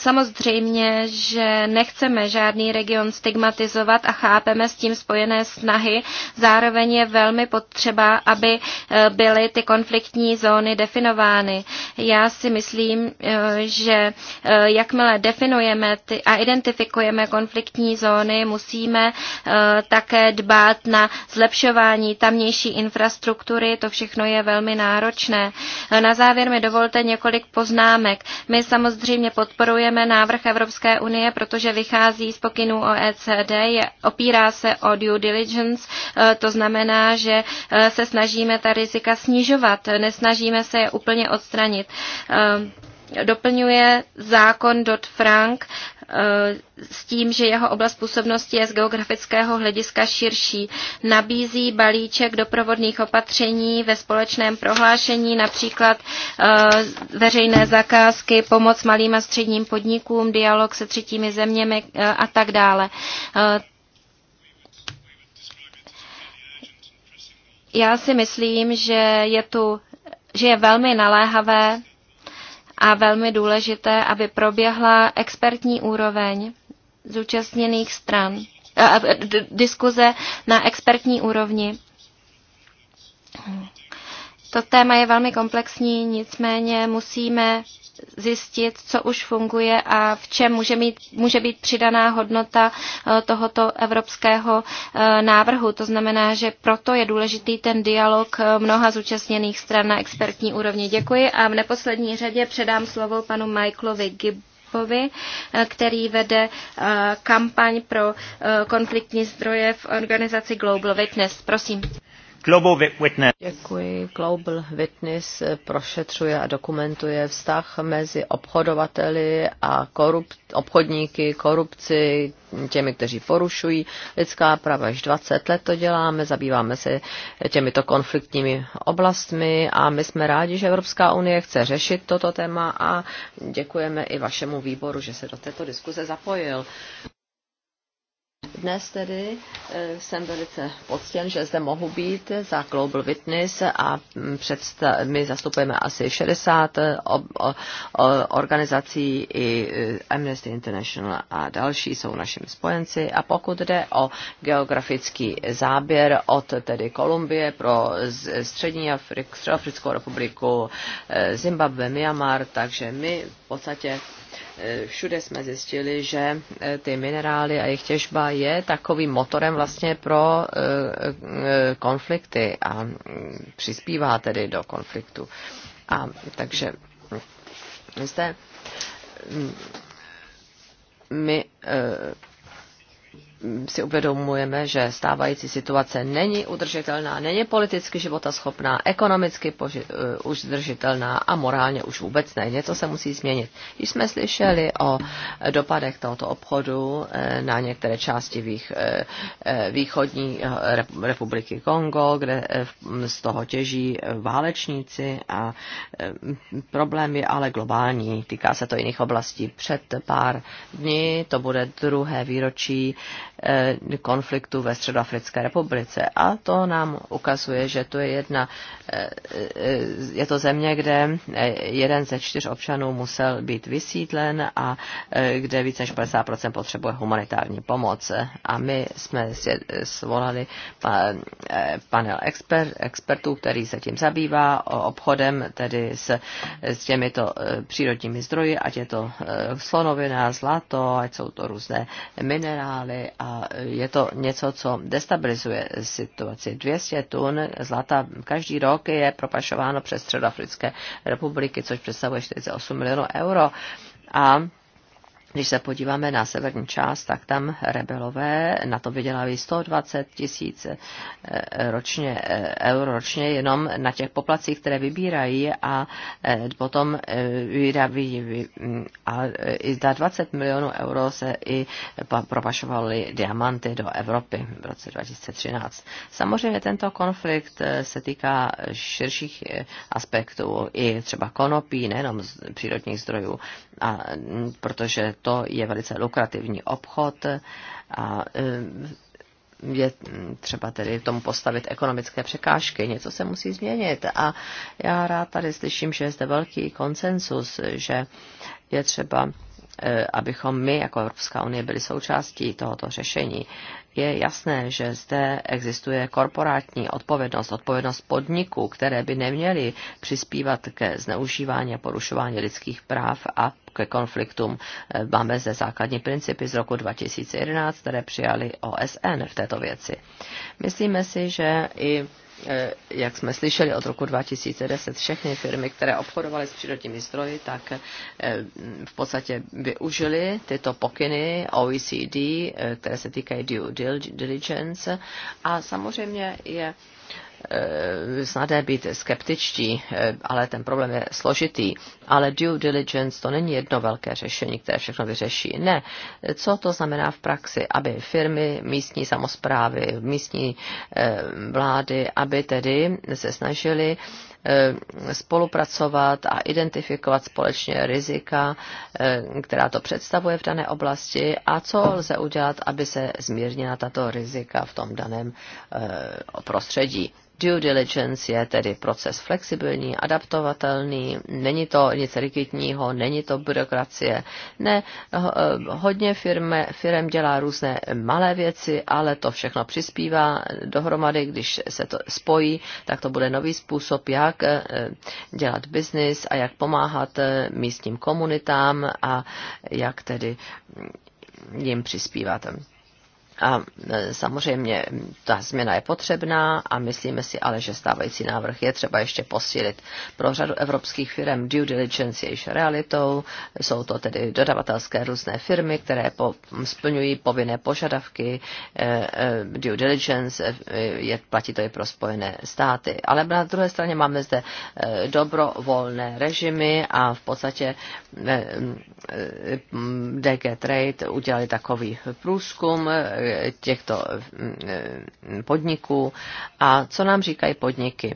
Samozřejmě, že nechceme žádný region stigmatizovat a chápeme s tím spojené snahy. Zároveň je velmi potřeba, aby eh, byly ty konfliktní zóny definovány. Já si myslím, eh, že eh, jakmile definujeme ty a identifikujeme konfliktní zóny, musíme také dbát na zlepšování tamnější infrastruktury. To všechno je velmi náročné. Na závěr mi dovolte několik poznámek. My samozřejmě podporujeme podporujeme návrh Evropské unie, protože vychází z pokynů OECD, je, opírá se o due diligence, e, to znamená, že e, se snažíme ta rizika snižovat, nesnažíme se je úplně odstranit e, doplňuje zákon Dodd-Frank, Eh, s tím, že jeho oblast působnosti je z geografického hlediska širší. Nabízí balíček doprovodných opatření ve společném prohlášení, například eh, veřejné zakázky, pomoc malým a středním podnikům, dialog se třetími zeměmi eh, a tak dále. Já si myslím, že je tu že je velmi naléhavé a velmi důležité, aby proběhla expertní úroveň zúčastněných stran, diskuze na expertní úrovni. To téma je velmi komplexní, nicméně musíme zjistit, co už funguje a v čem může, mít, může být přidaná hodnota eh, tohoto evropského eh, návrhu. To znamená, že proto je důležitý ten dialog eh, mnoha zúčastněných stran na expertní úrovni. Děkuji a v neposlední řadě předám slovo panu Michaelovi Gibbovi, který vede kampaň pro konfliktní zdroje v organizaci Global Witness. Prosím. Děkuji. Global Witness prošetřuje a dokumentuje vztah mezi obchodovateli a korup, obchodníky, korupci, těmi, kteří porušují lidská práva. Až 20 let to děláme, zabýváme se těmito konfliktními oblastmi a my jsme rádi, že Evropská unie chce řešit toto téma a děkujeme i vašemu výboru, že se do této diskuze zapojil. Dnes tedy eh, jsem velice poctěn, že zde mohu být za Global Witness a mm, my zastupujeme asi 60 eh, organizací i eh, Amnesty International a další jsou našimi spojenci. A pokud jde o geografický záběr od tedy Kolumbie pro Střední Afrik- Středoafrickou republiku, Zimbabwe, Myanmar, takže my v podstatě všude jsme zjistili, že eh, ty minerály a jejich těžba je takovým motorem vlastně pro eh, eh, konflikty a mm, přispívá tedy do konfliktu. A takže jste, mm, mm, my si uvědomujeme, že stávající situace není udržitelná, není politicky životaschopná, ekonomicky eh, už udržitelná a morálně už vůbec ne. Něco se musí změnit. Když jsme slyšeli o dopadech tohoto obchodu eh, na některé části vých, eh, východní republiky Kongo, kde z toho těží válečníci a problém je ale globální. Týká se to jiných oblastí. Před pár dní to bude druhé výročí Eh, konfliktu ve Středoafrické republice. A to nám ukazuje, že to je jedna, eh, eh, je to země, kde jeden ze čtyř občanů musel být vysídlen a kde více než 50% potřebuje humanitární pomoc. A my jsme svolali panel expert, expertů, který se tím zabývá obchodem, tedy s, s těmito přírodními zdroji, ať je to slonovina, zlato, ať jsou to různé minerály a je to něco, co destabilizuje situaci. 200 tun zlata každý rok je propašováno přes Středoafrické republiky, což představuje 48 milionů euro. A když se podíváme na severní část, tak tam rebelové na to vydělávají 120 tisíc eh, eh, ročně, eh, euro ročně jenom na těch poplacích, které vybírají a potom vydávají mm, a i za 20 milionů euro se i propašovaly diamanty do Evropy v roce 2013. Samozřejmě tento konflikt se týká širších aspektů, i třeba konopí, nejenom přírodních zdrojů, a mm, protože to je velice lukrativní obchod a e, je třeba tedy tomu postavit ekonomické překážky, něco se musí změnit. A já rád tady slyším, že je zde velký konsensus, že je třeba e, abychom my jako Evropská unie byli součástí tohoto řešení je jasné, že zde existuje korporátní odpovědnost, odpovědnost podniků, které by neměly přispívat ke zneužívání a porušování lidských práv a ke konfliktům. Eh, Máme zde základní principy z roku 2011, které přijali OSN v této věci. Myslíme si, že i Eh, jak jsme slyšeli od roku 2010, všechny firmy, které obchodovaly s přírodními zdroji, tak eh, v podstatě využili tyto pokyny OECD, eh, které se týkají due diligence. A samozřejmě je Eh, snadé být skeptičtí, eh, ale ten problém je složitý. Ale due diligence to není jedno velké řešení, které všechno vyřeší. Ne. Co to znamená v praxi? Aby firmy, místní samozprávy, místní eh, vlády, aby tedy se snažili Eh, spolupracovat a identifikovat společně rizika, eh, která to představuje v dané oblasti a co lze udělat, aby se zmírnila tato rizika v tom daném eh, prostředí. Due diligence je tedy proces flexibilní, adaptovatelný, není to nic rigidního, není to byrokracie. Ne, hodně firme, firm dělá různé malé věci, ale to všechno přispívá dohromady, když se to spojí, tak to bude nový způsob, jak jak eh, dělat biznis a jak pomáhat eh, místním komunitám a jak tedy jim přispívat. A e, samozřejmě ta změna je potřebná a myslíme si ale, že stávající návrh je třeba ještě posílit. Pro řadu evropských firm due diligence je již realitou, jsou to tedy dodavatelské různé firmy, které po, splňují povinné požadavky e, e, due diligence, je, platí to i pro Spojené státy. Ale na druhé straně máme zde dobrovolné režimy a v podstatě DG Trade udělali takový průzkum, těchto mm, podniků. A co nám říkají podniky?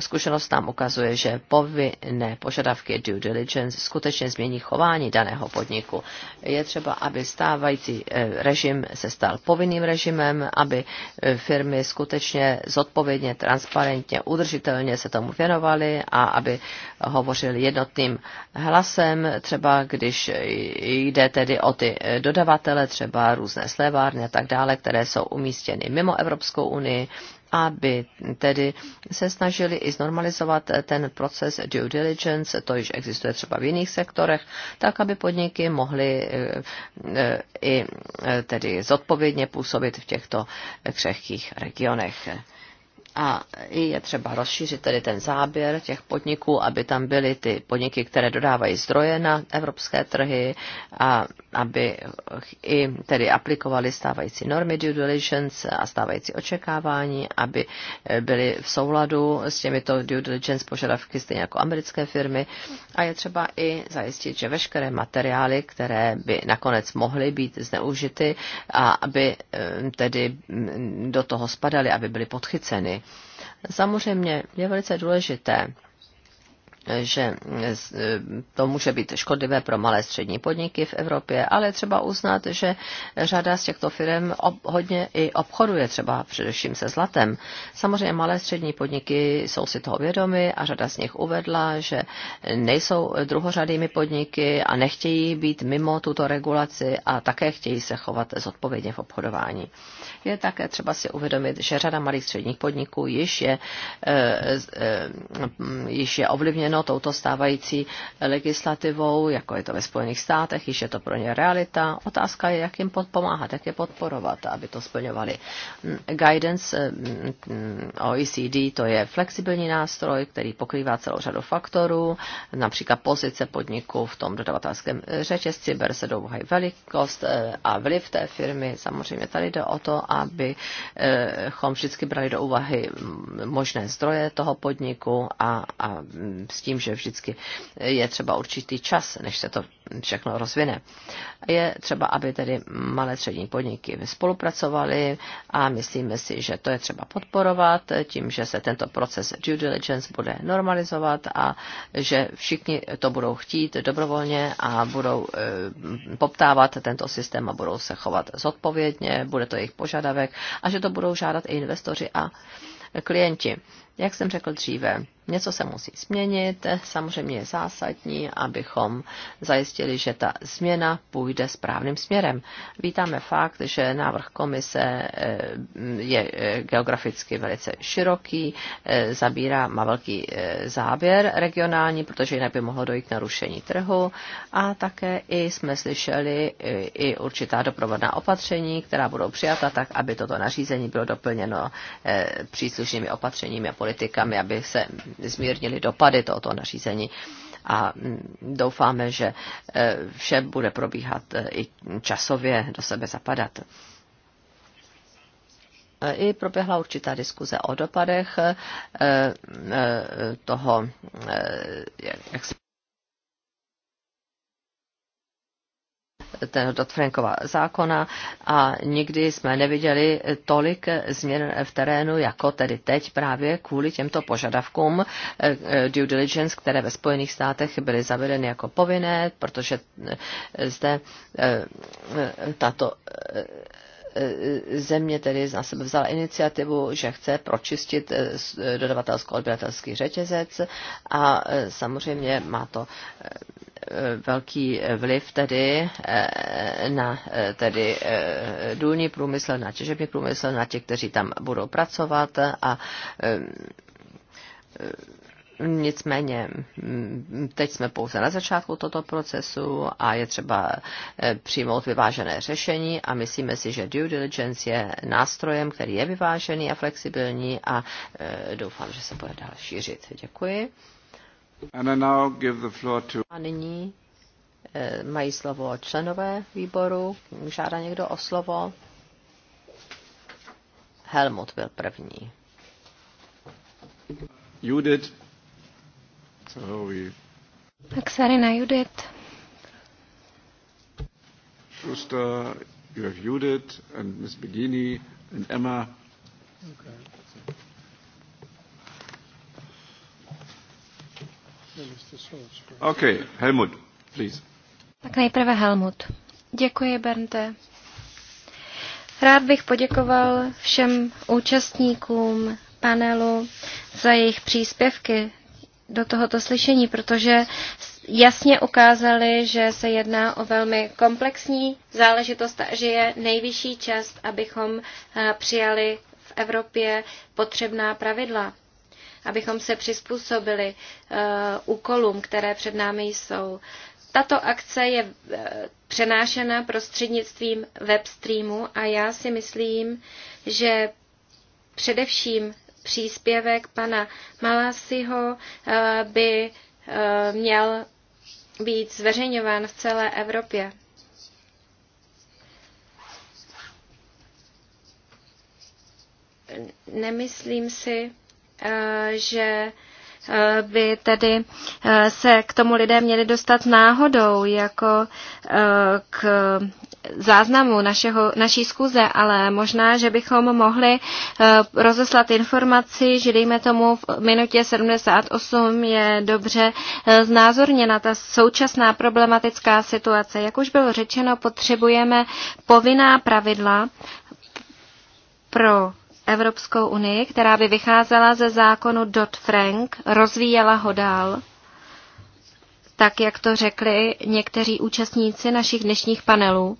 Zkušenost nám ukazuje, že povinné požadavky due diligence skutečně změní chování daného podniku. Je třeba, aby stávající eh, režim se stal povinným režimem, aby eh, firmy skutečně zodpovědně, transparentně, udržitelně se tomu věnovaly a aby hovořili jednotným hlasem, třeba když eh, jde tedy o ty dodavatele, třeba různé slévárny a tak tak dále, které jsou umístěny mimo Evropskou unii, aby tedy se snažili i znormalizovat ten proces due diligence, to již existuje třeba v jiných sektorech, tak aby podniky mohly eh, eh, i eh, tedy zodpovědně působit v těchto křehkých regionech. A je třeba rozšířit tedy ten záběr těch podniků, aby tam byly ty podniky, které dodávají zdroje na evropské trhy a aby i tedy aplikovali stávající normy due diligence a stávající očekávání, aby eh, byly v souladu s těmito due diligence požadavky stejně jako americké firmy. A je třeba i zajistit, že veškeré materiály, které by nakonec mohly být zneužity a aby eh, tedy mm, do toho spadaly, aby byly podchyceny Samozřejmě je velice důležité že eh, eh, to může být škodlivé pro malé střední podniky v Evropě, ale třeba uznat, že řada z těchto firm hodně i obchoduje třeba především se zlatem. Samozřejmě malé střední podniky jsou si toho vědomy a řada z nich uvedla, že nejsou druhořadými podniky a nechtějí být mimo tuto regulaci a také chtějí se chovat zodpovědně v obchodování. Je také třeba si uvědomit, že řada malých středních podniků již je, eh, již je ovlivněno umožněno touto stávající legislativou, jako je to ve Spojených státech, již je to pro ně realita. Otázka je, jak jim pomáhat, jak je podporovat, aby to splňovali. Guidance eh, OECD to je flexibilní nástroj, který pokrývá celou řadu faktorů, například pozice podniku v tom dodavatelském řetězci, ber se do velikost eh, a vliv té firmy. Samozřejmě tady jde o to, abychom eh, vždycky brali do úvahy mm, možné zdroje toho podniku a, a mm, tím, že vždycky je třeba určitý čas, než se to všechno rozvine. Je třeba, aby tedy malé střední podniky spolupracovaly a myslíme si, že to je třeba podporovat tím, že se tento proces due diligence bude normalizovat a že všichni to budou chtít dobrovolně a budou eh, poptávat tento systém a budou se chovat zodpovědně, bude to jejich požadavek a že to budou žádat i investoři a klienti. Jak jsem řekl dříve, něco se musí změnit. Samozřejmě je zásadní, abychom zajistili, že ta změna půjde správným směrem. Vítáme fakt, že návrh komise eh, je eh, geograficky velice široký, eh, zabírá, má velký záběr regionální, protože jinak by mohlo dojít k narušení trhu. A také i jsme slyšeli i určitá doprovodná opatření, která budou přijata tak, aby toto nařízení bylo doplněno příslušnými opatřeními a politikami politikami, aby se zmírnily dopady tohoto nařízení. A mm, doufáme, že e, vše bude probíhat e, i časově do sebe zapadat. E, I proběhla určitá diskuze o dopadech toho, jak se ten Dodd-Frankova zákona a nikdy jsme neviděli tolik změn v terénu, jako tedy teď právě kvůli těmto požadavkům eh, due diligence, které ve Spojených státech byly zavedeny jako povinné, protože eh, zde eh, tato země tedy na sebe vzala iniciativu, že chce pročistit dodavatelsko-odběratelský řetězec a samozřejmě má to velký vliv tedy eh, na eh, tedy eh, důlní průmysl, na těžební průmysl, na těch, kteří tam budou pracovat a Nicméně hm, teď jsme pouze na začátku tohoto procesu a je třeba přijmout vyvážené řešení a myslíme si, že due diligence je nástrojem, který je vyvážený a flexibilní a doufám, že se bude dál šířit. Děkuji. A nyní eh, mají slovo členové výboru. Žádá někdo o slovo? Helmut byl první. Judith. So we... Tak Sarina Judith. Schuster, you have Judith and Miss Begini and Emma. Okay. OK, Helmut, please. Tak nejprve Helmut. Děkuji, Bernte. Rád bych poděkoval všem účastníkům panelu za jejich příspěvky do tohoto slyšení, protože jasně ukázali, že se jedná o velmi komplexní záležitost a že je nejvyšší čas, abychom eh, přijali v Evropě potřebná pravidla abychom se přizpůsobili eh, úkolům, které před námi jsou. Tato akce je eh, přenášena prostřednictvím webstreamu a já si myslím, že především příspěvek pana Malasiho eh, by měl být zveřejňován v celé Evropě. Nemyslím si, Eh, že eh, by tedy eh, se k tomu lidé měli dostat náhodou, jako k záznamu našeho, naší zkuze, ale možná, že bychom mohli rozeslat informaci, že dejme tomu v minutě 78 je dobře znázorněna ta současná problematická situace. Jak už bylo řečeno, potřebujeme povinná pravidla pro Evropskou unii, která by vycházela ze zákonu Dodd-Frank, rozvíjela ho dál, tak jak to řekli někteří účastníci našich dnešních panelů.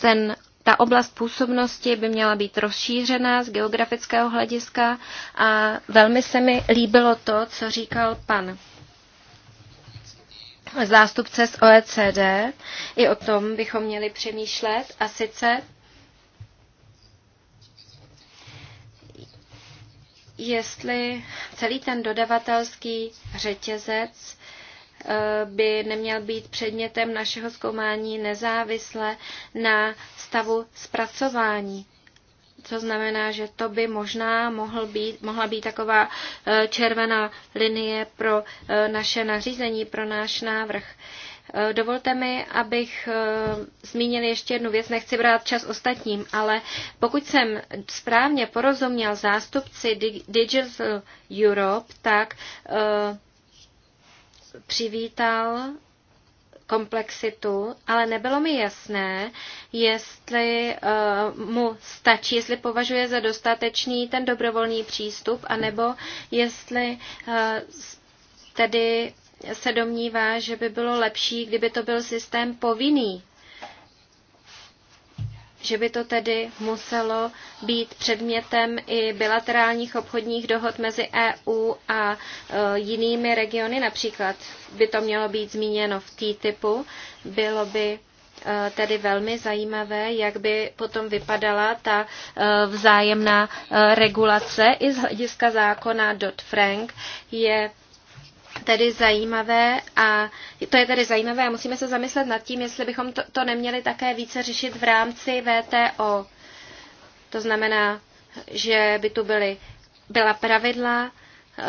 Ten, ta oblast působnosti by měla být rozšířená z geografického hlediska a velmi se mi líbilo to, co říkal pan zástupce z OECD. I o tom bychom měli přemýšlet a sice jestli celý ten dodavatelský řetězec eh, by neměl být předmětem našeho zkoumání nezávisle na stavu zpracování. To znamená, že to by možná mohl být, mohla být taková eh, červená linie pro eh, naše nařízení, pro náš návrh. Eh, dovolte mi, abych eh, zmínil ještě jednu věc, nechci brát čas ostatním, ale pokud jsem správně porozuměl zástupci Digital Europe, tak eh, přivítal komplexitu, ale nebylo mi jasné, jestli uh, mu stačí, jestli považuje za dostatečný ten dobrovolný přístup, anebo jestli uh, tedy se domnívá, že by bylo lepší, kdyby to byl systém povinný, že by to tedy muselo být předmětem i bilaterálních obchodních dohod mezi EU a e, jinými regiony. Například by to mělo být zmíněno v TTIPu. Bylo by e, tedy velmi zajímavé, jak by potom vypadala ta e, vzájemná regulace i z hlediska zákona Dodd-Frank je tedy zajímavé a to je tedy zajímavé a musíme se zamyslet nad tím, jestli bychom to, to neměli také více řešit v rámci VTO. To znamená, že by tu byly, byla pravidla, eh,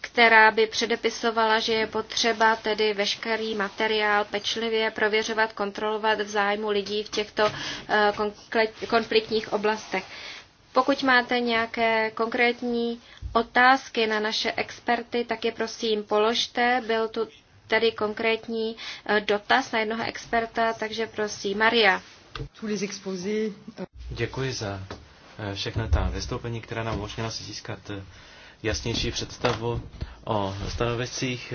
která by předepisovala, že je potřeba tedy veškerý materiál pečlivě prověřovat, kontrolovat v zájmu lidí v těchto eh, konfliktních oblastech. Pokud máte nějaké konkrétní otázky na naše experty, tak je prosím položte. Byl tu tedy konkrétní eh, dotaz na jednoho experta, takže prosím, Maria. Euh, Děkuji za eh, všechna ta vystoupení, která nám umožnila si získat eh, jasnější představu o stanoviscích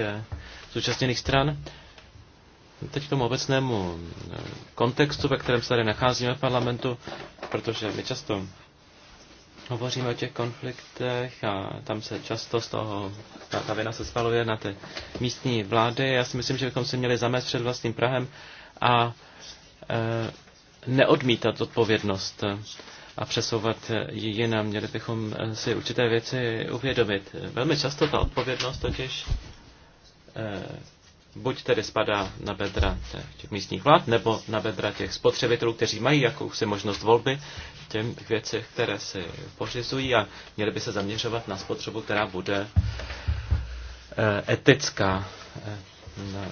zúčastněných stran. Teď k tomu obecnému kontextu, ve kterém se tady nacházíme v parlamentu, protože my často hovoříme o těch konfliktech a tam se často z toho, ta, ta vina se spaluje na ty místní vlády. Já si myslím, že bychom se měli zamést před vlastním Prahem a e, neodmítat odpovědnost a přesouvat ji jinam. Měli bychom e, si určité věci uvědomit. Velmi často ta odpovědnost totiž e, buď tedy spadá na bedra těch místních vlád, nebo na bedra těch spotřebitelů, kteří mají jakousi možnost volby Těm věcech, které si pořizují a měli by se zaměřovat na spotřebu, která bude eh, etická eh,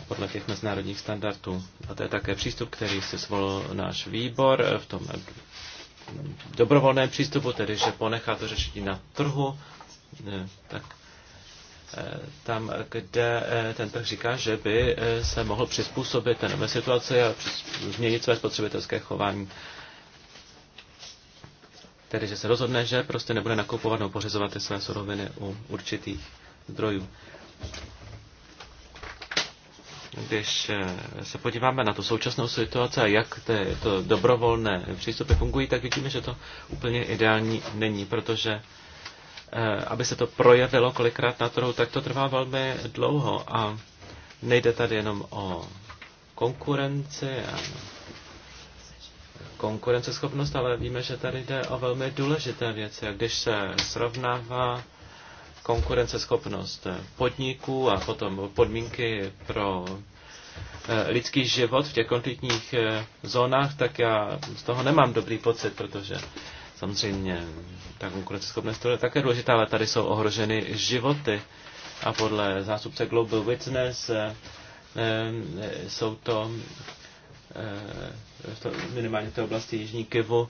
podle těch mezinárodních standardů. A to je také přístup, který si zvolil náš výbor eh, v tom dobrovolném přístupu, tedy že ponechá to řešení na trhu, tak Eh, tam, kde eh, ten trh říká, že by eh, se mohl přizpůsobit té nové situaci a změnit své spotřebitelské chování. Tedy, že se rozhodne, že prostě nebude nakupovat nebo pořizovat ty své suroviny u určitých zdrojů. Když se podíváme na tu současnou situaci a jak ty to dobrovolné přístupy fungují, tak vidíme, že to úplně ideální není, protože Eh, aby se to projevilo kolikrát na trhu, tak to trvá velmi dlouho a nejde tady jenom o konkurenci a konkurenceschopnost, ale víme, že tady jde o velmi důležité věci. A když se srovnává konkurenceschopnost podniků a potom podmínky pro eh, lidský život v těch konfliktních eh, zónách, tak já z toho nemám dobrý pocit, protože Samozřejmě ta konkurenceschopnost to je také důležitá, ale tady jsou ohroženy životy. A podle zástupce Global Witness eh, eh, jsou to eh, v to, minimálně v té oblasti Jižní Kivu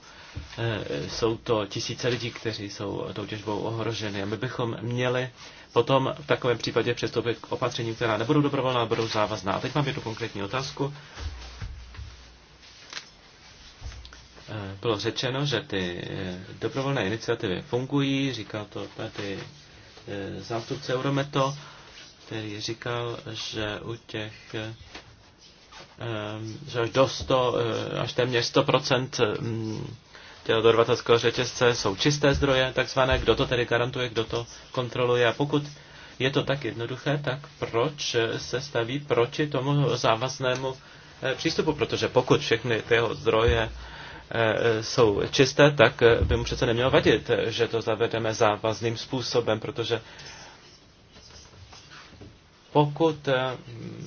jsou to tisíce lidí, kteří jsou tou těžbou ohroženi. A my bychom měli potom v takovém případě přistoupit k opatřením, která nebudou dobrovolná, budou závazná. A teď mám jednu konkrétní otázku. Eh, bylo řečeno, že ty eh, dobrovolné iniciativy fungují, říkal to tady eh, zástupce Eurometo, který říkal, že u těch že až do 100, až téměř 100% mm, těho dodavatelského řetězce jsou čisté zdroje, takzvané, kdo to tedy garantuje, kdo to kontroluje. A pokud je to tak jednoduché, tak proč se staví proti tomu závaznému přístupu? Protože pokud všechny tyho zdroje Eh, jsou čisté, tak eh, by mu přece nemělo vadit, eh, že to zavedeme závazným způsobem, protože pokud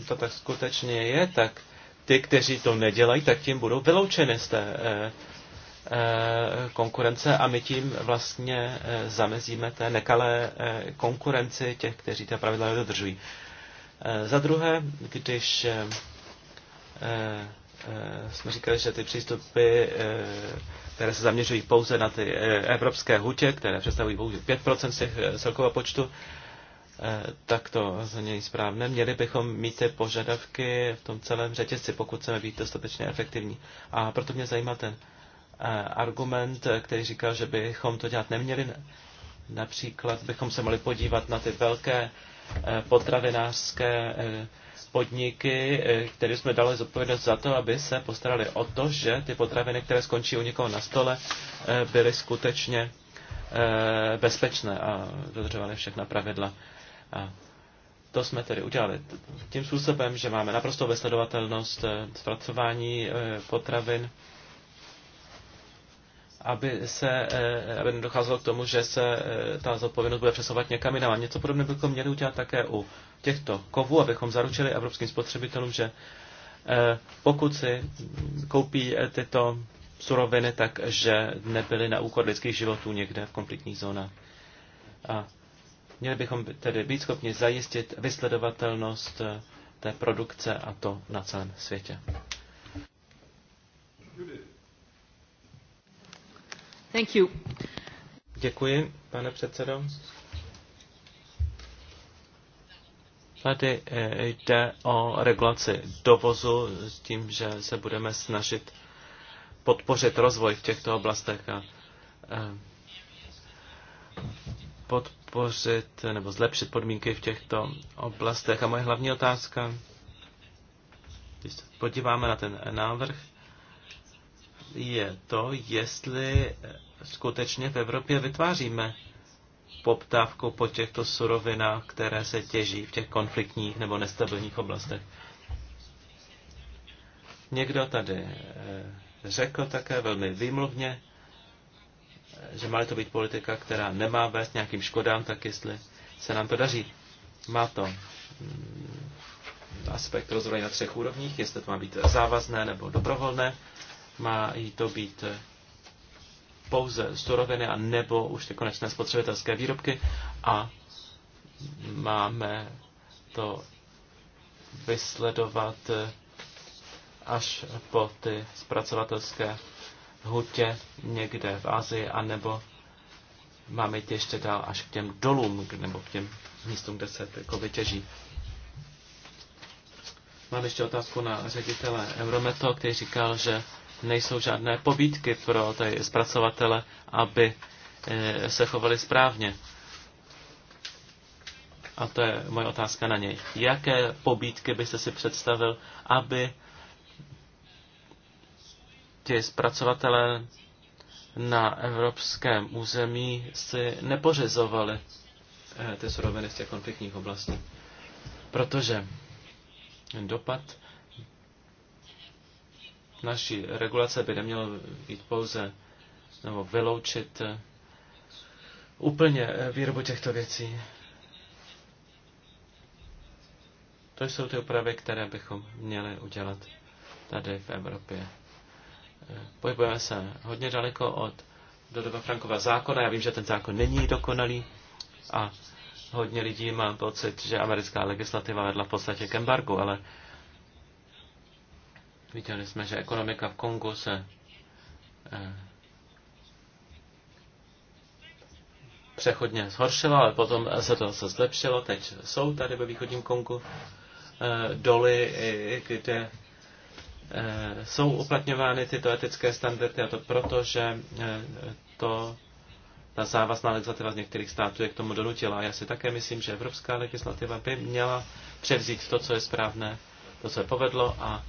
to tak skutečně je, tak ty, kteří to nedělají, tak tím budou vyloučeny z té konkurence a my tím vlastně zamezíme té nekalé konkurenci těch, kteří ta pravidla nedodržují. Za druhé, když Eh, jsme říkali, že ty přístupy, eh, které se zaměřují pouze na ty eh, evropské hutě, které představují pouze 5% z těch celkového počtu, tak to není správné. Měli bychom mít ty požadavky v tom celém řetězci, pokud chceme být dostatečně efektivní. A proto mě zajímá ten argument, který říkal, že bychom to dělat neměli. Například bychom se mohli podívat na ty velké potravinářské podniky, eh, které jsme dali zodpovědnost za to, aby se postarali o to, že ty potraviny, které skončí u někoho na stole, eh, byly skutečně eh, bezpečné a dodržovaly všechna pravidla. A to jsme tedy udělali tím způsobem, že máme naprosto vysledovatelnost zpracování potravin, aby se eh, aby nedocházelo k tomu, že se eh, ta zodpovědnost bude přesouvat někam jinam. A něco podobné bychom měli udělat také u těchto kovů, abychom zaručili evropským spotřebitelům, že eh, pokud si koupí tyto suroviny, tak že nebyly na úkor lidských životů někde v konfliktních zónách. A měli bychom tedy být schopni zajistit vysledovatelnost té produkce a to na celém světě. Thank you. Děkuji, pane předsedo. Tady eh, jde o regulaci dovozu s tím, že se budeme snažit podpořit rozvoj v těchto oblastech a eh, podpořit nebo zlepšit podmínky v těchto oblastech. A moje hlavní otázka, když se podíváme na ten návrh, je to, jestli skutečně v Evropě vytváříme poptávku po těchto surovinách, které se těží v těch konfliktních nebo nestabilních oblastech. Někdo tady eh, řekl také velmi výmluvně, eh, že má to být politika, která nemá vést nějakým škodám, tak jestli se nám to daří. Má to mm, aspekt rozvoje na třech úrovních, jestli to má být závazné nebo dobrovolné, má jí to být eh, pouze suroviny a nebo už ty konečné spotřebitelské výrobky a máme to vysledovat eh, až po ty zpracovatelské hutě někde v Asii, anebo máme jít ještě dál až k těm dolům, nebo k těm místům, kde se jako vytěží. Mám ještě otázku na ředitele Eurometo, který říkal, že nejsou žádné pobídky pro tady zpracovatele, aby eh, se chovali správně. A to je moje otázka na něj. Jaké pobídky byste si představil, aby ti zpracovatele na evropském území si nepořizovali eh, ty suroviny z těch konfliktních oblastí? Protože dopad naší regulace by nemělo být pouze nebo vyloučit eh, úplně eh, výrobu těchto věcí. To jsou ty úpravy, které bychom měli udělat tady v Evropě. Eh, pohybujeme se hodně daleko od Dodova Frankova zákona. Já vím, že ten zákon není dokonalý a hodně lidí má pocit, že americká legislativa vedla v podstatě k embargu, ale Viděli jsme, že ekonomika v Kongu se eh, přechodně zhoršila, ale potom se to zase zlepšilo. Teď jsou tady ve východním Kongu eh, doly, kde eh, jsou uplatňovány tyto etické standardy a to proto, že to, ta závazná legislativa z některých států je k tomu donutila. Já si také myslím, že evropská legislativa by měla převzít to, co je správné, to, co je povedlo a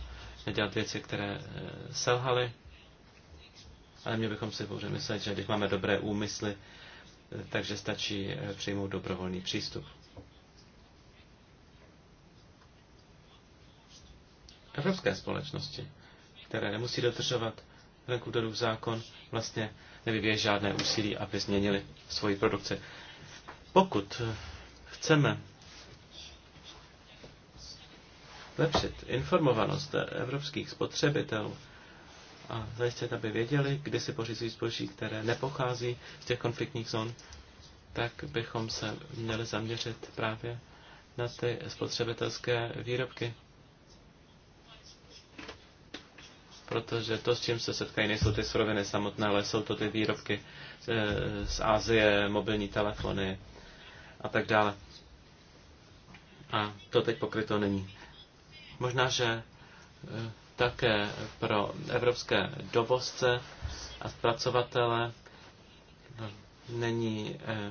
nedělat věci, které eh, selhaly. Ale měli bychom si pouze myslet, že když máme dobré úmysly, eh, takže stačí eh, přijmout dobrovolný přístup. Evropské společnosti, které nemusí dodržovat Frankfurterův zákon, vlastně nevyvíje žádné úsilí, aby změnili svoji produkci. Pokud chceme zlepšit informovanost evropských spotřebitelů a zajistit, aby věděli, kdy si pořizují zboží, které nepochází z těch konfliktních zón, tak bychom se měli zaměřit právě na ty spotřebitelské výrobky. Protože to, s čím se setkají, nejsou ty suroviny samotné, ale jsou to ty výrobky z, eh, z Asie, mobilní telefony a tak dále. A to teď pokryto není. Možná, že eh, také pro evropské dovozce a zpracovatele není eh,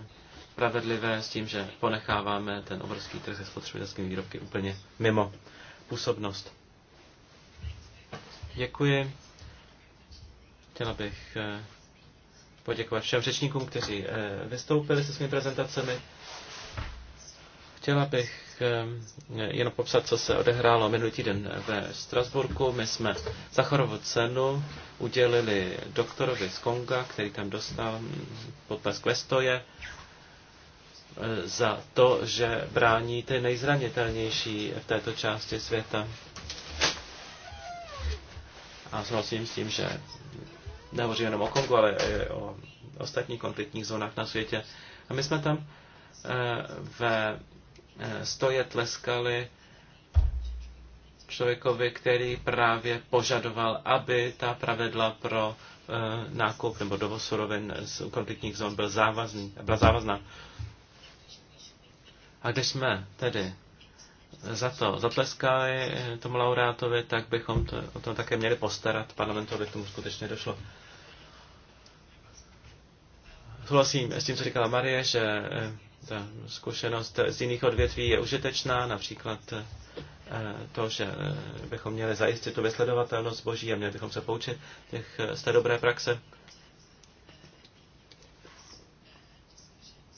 spravedlivé s tím, že ponecháváme ten obrovský trh se spotřebitelskými výrobky úplně mimo působnost. Děkuji. Chtěla bych eh, poděkovat všem řečníkům, kteří vystoupili se svými prezentacemi. Chtěla bych Eh, jenom popsat, co se odehrálo minulý týden ve Strasburku. My jsme Sacharovu cenu udělili doktorovi z Konga, který tam dostal potlesk Vestoje, eh, za to, že brání ty nejzranitelnější v této části světa. A souhlasím s tím, že nehovořím jenom o Kongu, ale i o ostatních konfliktních zónách na světě. A my jsme tam eh, ve Eh, stoje tleskali člověkovi, který právě požadoval, aby ta pravidla pro eh, nákup nebo dovoz surovin z konfliktních zón byl závazný, byla závazná. A když jsme tedy za to zatleskali eh, tomu laureátovi, tak bychom to, o tom také měli postarat parlamentu, aby k tomu skutečně došlo. Souhlasím s tím, co říkala Marie, že ta zkušenost z jiných odvětví je užitečná, například eh, to, že eh, bychom měli zajistit tu vysledovatelnost boží a měli bychom se poučit těch, eh, z té dobré praxe.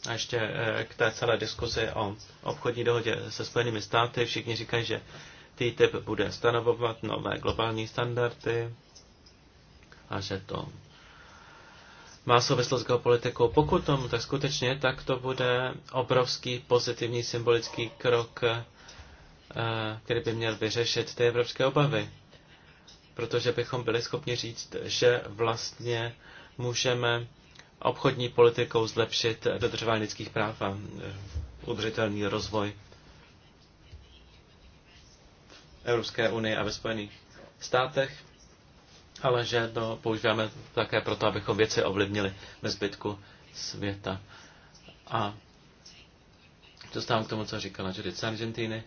A ještě k té celé diskuzi o obchodní dohodě se Spojenými státy. Všichni říkají, že TTIP bude stanovovat nové globální standardy a že to má souvislost s geopolitikou. Pokud tomu tak skutečně, tak to bude obrovský pozitivní symbolický krok, eh, který by měl vyřešit ty evropské obavy. Protože bychom byli schopni říct, že vlastně můžeme obchodní politikou zlepšit dodržování lidských práv a eh, udržitelný rozvoj Evropské unie a ve Spojených státech ale že to používáme také proto, abychom věci ovlivnili ve zbytku světa. A dostávám k tomu, co říkala Judith z Argentiny,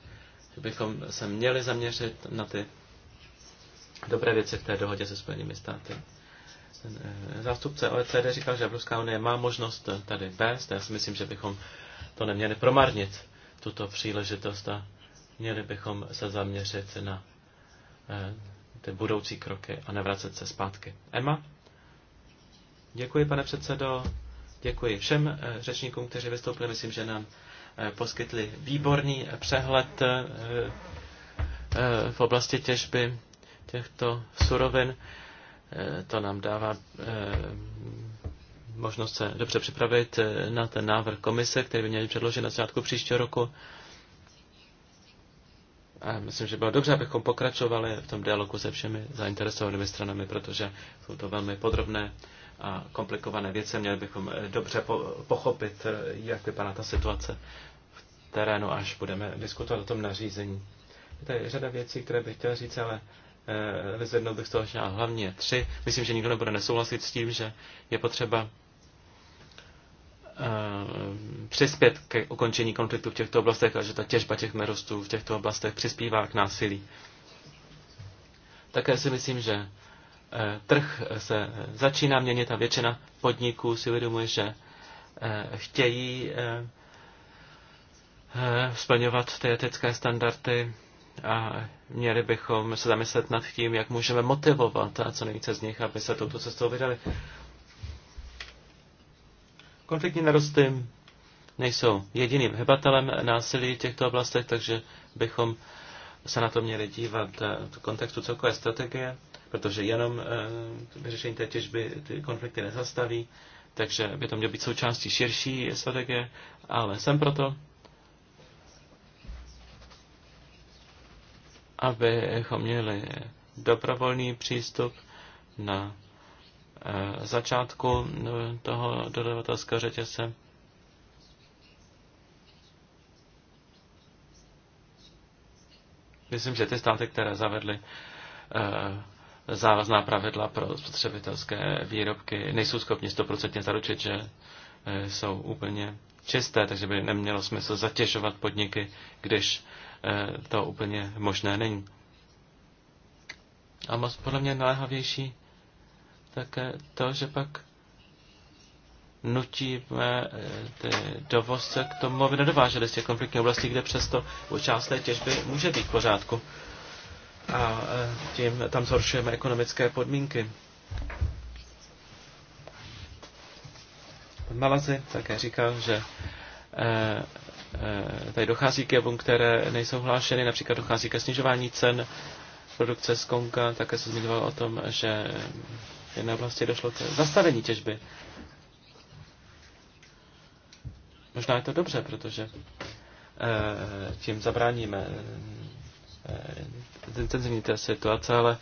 že bychom se měli zaměřit na ty dobré věci v té dohodě se Spojenými státy. Eh, zástupce OECD říkal, že Evropská unie má možnost tady vést. Já si myslím, že bychom to neměli promarnit, tuto příležitost a měli bychom se zaměřit na eh, ty budoucí kroky a nevracet se zpátky. Emma? Děkuji, pane předsedo. Děkuji všem eh, řečníkům, kteří vystoupili. Myslím, že nám eh, poskytli výborný eh, přehled v oblasti těžby těchto surovin. To nám dává možnost se dobře připravit na ten návrh komise, který by měl předložit na začátku příštího roku. A myslím, že bylo dobře, abychom pokračovali v tom dialogu se všemi zainteresovanými stranami, protože jsou to velmi podrobné a komplikované věci. Měli bychom eh, dobře pochopit, eh, jak vypadá ta situace v terénu, až budeme diskutovat o tom nařízení. Je tady řada věcí, které bych chtěl říct, ale eh, vyzvednout bych z toho hlavně tři. Myslím, že nikdo nebude nesouhlasit s tím, že je potřeba Eh, přispět k ukončení konfliktu v těchto oblastech a že ta těžba těch nerostů v těchto oblastech přispívá k násilí. Také si myslím, že eh, trh se začíná měnit a většina podniků si uvědomuje, že eh, chtějí splňovat ty etické standardy a měli bychom se zamyslet nad tím, jak můžeme motivovat a co nejvíce z nich, aby se touto cestou vydali. Konfliktní narosty nejsou jediným hebatelem násilí v těchto oblastech, takže bychom se na to měli dívat eh, v kontextu celkové strategie, protože jenom eh, vyřešení té těžby ty konflikty nezastaví, takže by to mělo být součástí širší strategie, ale jsem proto, abychom měli dobrovolný přístup na Eh, začátku eh, toho dodavatelského řetězce. Myslím, že ty státy, které zavedly eh, závazná pravidla pro spotřebitelské výrobky, nejsou schopni stoprocentně zaručit, že jsou úplně čisté, takže by nemělo smysl zatěžovat podniky, když to úplně možné není. A podle mě naléhavější také to, že pak nutíme eh, ty dovozce k tomu, aby nedováželi z těch konfliktních oblastí, kde přesto u část té těžby může být v pořádku. A eh, tím tam zhoršujeme ekonomické podmínky. Malazy také říkal, že eh, tady dochází k jevům, které nejsou hlášeny, například dochází ke snižování cen produkce z Konga, také se zmiňoval o tom, že v jedné oblasti došlo k zastavení těžby. Možná je to dobře, protože eh, tím zabráníme zintenzivní eh, eh, té situace, ale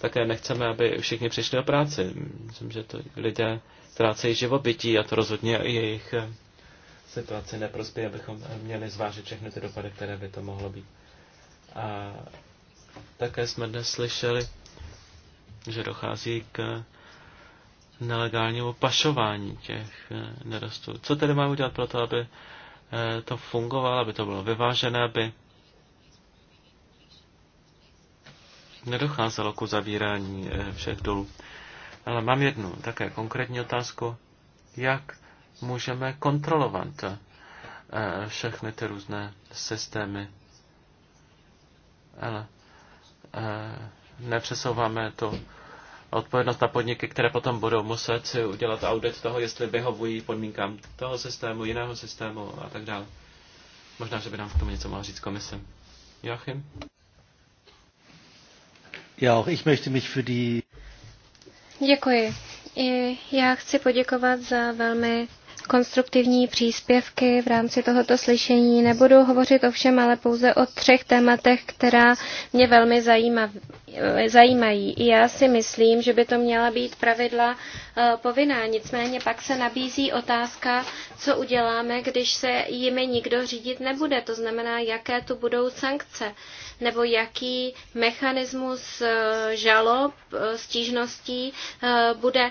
také nechceme, aby všichni přišli o práci. Myslím, že to lidé ztrácejí živobytí a to rozhodně jejich situaci neprospěje, abychom měli zvážit všechny ty dopady, které by to mohlo být. A také jsme dnes slyšeli že dochází k nelegálnímu pašování těch eh, nerostů. Co tedy máme udělat pro to, aby eh, to fungovalo, aby to bylo vyvážené, aby nedocházelo k uzavírání eh, všech dolů. Ale mám jednu také konkrétní otázku. Jak můžeme kontrolovat všechny ty různé systémy? Ale nepřesouváme to odpovědnost na podniky, které potom budou muset si udělat audit toho, jestli vyhovují podmínkám toho systému, jiného systému a tak dále. Možná, že by nám k tomu něco mohl říct komise. Joachim? Ja, auch ich möchte mich für die... Děkuji. I já chci poděkovat za velmi konstruktivní příspěvky v rámci tohoto slyšení. Nebudu hovořit o všem, ale pouze o třech tématech, která mě velmi zajímají. I já si myslím, že by to měla být pravidla eh, povinná. Nicméně pak se nabízí otázka, co uděláme, když se jimi nikdo řídit nebude. To znamená, jaké tu budou sankce nebo jaký mechanismus eh, žalob, eh, stížností eh, bude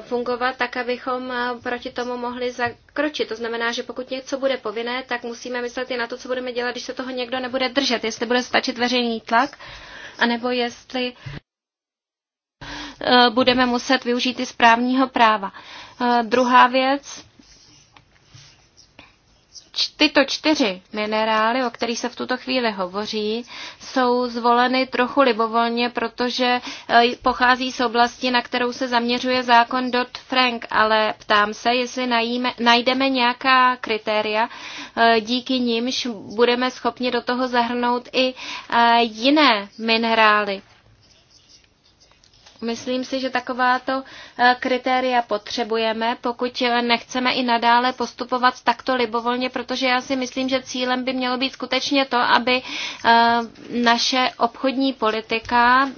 fungovat, tak abychom proti tomu mohli zakročit. To znamená, že pokud něco bude povinné, tak musíme myslet i na to, co budeme dělat, když se toho někdo nebude držet, jestli bude stačit veřejný tlak, anebo jestli budeme muset využít i správního práva. Druhá věc, tyto čtyři minerály, o kterých se v tuto chvíli hovoří, jsou zvoleny trochu libovolně, protože e, pochází z oblasti, na kterou se zaměřuje zákon Dodd-Frank, ale ptám se, jestli najíme, najdeme nějaká kritéria, e, díky nimž budeme schopni do toho zahrnout i e, jiné minerály. Myslím si, že takováto eh, kritéria potřebujeme, pokud eh, nechceme i nadále postupovat takto libovolně, protože já si myslím, že cílem by mělo být skutečně to, aby eh, naše obchodní politika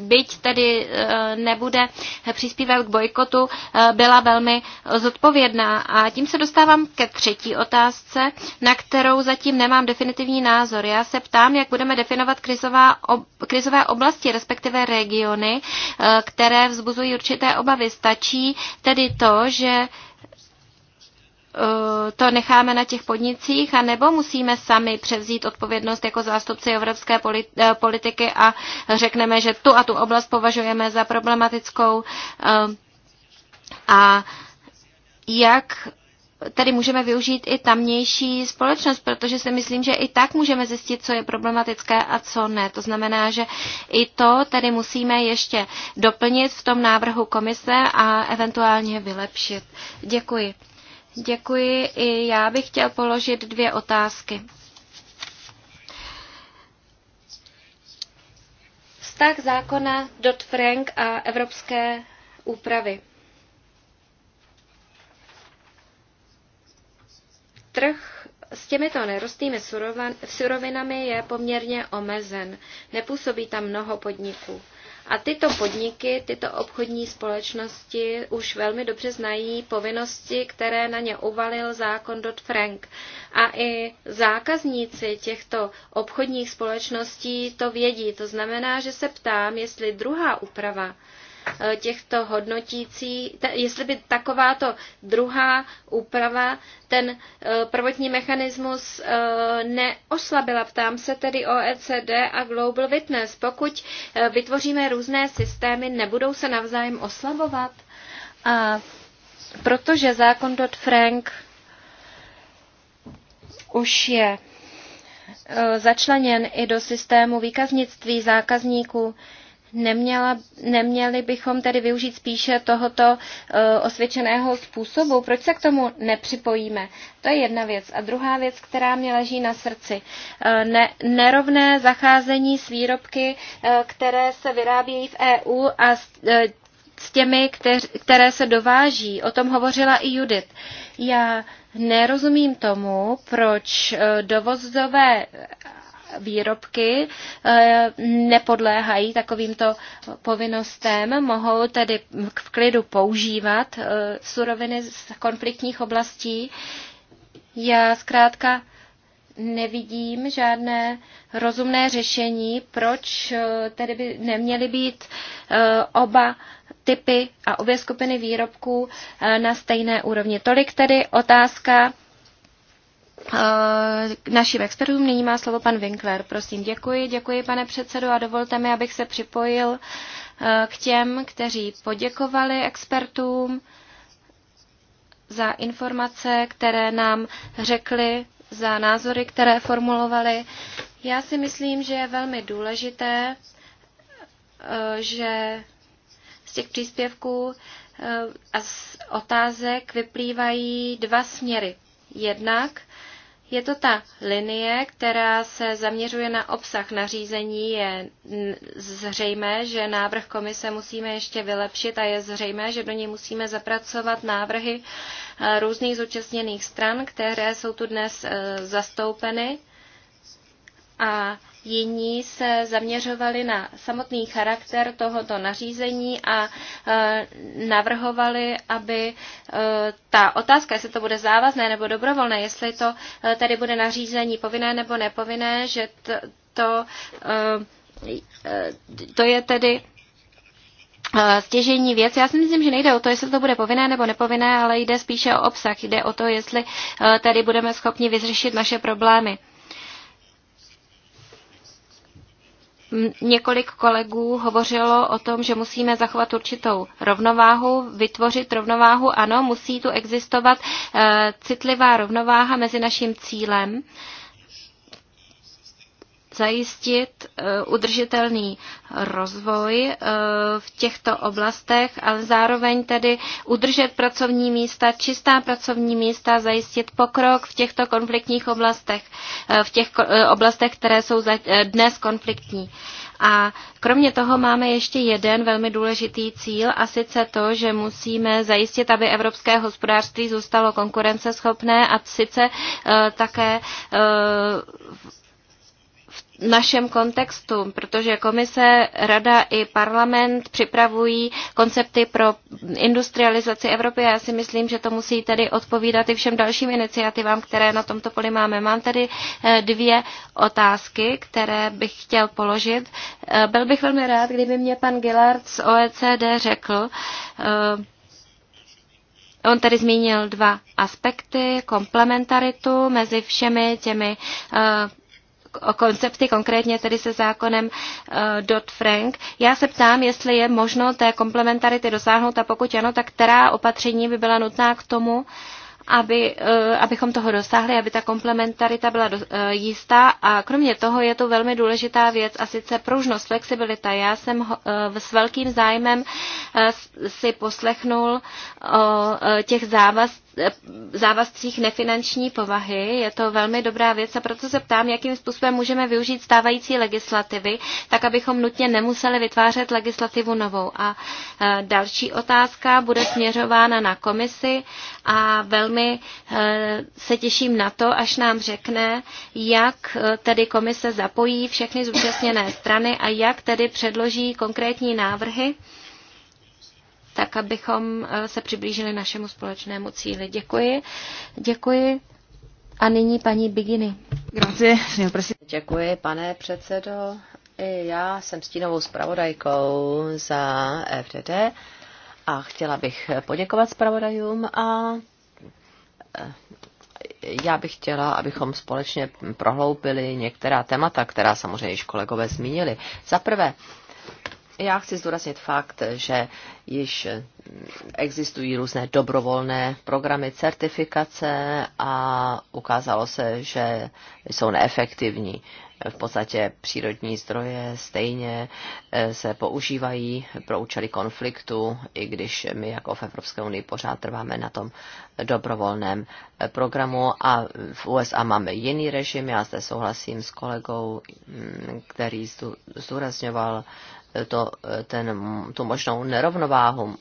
byť tedy eh, nebude přispívat k bojkotu, eh, byla velmi zodpovědná. A tím se dostávám ke třetí otázce, na kterou zatím nemám definitivní názor. Já se ptám, jak budeme definovat krizová, ob, krizové oblasti, respektive regiony, eh, které vzbuzují určité obavy. Stačí tedy to, že Eh, to necháme na těch podnicích, anebo musíme sami převzít odpovědnost jako zástupci evropské eh, politiky a řekneme, že tu a tu oblast považujeme za problematickou eh, a jak tedy můžeme využít i tamnější společnost, protože si myslím, že i tak můžeme zjistit, co je problematické a co ne. To znamená, že i to tedy musíme ještě doplnit v tom návrhu komise a eventuálně vylepšit. Děkuji. Děkuji. I já bych chtěl položit dvě otázky. Vztah zákona Dodd-Frank a evropské úpravy. Trh s těmito nerostnými surovinami je poměrně omezen. Nepůsobí tam mnoho podniků. A tyto podniky, tyto obchodní společnosti už velmi dobře znají povinnosti, které na ně uvalil zákon Dodd-Frank. A i zákazníci těchto obchodních společností to vědí. To znamená, že se ptám, jestli druhá úprava, Eh, těchto hodnotící, jestli by takováto druhá úprava ten eh, prvotní mechanismus eh, neoslabila. Ptám se tedy OECD a Global Witness. Pokud vytvoříme různé systémy, nebudou se navzájem oslabovat? A protože zákon dot frank už je začleněn i do systému výkaznictví zákazníků, Neměla, neměli bychom tedy využít spíše tohoto uh, osvědčeného způsobu? Proč se k tomu nepřipojíme? To je jedna věc. A druhá věc, která mě leží na srdci. Uh, ne, nerovné zacházení s výrobky, uh, které se vyrábějí v EU a uh, s těmi, kteř, které se dováží. O tom hovořila i Judith. Já nerozumím tomu, proč dovozové výrobky eh, nepodléhají takovýmto povinnostem, mohou tedy v klidu používat eh, suroviny z konfliktních oblastí. Já zkrátka nevidím žádné rozumné řešení, proč eh, tedy by neměly být oba typy a obě skupiny výrobků na stejné úrovni. Tolik tedy otázka k eh, našim expertům. Nyní má slovo pan Winkler. Prosím, děkuji, děkuji pane předsedu a dovolte mi, abych se připojil eh, k těm, kteří poděkovali expertům za informace, které nám řekli, za názory, které formulovali. Já si myslím, že je velmi důležité, eh, že z těch příspěvků a z otázek vyplývají dva směry. Jednak je to ta linie, která se zaměřuje na obsah nařízení. Je zřejmé, že návrh komise musíme ještě vylepšit a je zřejmé, že do něj musíme zapracovat návrhy eh, různých zúčastněných stran, které jsou tu dnes eh, zastoupeny. A jiní se zaměřovali na samotný charakter tohoto nařízení a e, navrhovali, aby e, ta otázka, jestli to bude závazné nebo dobrovolné, jestli to e, tady bude nařízení povinné nebo nepovinné, že to, to je tedy stěžení věc. Já si myslím, že nejde o to, jestli to bude povinné nebo nepovinné, ale jde spíše o obsah. Jde o to, jestli tady budeme schopni vyřešit naše problémy. Několik kolegů hovořilo o tom, že musíme zachovat určitou rovnováhu, vytvořit rovnováhu. Ano, musí tu existovat eh, citlivá rovnováha mezi naším cílem zajistit eh, udržitelný rozvoj eh, v těchto oblastech, ale zároveň tedy udržet pracovní místa, čistá pracovní místa, zajistit pokrok v těchto konfliktních oblastech, eh, v těch oblastech, které jsou dnes konfliktní. A kromě toho máme ještě jeden velmi důležitý cíl a sice to, že musíme zajistit, aby evropské hospodářství zůstalo konkurenceschopné a sice také našem kontextu, protože komise, rada i parlament připravují koncepty pro industrializaci Evropy a já si myslím, že to musí tedy odpovídat i všem dalším iniciativám, které na tomto poli máme. Mám tady eh, dvě otázky, které bych chtěl položit. Eh, byl bych velmi rád, kdyby mě pan Gillard z OECD řekl, eh, On tady zmínil dva aspekty, komplementaritu mezi všemi těmi koncepty, konkrétně tedy se zákonem eh, Dodd-Frank. Já se ptám, jestli je možno té komplementarity dosáhnout a pokud ano, tak která opatření by byla nutná k tomu, aby, eh, abychom toho dosáhli, aby ta komplementarita byla eh, jistá. A kromě toho je to velmi důležitá věc, a sice pružnost, flexibilita. Já jsem s velkým zájmem si poslechnul o těch závaz, závazcích nefinanční povahy. Je to velmi dobrá věc a proto se ptám, jakým způsobem můžeme využít stávající legislativy, tak abychom nutně nemuseli vytvářet legislativu novou. A e, další otázka bude směřována na komisi a velmi e, se těším na to, až nám řekne, jak e, tedy komise zapojí všechny zúčastněné strany a jak tedy předloží konkrétní návrhy, tak abychom eh, se přiblížili našemu společnému cíli. Děkuji. Děkuji. A nyní paní Biginy. Děkuji, pane předsedo. Já jsem stínovou zpravodajkou za FDD a chtěla bych poděkovat zpravodajům a eh, já bych chtěla, abychom společně prohloubili některá témata, která samozřejmě již kolegové zmínili. Za prvé, já chci zdůraznit fakt, že již existují různé dobrovolné programy certifikace a ukázalo se, že jsou neefektivní. V podstatě přírodní zdroje stejně eh, se používají pro účely konfliktu, i když my jako v Evropské unii pořád trváme na tom dobrovolném eh, programu a v USA máme jiný režim. Já zde souhlasím s kolegou, mm, který zdůrazňoval, to, ten, tu možnou nerovnováhu,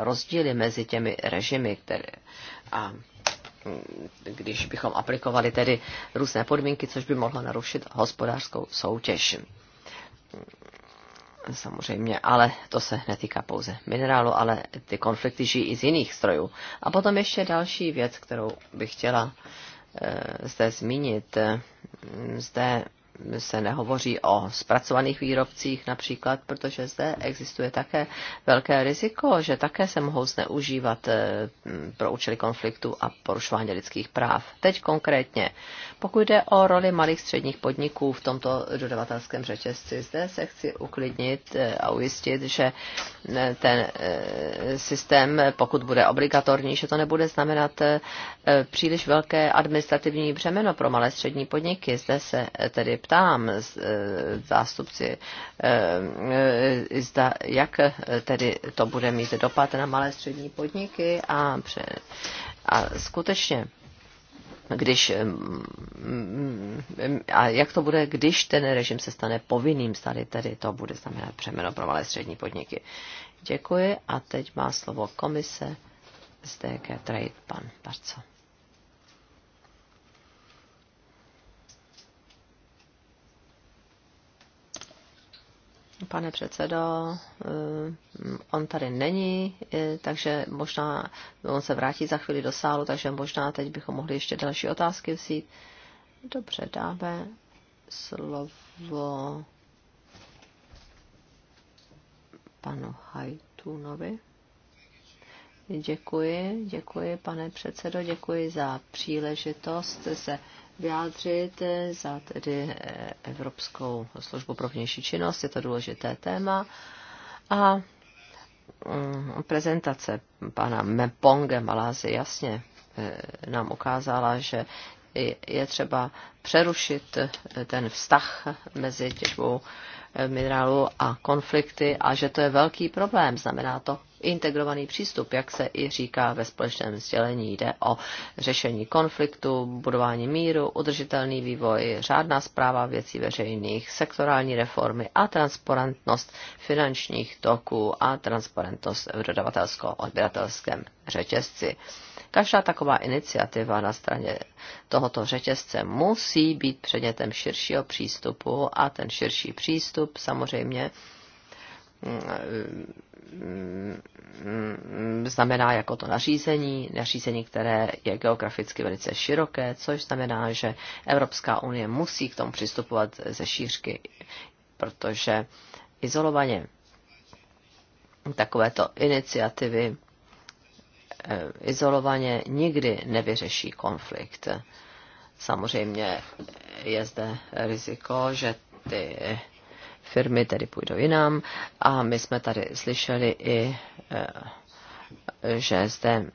rozdíly mezi těmi režimy, které, a když bychom aplikovali tedy různé podmínky, což by mohlo narušit hospodářskou soutěž. Samozřejmě, ale to se netýká pouze minerálu, ale ty konflikty žijí i z jiných strojů. A potom ještě další věc, kterou bych chtěla eh, zde zmínit. Zde se nehovoří o zpracovaných výrobcích například, protože zde existuje také velké riziko, že také se mohou zneužívat eh, pro účely konfliktu a porušování lidských práv. Teď konkrétně, pokud jde o roli malých středních podniků v tomto dodavatelském řetězci, zde se chci uklidnit eh, a ujistit, že eh, ten systém, pokud bude obligatorní, že to nebude znamenat příliš velké administrativní břemeno pro malé střední podniky. Zde se tedy ptám e, zástupci, e, e, zda, jak tedy to bude mít dopad na malé střední podniky a, pře, a skutečně když, a jak to bude, když ten režim se stane povinným, tady tedy to bude znamenat přeměno pro malé střední podniky. Děkuji a teď má slovo komise z DK Trade, pan Barco. pane předsedo, eh, on tady není, eh, takže možná on se vrátí za chvíli do sálu, takže možná teď bychom mohli ještě další otázky vzít. Dobře, dáme slovo panu Hajtunovi. Děkuji, děkuji, pane předsedo, děkuji za příležitost se vyjádřit eh, za tedy eh, Evropskou službu pro vnější činnost. Je to důležité téma. A mm, prezentace pana Meponge Malázy jasně eh, nám ukázala, že je třeba přerušit ten vztah mezi těžbou minerálu a konflikty a že to je velký problém. Znamená to integrovaný přístup, jak se i říká ve společném sdělení. Jde o řešení konfliktu, budování míru, udržitelný vývoj, řádná zpráva věcí veřejných, sektorální reformy a transparentnost finančních toků a transparentnost v dodavatelsko-odběratelském řetězci. Každá taková iniciativa na straně tohoto řetězce musí být předmětem širšího přístupu a ten širší přístup samozřejmě mm, znamená jako to nařízení, nařízení, které je geograficky velice široké, což znamená, že Evropská unie musí k tomu přistupovat ze šířky, protože izolovaně takovéto iniciativy Eh, izolovaně nikdy nevyřeší konflikt. Samozřejmě je zde riziko, že ty firmy tedy půjdou jinam a my jsme tady slyšeli i eh, že zde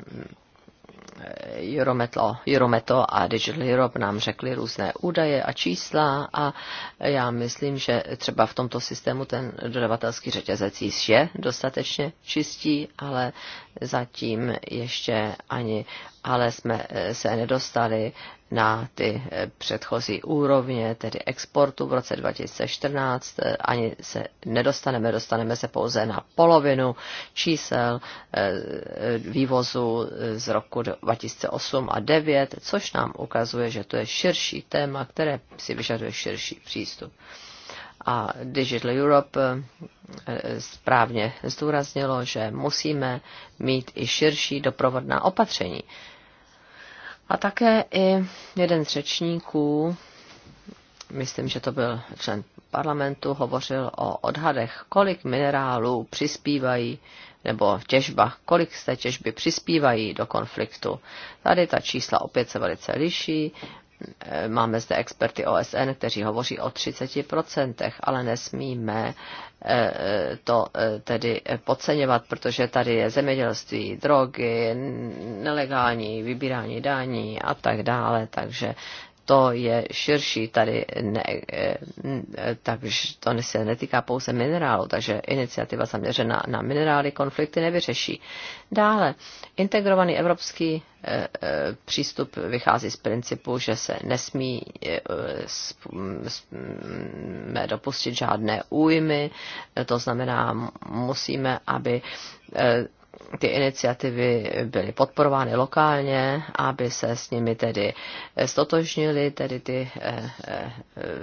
Eurometlo, Eurometo a Digital Europe nám řekli různé údaje a čísla a já myslím, že třeba v tomto systému ten dodavatelský řetězec je dostatečně čistý, ale zatím ještě ani ale jsme se nedostali na ty eh, předchozí úrovně, tedy exportu v roce 2014, eh, ani se nedostaneme, dostaneme se pouze na polovinu čísel eh, vývozu z roku 2008 a 2009, což nám ukazuje, že to je širší téma, které si vyžaduje širší přístup. A Digital Europe správně zdůraznilo, že musíme mít i širší doprovodná opatření a také i jeden z řečníků, myslím, že to byl člen parlamentu, hovořil o odhadech, kolik minerálů přispívají, nebo těžba, kolik z té těžby přispívají do konfliktu. Tady ta čísla opět se velice liší. Eh, máme zde experty OSN, kteří hovoří o 30%, ale nesmíme eh, to eh, tedy podceňovat, protože tady je zemědělství, drogy, nelegální vybírání daní a tak dále, takže to je širší tady, ne, e, e, takže to se netýká pouze minerálu, takže iniciativa zaměřená na minerály konflikty nevyřeší. Dále, integrovaný evropský e, přístup vychází z principu, že se nesmí dopustit žádné újmy, to znamená, musíme, aby ty iniciativy byly podporovány lokálně, aby se s nimi tedy stotožnili tedy ty eh, eh,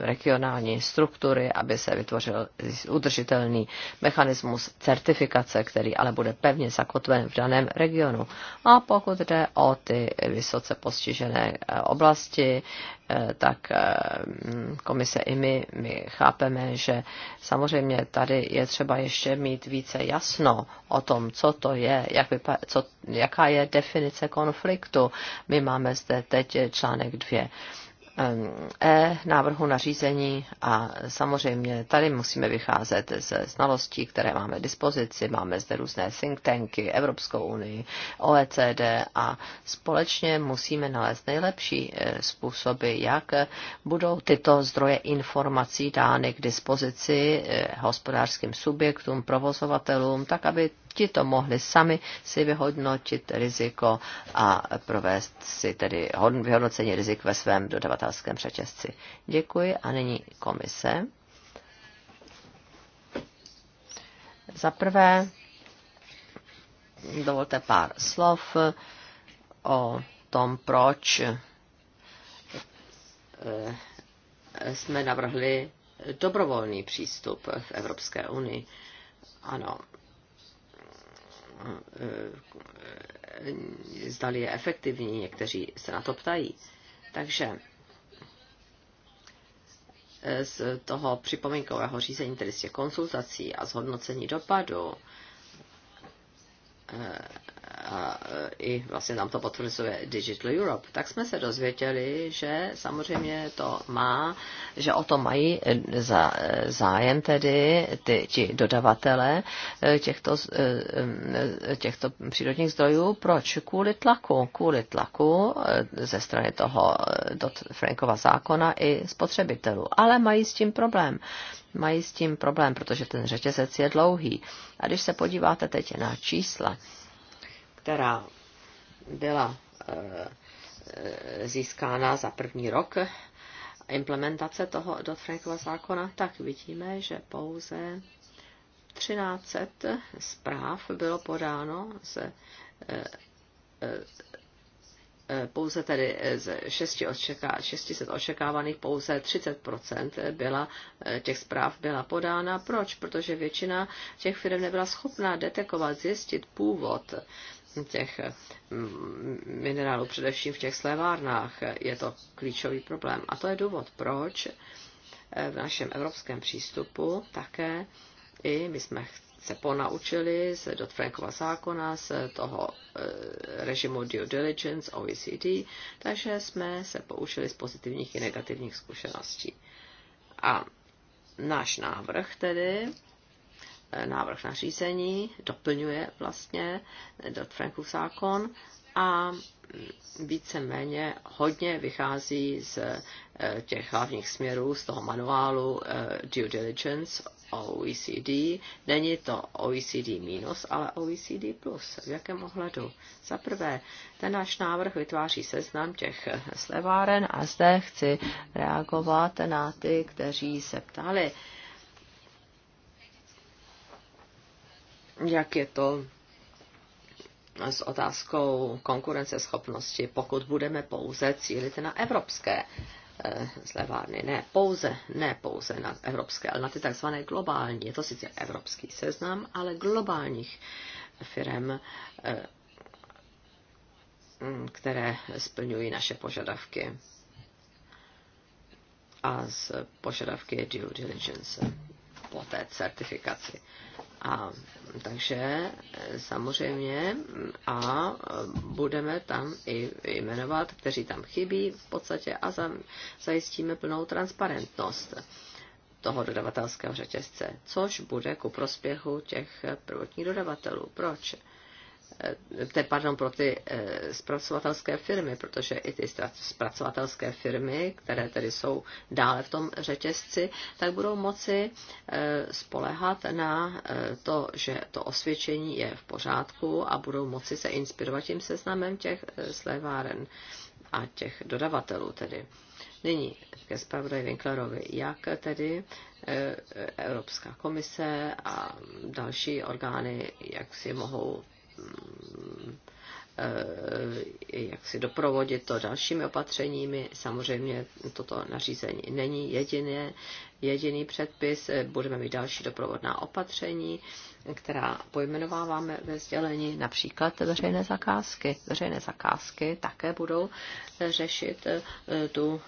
regionální struktury, aby se vytvořil udržitelný mechanismus certifikace, který ale bude pevně zakotven v daném regionu. A pokud jde o ty vysoce postižené eh, oblasti, Eh, tak eh, mm, komise i my, my chápeme, že samozřejmě tady je třeba ještě mít více jasno o tom, co to je, jak vypa- co, jaká je definice konfliktu. My máme zde teď článek 2 E návrhu nařízení a samozřejmě tady musíme vycházet ze znalostí, které máme k dispozici. Máme zde různé think tanky, Evropskou unii, OECD a společně musíme nalézt nejlepší e, způsoby, jak budou tyto zdroje informací dány k dispozici e, hospodářským subjektům, provozovatelům, tak aby ti to mohli sami si vyhodnotit riziko a provést si tedy vyhodnocení rizik ve svém dodavatelském přečesci. Děkuji a nyní komise. Za prvé, dovolte pár slov o tom, proč eh, jsme navrhli dobrovolný přístup v Evropské unii. Ano, Eh, zdali je efektivní, někteří se na to ptají. Takže eh, z toho připomínkového řízení, tedy z těch konsultací a zhodnocení dopadu, eh, a e, i vlastně nám to potvrzuje Digital Europe, tak jsme se dozvěděli, že samozřejmě to má, že o to mají e, za, e, zájem tedy ty, ti dodavatele těchto, těchto přírodních zdrojů. Proč? Kvůli tlaku. Kvůli tlaku ze strany toho dot Frankova zákona i spotřebitelů. Ale mají s tím problém mají s tím problém, protože ten řetězec je dlouhý. A když se podíváte teď na čísla, která byla eh, získána za první rok implementace toho Dodd-Frankova zákona, tak vidíme, že pouze 1300 zpráv bylo podáno z, eh, eh, pouze tedy z 600 očekávaných pouze 30% byla, těch zpráv byla podána. Proč? Protože většina těch firm nebyla schopná detekovat, zjistit původ těch eh, minerálů, především v těch slévárnách, je to klíčový problém. A to je důvod, proč eh, v našem evropském přístupu také i my jsme se ponaučili z Dodd-Frankova zákona, z toho eh, režimu due diligence OECD, takže jsme se poučili z pozitivních i negativních zkušeností. A náš návrh tedy návrh nařízení, doplňuje vlastně dot Frankův zákon a víceméně hodně vychází z eh, těch hlavních směrů, z toho manuálu eh, due diligence OECD. Není to OECD minus, ale OECD plus. V jakém ohledu? Za prvé, ten náš návrh vytváří seznam těch eh, sleváren a zde chci reagovat na ty, kteří se ptali jak je to s otázkou konkurenceschopnosti, pokud budeme pouze cílit na evropské slevárny, eh, ne pouze, ne pouze na evropské, ale na ty takzvané globální. Je to sice evropský seznam, ale globálních firm, eh, které splňují naše požadavky a z požadavky due diligence po té certifikaci. A, takže e, samozřejmě a e, budeme tam i jmenovat, kteří tam chybí v podstatě a za, zajistíme plnou transparentnost toho dodavatelského řetězce, což bude ku prospěchu těch prvotních dodavatelů. Proč? Eh, te, pardon, pro ty eh, zpracovatelské firmy, protože i ty zpracovatelské firmy, které tedy jsou dále v tom řetězci, tak budou moci eh, spolehat na to, že to osvědčení je v pořádku a budou moci se inspirovat tím seznamem těch sléváren a těch dodavatelů tedy. Nyní ke zpravodaji Winklerovi, jak tedy Evropská komise a další orgány, jak si mohou Eh, jak si doprovodit to dalšími opatřeními. Samozřejmě toto nařízení není jediné, jediný předpis, budeme mít další doprovodná opatření, která pojmenováváme ve sdělení, například veřejné zakázky. Veřejné zakázky také budou eh, řešit eh, tu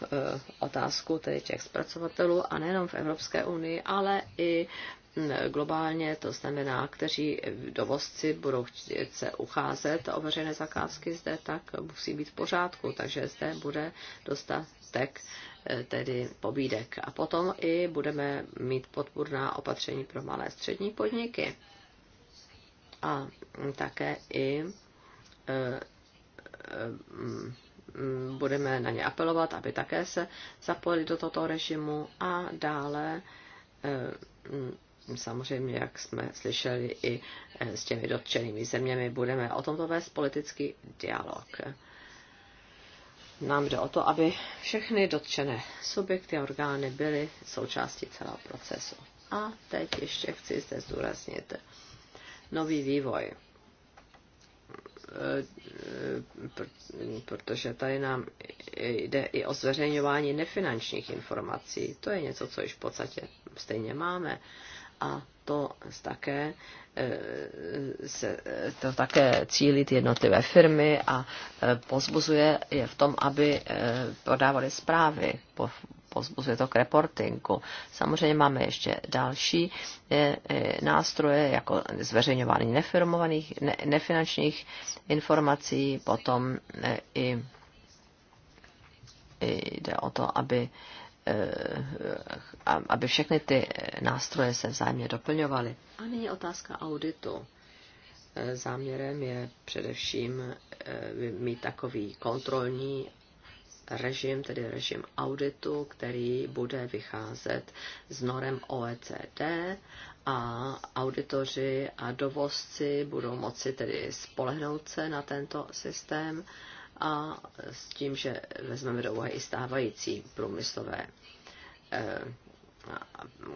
otázku tedy těch zpracovatelů a nejenom v Evropské unii, ale i globálně, to znamená, kteří dovozci budou chtít se ucházet o veřejné zakázky zde, tak musí být v pořádku, takže zde bude dostatek eh, tedy pobídek. A potom i budeme mít podpůrná opatření pro malé střední podniky a také i eh, eh, budeme na ně apelovat, aby také se zapojili do tohoto režimu a dále samozřejmě, jak jsme slyšeli i eh, s těmi dotčenými zeměmi, budeme o tomto vést politický dialog. Nám jde o to, aby všechny dotčené subjekty a orgány byly součástí celého procesu. A teď ještě chci zde zdůraznit nový vývoj, eh, protože tady nám jde i o zveřejňování nefinančních informací. To je něco, co již v podstatě stejně máme a to také, e, se, to také cílí ty jednotlivé firmy a e, pozbuzuje je v tom, aby e, podávali zprávy, pozbuzuje to k reportingu. Samozřejmě máme ještě další nástroje, jako zveřejňování nefirmovaných, ne, nefinančních informací, potom i, i jde o to, aby Eh, aby všechny ty nástroje se vzájemně doplňovaly. A nyní otázka auditu. Eh, záměrem je především eh, mít takový kontrolní režim, tedy režim auditu, který bude vycházet z norem OECD a auditoři a dovozci budou moci tedy spolehnout se na tento systém a s tím, že vezmeme do úvahy i stávající průmyslové eh,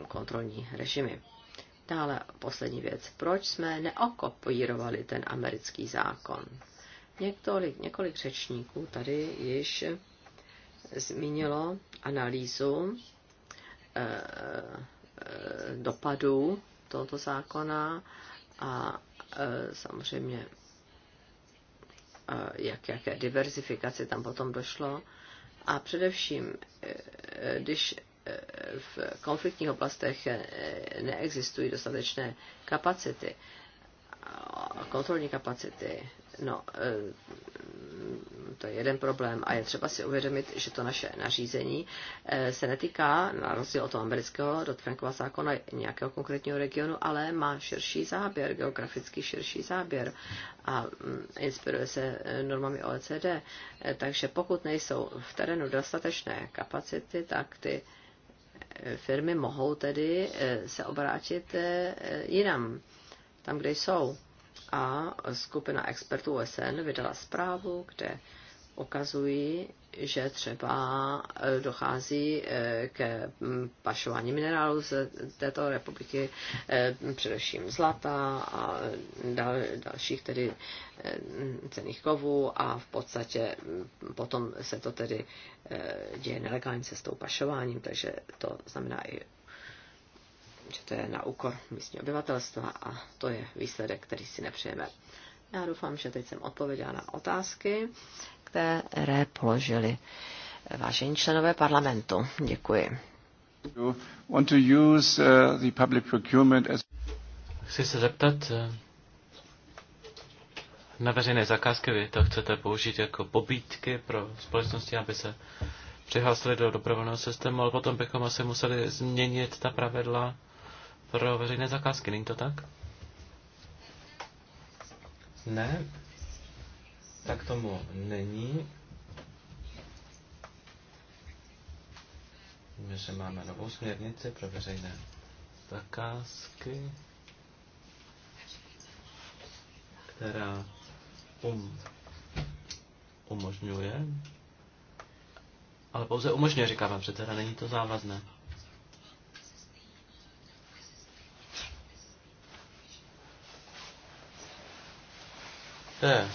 kontrolní režimy. Dále poslední věc. Proč jsme neokopírovali ten americký zákon? Několik, několik řečníků tady již zmínilo analýzu e, dopadů tohoto zákona a samozřejmě jak, jaké diverzifikaci tam potom došlo. A především, eh, když eh, v konfliktních oblastech eh, neexistují dostatečné kapacity, kontrolní kapacity, No, e, to je jeden problém a je třeba si uvědomit, že to naše nařízení e, se netýká, na rozdíl od toho amerického dodd zákona, nějakého konkrétního regionu, ale má širší záběr, geograficky širší záběr a mm, inspiruje se e, normami OECD. Takže pokud nejsou v terénu dostatečné kapacity, tak ty firmy mohou tedy se obrátit jinam, tam, kde jsou a skupina expertů OSN vydala zprávu, kde ukazují, že třeba e, dochází e, ke pašování minerálů z této republiky, e, především zlata a dal, dalších tedy cených kovů a v podstatě potom se to tedy děje nelegální cestou pašováním, takže to znamená i že to je na úkor místního obyvatelstva a to je výsledek, který si nepřejeme. Já doufám, že teď jsem odpověděla na otázky, které položili vážení členové parlamentu. Děkuji. Uh, Chci se zeptat, uh, na veřejné zakázky vy to chcete použít jako pobítky pro společnosti, aby se přihlásili do dobrovolného systému, ale potom bychom asi museli změnit ta pravidla pro veřejné zakázky, není to tak? Ne, tak tomu není. Víme, že máme novou směrnici pro veřejné zakázky, která um, umožňuje, ale pouze umožňuje, říkám vám předseda, není to závazné. To je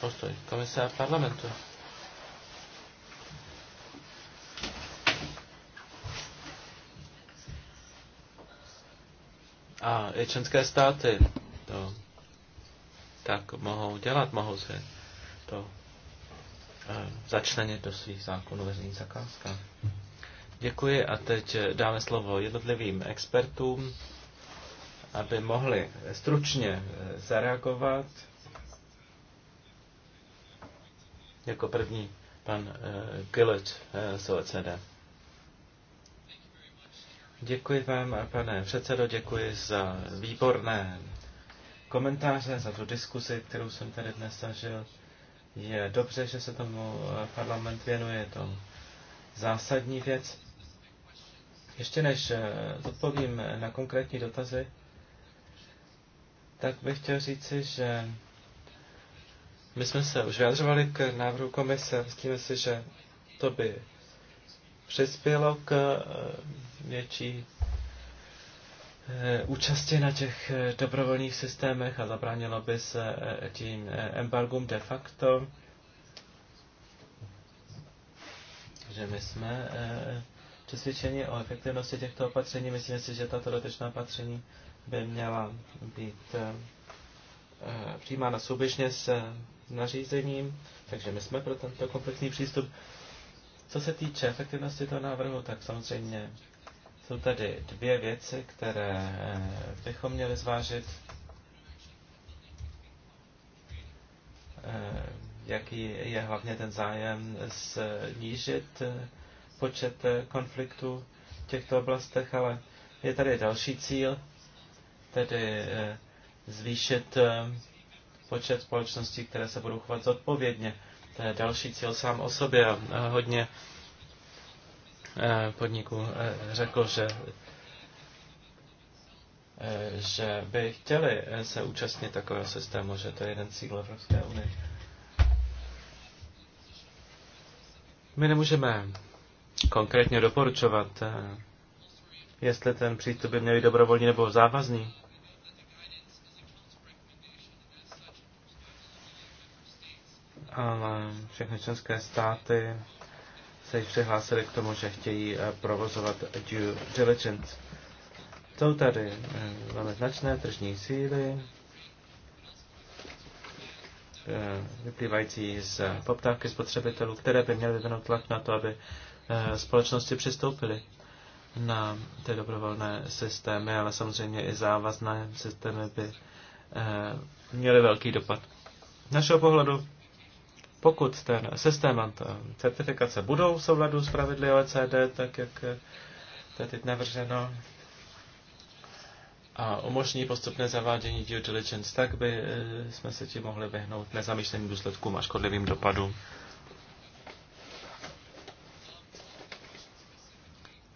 postoj komise a parlamentu. A i členské státy to tak mohou dělat, mohou se to eh, začlenit do svých zákonů veřejných zakázkách. Děkuji a teď eh, dáme slovo jednotlivým expertům, aby mohli stručně eh, zareagovat Jako první pan eh, Gillett eh, z OECD. Děkuji vám, pane předsedo, děkuji za výborné komentáře, za tu diskusi, kterou jsem tady dnes zažil. Je dobře, že se tomu eh, parlament věnuje, je to zásadní věc. Ještě než odpovím na konkrétní dotazy, tak bych chtěl říci, že my jsme se už vyjadřovali k návrhu komise. Myslíme si, že to by přispělo k eh, větší eh, účasti na těch eh, dobrovolných systémech a zabránilo by se tím embargům de facto, že my jsme přesvědčeni o efektivnosti těchto opatření. Myslím si, že tato dotyčná opatření by měla být přijímána souběžně s nařízením, takže my jsme pro tento komplexní přístup. Co se týče efektivnosti toho návrhu, tak samozřejmě jsou tady dvě věci, které eh, bychom měli zvážit. Eh, jaký je hlavně ten zájem snížit eh, počet konfliktů v těchto oblastech, ale je tady další cíl, tedy zvýšit počet společností, které se budou chovat zodpovědně. To je další cíl sám o sobě a hodně e, podniků e, řekl, že e, že by chtěli se účastnit takového systému, že to je jeden cíl Evropské unie. My nemůžeme konkrétně doporučovat, jestli ten přístup by měl být dobrovolný nebo závazný. ale všechny členské státy se již přihlásily k tomu, že chtějí eh, provozovat due diligence. Jsou tady eh, velmi značné tržní síly, eh, vyplývající z poptávky spotřebitelů, které by měly vyvinout tlak na to, aby společnosti přistoupily na ty dobrovolné systémy, ale samozřejmě i závazné systémy by měly velký dopad. Z našeho pohledu pokud ten systém a certifikace budou v souladu s pravidly OECD, tak jak eh, to je teď navrženo, a umožní postupné zavádění due diligence, tak by eh, jsme se tím mohli vyhnout nezamýšleným důsledkům a škodlivým dopadům.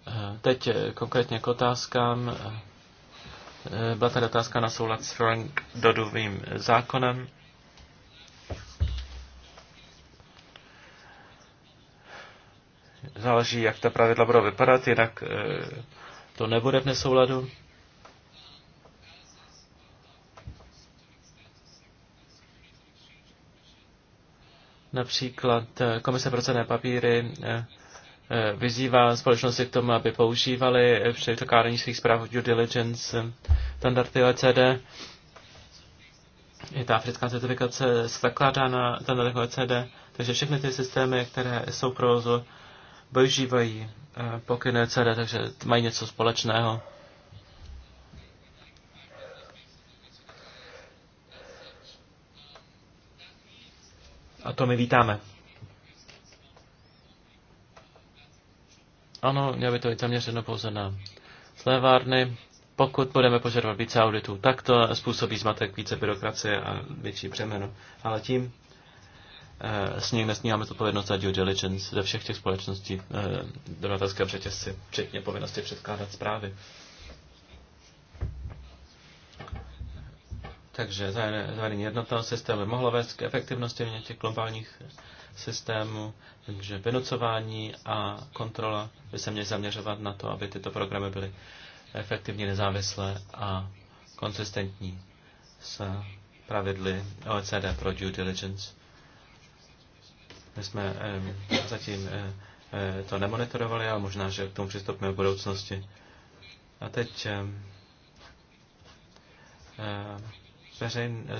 Eh, teď konkrétně k otázkám. Byla tady otázka na soulad s Frank Dodovým zákonem. záleží, jak ta pravidla budou vypadat, jinak eh, to nebude v nesouladu. Například eh, Komise pro cené papíry eh, vyzývá společnosti k tomu, aby používali při dokládání svých zpráv due diligence standardy OECD. I ta africká certifikace se zakládá na standardech OECD, takže všechny ty systémy, které jsou v provozu, využívají eh, pokyny CD, takže mají něco společného. A to my vítáme. Ano, měl by to být zaměřeno pouze na slévárny. Pokud budeme požadovat více auditů, tak to způsobí zmatek více byrokracie a větší břemeno. Ale tím Eh, s ním nesníháme odpovědnost za due diligence ze všech těch společností eh, dodatelského řetězci, včetně povinnosti předkládat zprávy. Takže zavedení jednotného systému mohlo vést k efektivnosti v těch globálních systémů, takže vynucování a kontrola by se měly zaměřovat na to, aby tyto programy byly efektivně nezávislé a konsistentní s pravidly OECD pro due diligence. My jsme eh, zatím eh, eh, to nemonitorovali, ale možná, že k tomu přistoupíme v budoucnosti. A teď veřejné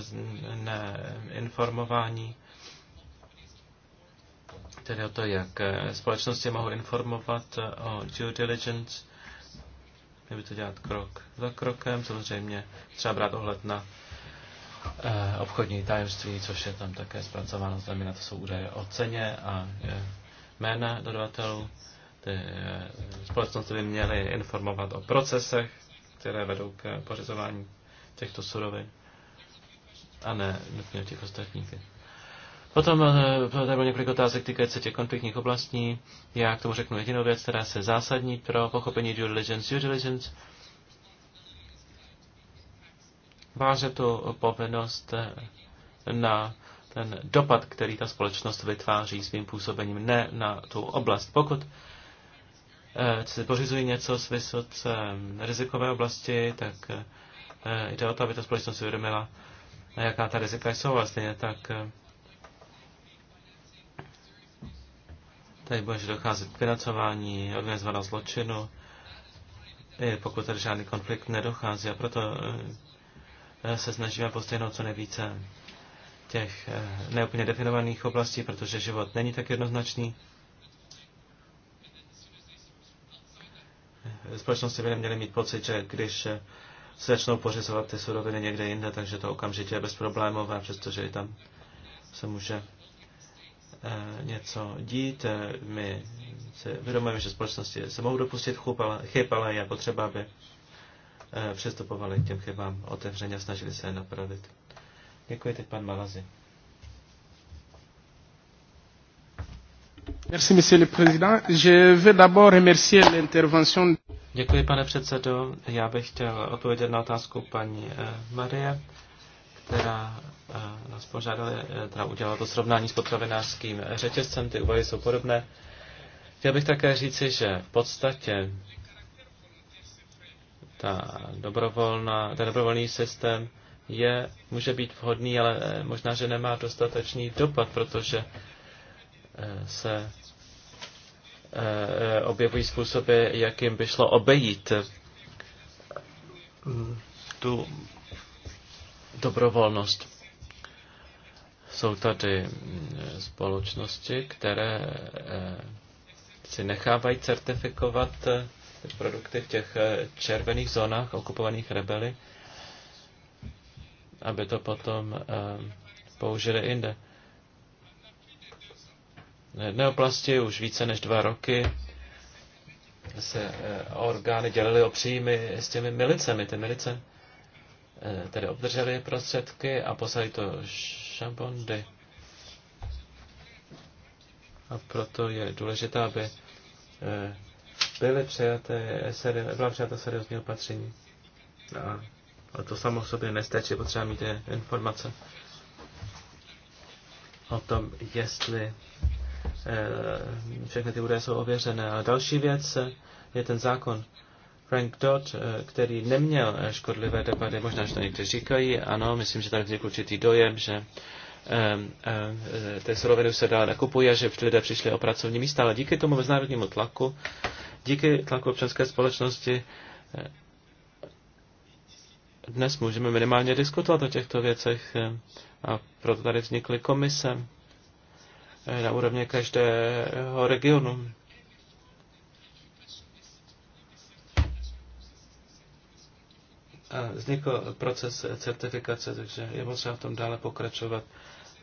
informování, tedy o to, jak společnosti mohou informovat o due diligence, měli by to dělat krok za krokem, samozřejmě třeba brát ohled na Eh, obchodní tajemství, což je tam také zpracováno, znamená, to jsou údaje o ceně a eh, jména dodavatelů. Ty eh, společnosti by měly informovat o procesech, které vedou k pořizování těchto surovin a ne nutně těch ostatních. Potom tady bylo několik otázek týkající těch konfliktních oblastí. Já k tomu řeknu jedinou věc, která se zásadní pro pochopení due diligence. Due diligence váže tu povinnost eh, na ten dopad, který ta společnost vytváří svým působením, ne na tu oblast. Pokud eh, se pořizují něco z vysoce mm, rizikové oblasti, tak eh, jde o to, aby ta společnost uvědomila, jaká ta rizika jsou vlastně, tak tady bude docházet k financování organizovaného zločinu, pokud tady žádný konflikt nedochází a proto Eh, se snažíme postihnout co nejvíce těch eh, neúplně definovaných oblastí, protože život není tak jednoznačný. Eh, společnosti by neměly mít pocit, že když se začnou pořizovat ty suroviny někde jinde, takže to okamžitě je bezproblémové, přestože i tam se může něco dít. My se vědomujeme, že společnosti se mohou dopustit chyb, ale je potřeba, aby Eh, přistupovali k těm chybám otevřeně a snažili se je napravit. Děkuji teď pan Malazi. Merci, monsieur le président. Je veux d'abord remercier l'intervention. Děkuji, pane předsedo. Já bych chtěl odpovědět na otázku paní eh, Marie, která eh, nás požádala, která udělala to srovnání s potravinářským řetězcem. Ty úvahy jsou podobné. Chtěl bych také říci, že v podstatě ta dobrovolná, ten dobrovolný systém je, může být vhodný, ale eh, možná, že nemá dostatečný dopad, protože eh, se eh, objevují způsoby, jakým by šlo obejít mm, tu dobrovolnost. Jsou tady mm, společnosti, které si nechávají certifikovat ty produkty v těch eh, červených zónách okupovaných rebely, aby to potom eh, použili jinde. Na jedné oblasti už více než dva roky se eh, orgány dělily o příjmy s těmi milicemi. Ty milice tedy obdrželi prostředky a poslali to šambondy. A proto je důležité, aby byly přijaté, seri, byla přijata seriózní opatření. A, a to samo sobě nestačí, potřeba mít informace o tom, jestli e, všechny ty údaje jsou ověřené. A další věc je ten zákon Frank Dodd, eh, který neměl eh, škodlivé dopady, možná, že to někdy říkají, ano, myslím, že tady vznikl určitý dojem, že ty suroviny se dál nakupují a že lidé přišli o pracovní místa, ale díky tomu mezinárodnímu tlaku Díky tlaku občanské společnosti eh, dnes můžeme minimálně diskutovat o těchto věcech eh, a proto tady vznikly komise eh, na úrovni každého regionu. A vznikl proces certifikace, takže je potřeba v tom dále pokračovat.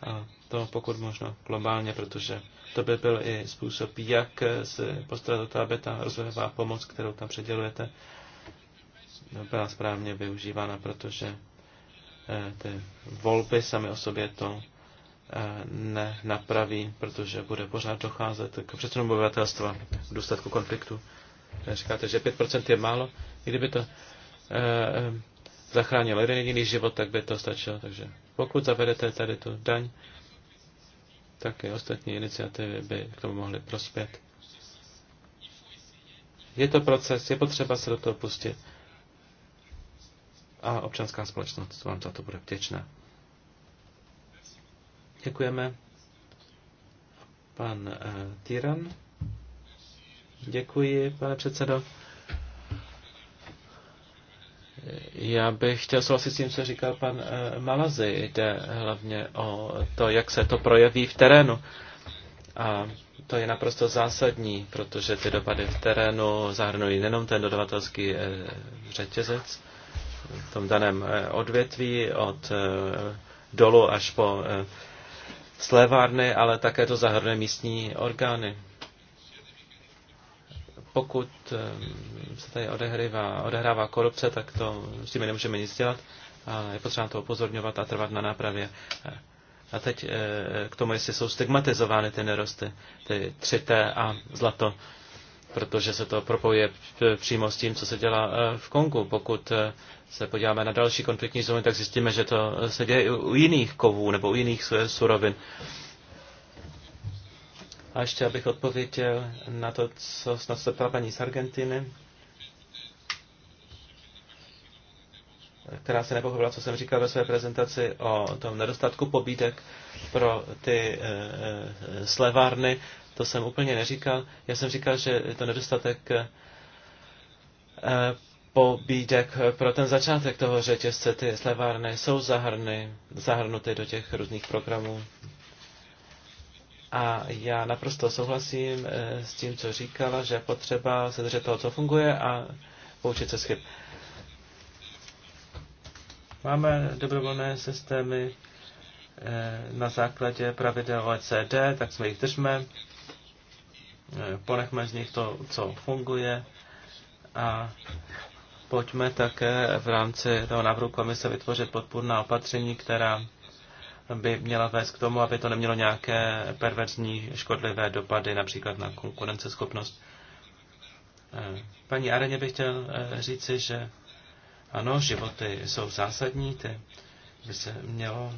A to pokud možno globálně, protože to by byl i způsob, jak se postarat o to, aby ta rozvojová pomoc, kterou tam předělujete, no, byla správně využívána, protože eh, ty volby sami o sobě to eh, nenapraví, protože bude pořád docházet k přesunu obyvatelstva v důsledku konfliktu. Říkáte, že 5% je málo. I kdyby to eh, zachránilo jeden jediný život, tak by to stačilo. Takže pokud zavedete tady tu daň, tak i ostatní iniciativy by k tomu mohly prospět. Je to proces, je potřeba se do toho pustit a občanská společnost vám za to bude vděčná. Děkujeme. Pan uh, Tyran. Děkuji, pane předsedo. Já bych chtěl souhlasit s tím, co říkal pan eh, Malazy. Jde hlavně o to, jak se to projeví v terénu. A to je naprosto zásadní, protože ty dopady v terénu zahrnují nejenom ten dodavatelský eh, řetězec v tom daném eh, odvětví od dolu až po slévárny, ale také to zahrnuje místní orgány pokud ehm, se tady odehrává, odehrává korupce, tak to s tím nemůžeme nic dělat a je potřeba to upozorňovat a trvat na nápravě. Eh, a teď eh, k tomu, jestli jsou stigmatizovány ty nerosty, ty 3T a zlato, protože se to propojuje přímo s tím, co se dělá eh, v Kongu. Pokud se podíváme na další konfliktní zóny, tak zjistíme, že to se děje i u jiných kovů nebo u jiných surovin. A ještě abych odpověděl na to, co snad se ptala paní z Argentiny, která se nepochopila, co jsem říkal ve své prezentaci o tom nedostatku pobídek pro ty e, slevárny. To jsem úplně neříkal. Já jsem říkal, že je to nedostatek e, pobídek pro ten začátek toho řetězce. Ty slevárny jsou zahrny, zahrnuty do těch různých programů. A já naprosto souhlasím eh, s tím, co říkala, že je potřeba se držet toho, co funguje a poučit se z chyb. Máme dobrovolné systémy eh, na základě pravidel OECD, tak jsme jich držme, eh, ponechme z nich to, co funguje a pojďme také v rámci toho návrhu komise vytvořit podpůrná opatření, která by měla vést k tomu, aby to nemělo nějaké perverzní škodlivé dopady, například na konkurenceschopnost. Eh, paní Areně bych chtěl eh, říci, že ano, životy jsou zásadní, ty by se mělo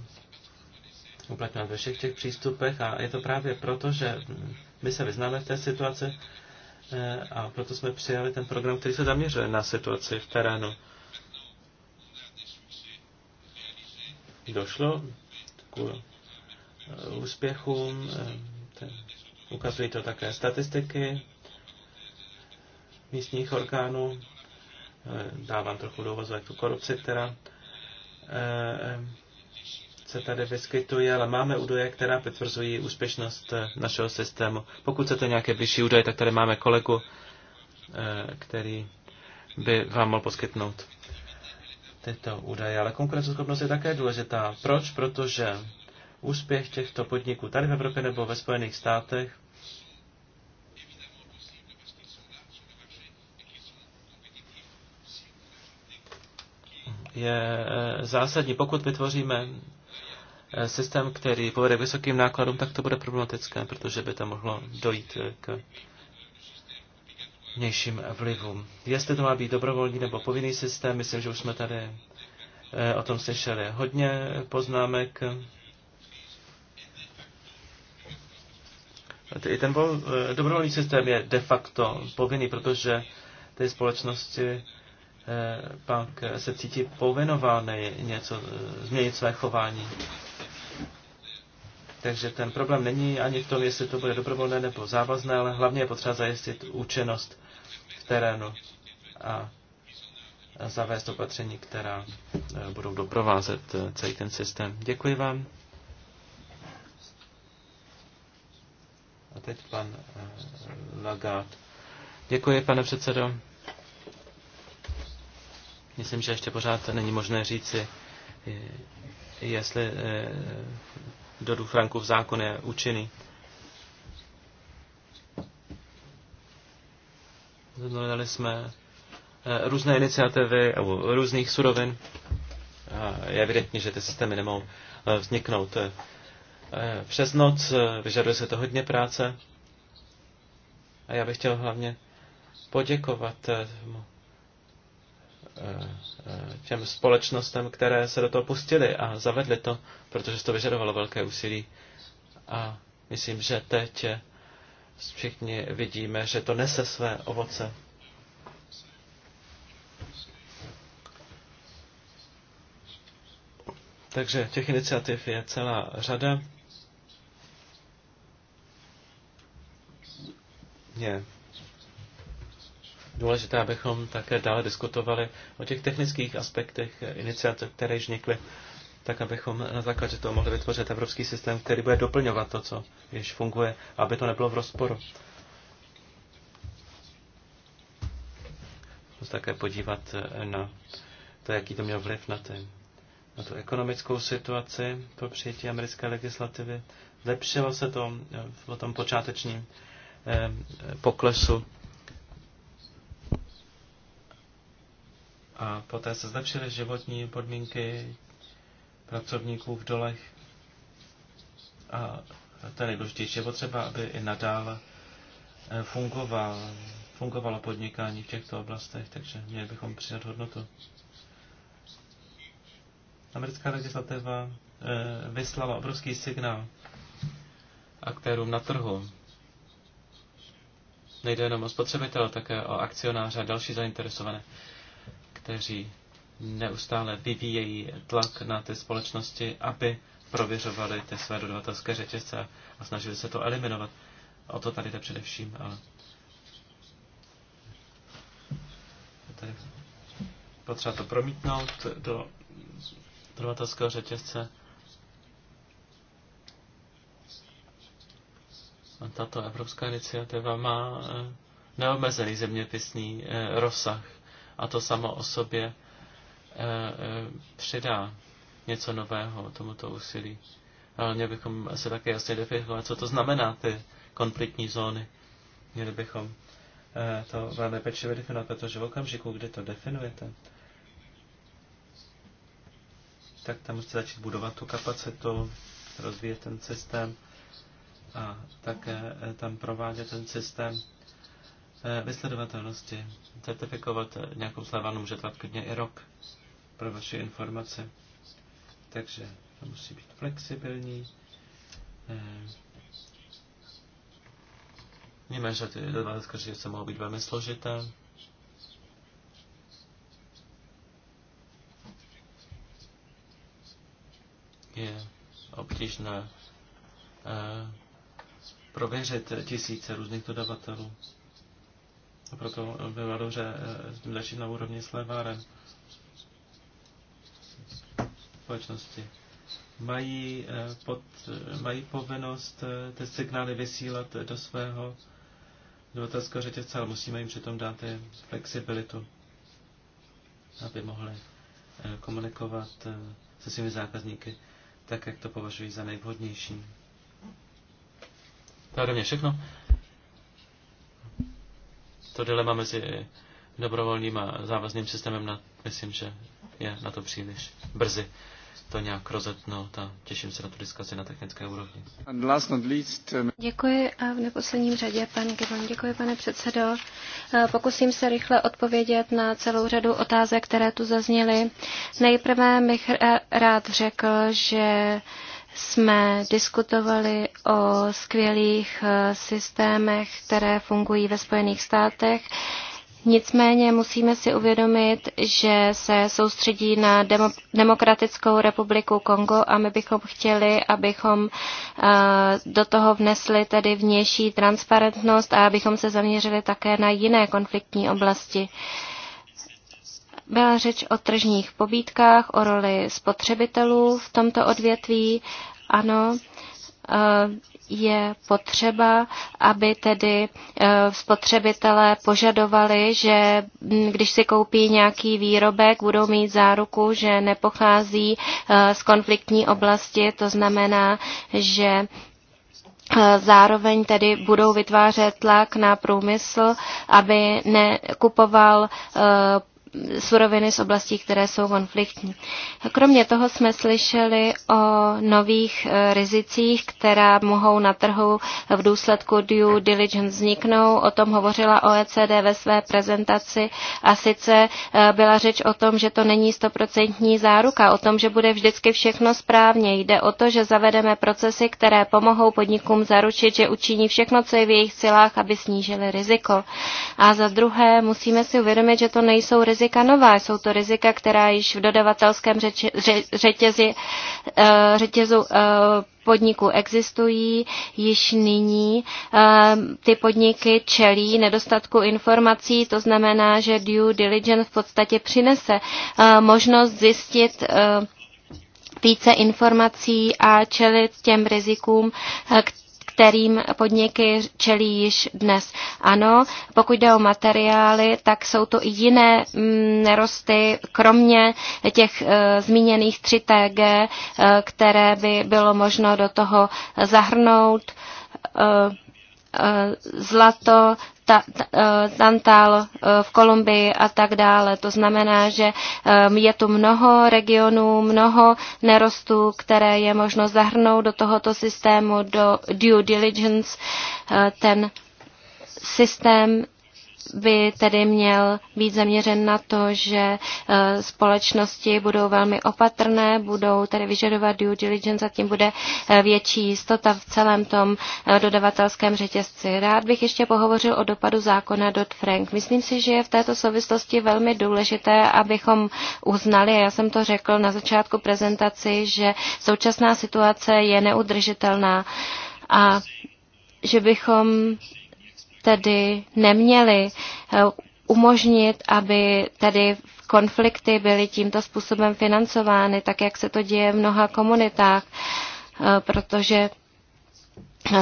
uplatňovat ve všech těch přístupech a je to právě proto, že my se vyznáme v té situaci eh, a proto jsme přijali ten program, který se zaměřuje na situaci v terénu. Došlo Eh, úspěchům. Eh, ukazují to také statistiky místních orgánů. Eh, dávám trochu důvozu tu korupci, která se tady vyskytuje, ale máme údaje, která potvrzují úspěšnost našeho systému. Pokud chcete nějaké vyšší údaje, tak tady máme kolegu, který by vám mohl poskytnout tyto údaje, ale konkurenceschopnost je také důležitá. Proč? Protože úspěch těchto podniků tady v Evropě nebo ve Spojených státech je eh, zásadní. Pokud vytvoříme eh, systém, který povede k vysokým nákladům, tak to bude problematické, protože by to mohlo dojít eh, k vnějším vlivům. Jestli to má být dobrovolný nebo povinný systém, myslím, že už jsme tady eh, o tom slyšeli hodně poznámek. I ten eh, dobrovolný systém je de facto povinný, protože ty společnosti eh, pak se cítí povinovány něco, změnit své chování. Takže ten problém není ani v tom, jestli to bude dobrovolné nebo závazné, ale hlavně je potřeba zajistit účinnost terénu a zavést opatření, která eh, budou doprovázet eh, celý ten systém. Děkuji vám. A teď pan eh, Lagat. Děkuji, pane předsedo. Myslím, že ještě pořád není možné říci, jestli do Franku v zákon je účinný. Hledali jsme eh, různé iniciativy u různých surovin. Je evidentní, že ty systémy nemohou eh, vzniknout eh, přes noc, vyžaduje se to hodně práce. A já bych chtěl hlavně poděkovat těm společnostem, které se do toho pustili a zavedly to, protože to vyžadovalo velké úsilí. A myslím, že teď všichni vidíme, že to nese své ovoce. Takže těch iniciativ je celá řada. Je důležité, abychom také dále diskutovali o těch technických aspektech iniciativ, které již vznikly tak abychom na základě toho mohli vytvořit evropský systém, který bude doplňovat to, co již funguje, aby to nebylo v rozporu. Musíme také podívat eh, na to, jaký to měl vliv na, ty, na tu ekonomickou situaci po přijetí americké legislativy. Zlepšilo se to eh, v tom počátečním eh, poklesu a poté se zlepšily životní podmínky pracovníků v dolech. A to je nejdůležitější. Je potřeba, aby i nadále eh, fungoval, fungovalo podnikání v těchto oblastech, takže měli bychom přidat hodnotu. Americká legislativa eh, vyslala obrovský signál aktérům na trhu. Nejde jenom o spotřebitele, také o akcionáře a další zainteresované, kteří neustále vyvíjejí tlak na ty společnosti, aby prověřovali ty své dodavatelské řetězce a snažili se to eliminovat. O to tady jde především, ale tady potřeba to promítnout do dodavatelského řetězce. A tato evropská iniciativa má eh, neomezený zeměpisný eh, rozsah a to samo o sobě Eh, eh, přidá něco nového tomuto úsilí. Ale měli bychom se také jasně definovat, co to znamená ty konfliktní zóny. Měli bychom eh, to velmi pečlivě definovat, protože v okamžiku, kdy to definujete, tak tam musíte začít budovat tu kapacitu, rozvíjet ten systém a také tam provádět ten systém vysledovatelnosti. Certifikovat nějakou slévanu může trvat klidně i rok pro vaše informace. Takže to musí být flexibilní. Eh, Víme, že ty že se mohou být velmi složité. Je obtížné eh, prověřit tisíce různých dodavatelů. A proto bylo dobře s eh, tím začít na úrovni s levárem společnosti mají, eh, pod, eh, mají povinnost eh, ty signály vysílat do svého dodatelského řetězce, ale musíme jim přitom dát flexibilitu, aby mohli komunikovat se svými zákazníky tak, jak to považují za nejvhodnější. To je mě všechno. To dilema mezi dobrovolným a závazným systémem, na, myslím, že je na to příliš brzy to nějak rozhodnout a těším se na tu diskusi na technické úrovni. Um, děkuji a v neposledním řadě pan Gibon. Děkuji, pane předsedo. Eh, pokusím se rychle odpovědět na celou řadu otázek, které tu zazněly. Nejprve bych eh, rád řekl, že jsme diskutovali o skvělých eh, systémech, které fungují ve Spojených státech. Nicméně musíme si uvědomit, že se soustředí na demo, Demokratickou republiku Kongo a my bychom chtěli, abychom uh, do toho vnesli tedy vnější transparentnost a abychom se zaměřili také na jiné konfliktní oblasti. Byla řeč o tržních pobídkách, o roli spotřebitelů v tomto odvětví. Ano, eh, je potřeba, aby tedy eh, spotřebitelé požadovali, že mm, když si koupí nějaký výrobek, budou mít záruku, že nepochází eh, z konfliktní oblasti, to znamená, že eh, Zároveň tedy budou vytvářet tlak na průmysl, aby nekupoval suroviny z oblastí, které jsou konfliktní. Kromě toho jsme slyšeli o nových eh, rizicích, která mohou na trhu v důsledku due diligence vzniknout. O tom hovořila OECD ve své prezentaci a sice eh, byla řeč o tom, že to není stoprocentní záruka, o tom, že bude vždycky všechno správně. Jde o to, že zavedeme procesy, které pomohou podnikům zaručit, že učiní všechno, co je v jejich silách, aby snížili riziko. A za druhé musíme si uvědomit, že to nejsou rizika rizika nová. Jsou to rizika, která již v dodavatelském řeči, řetězi, eh, řetězu eh, podniků existují již nyní. Eh, ty podniky čelí nedostatku informací, to znamená, že due diligence v podstatě přinese možnost zjistit více informací a čelit těm rizikům, kterým podniky čelí již dnes. Ano, pokud jde o materiály, tak jsou to i jiné mm, nerosty, kromě těch e, zmíněných 3TG, e, které by bylo možno do toho zahrnout. E, Eh, zlato, ta, ta, eh, tantal eh, v Kolumbii a tak dále. To znamená, že je tu mnoho regionů, mnoho nerostů, které je možno zahrnout do tohoto systému, do due diligence. Ten systém by tedy měl být zaměřen na to, že eh, společnosti budou velmi opatrné, budou tedy vyžadovat due diligence a tím bude eh, větší jistota v celém tom eh, dodavatelském řetězci. Rád bych ještě pohovořil o dopadu zákona dot frank Myslím si, že je v této souvislosti velmi důležité, abychom uznali, a já jsem to řekl na začátku prezentaci, že současná situace je neudržitelná a že bychom tedy neměli eh, umožnit, aby tedy konflikty byly tímto způsobem financovány, tak jak se to děje v mnoha komunitách, eh, protože eh,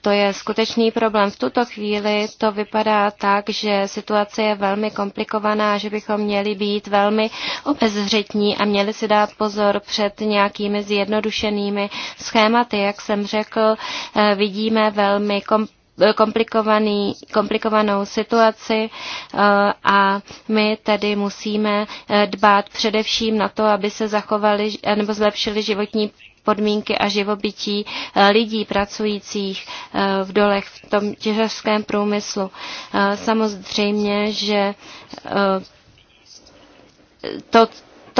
to je skutečný problém. V tuto chvíli to vypadá tak, že situace je velmi komplikovaná, že bychom měli být velmi obezřetní a měli si dát pozor před nějakými zjednodušenými schématy. Jak jsem řekl, vidíme velmi komplexní komplikovaný, komplikovanou situaci eh, a my tedy musíme eh, dbát především na to, aby se zachovali eh, nebo zlepšili životní podmínky a živobytí lidí pracujících v dolech v tom těžařském průmyslu. Samozřejmě, že to,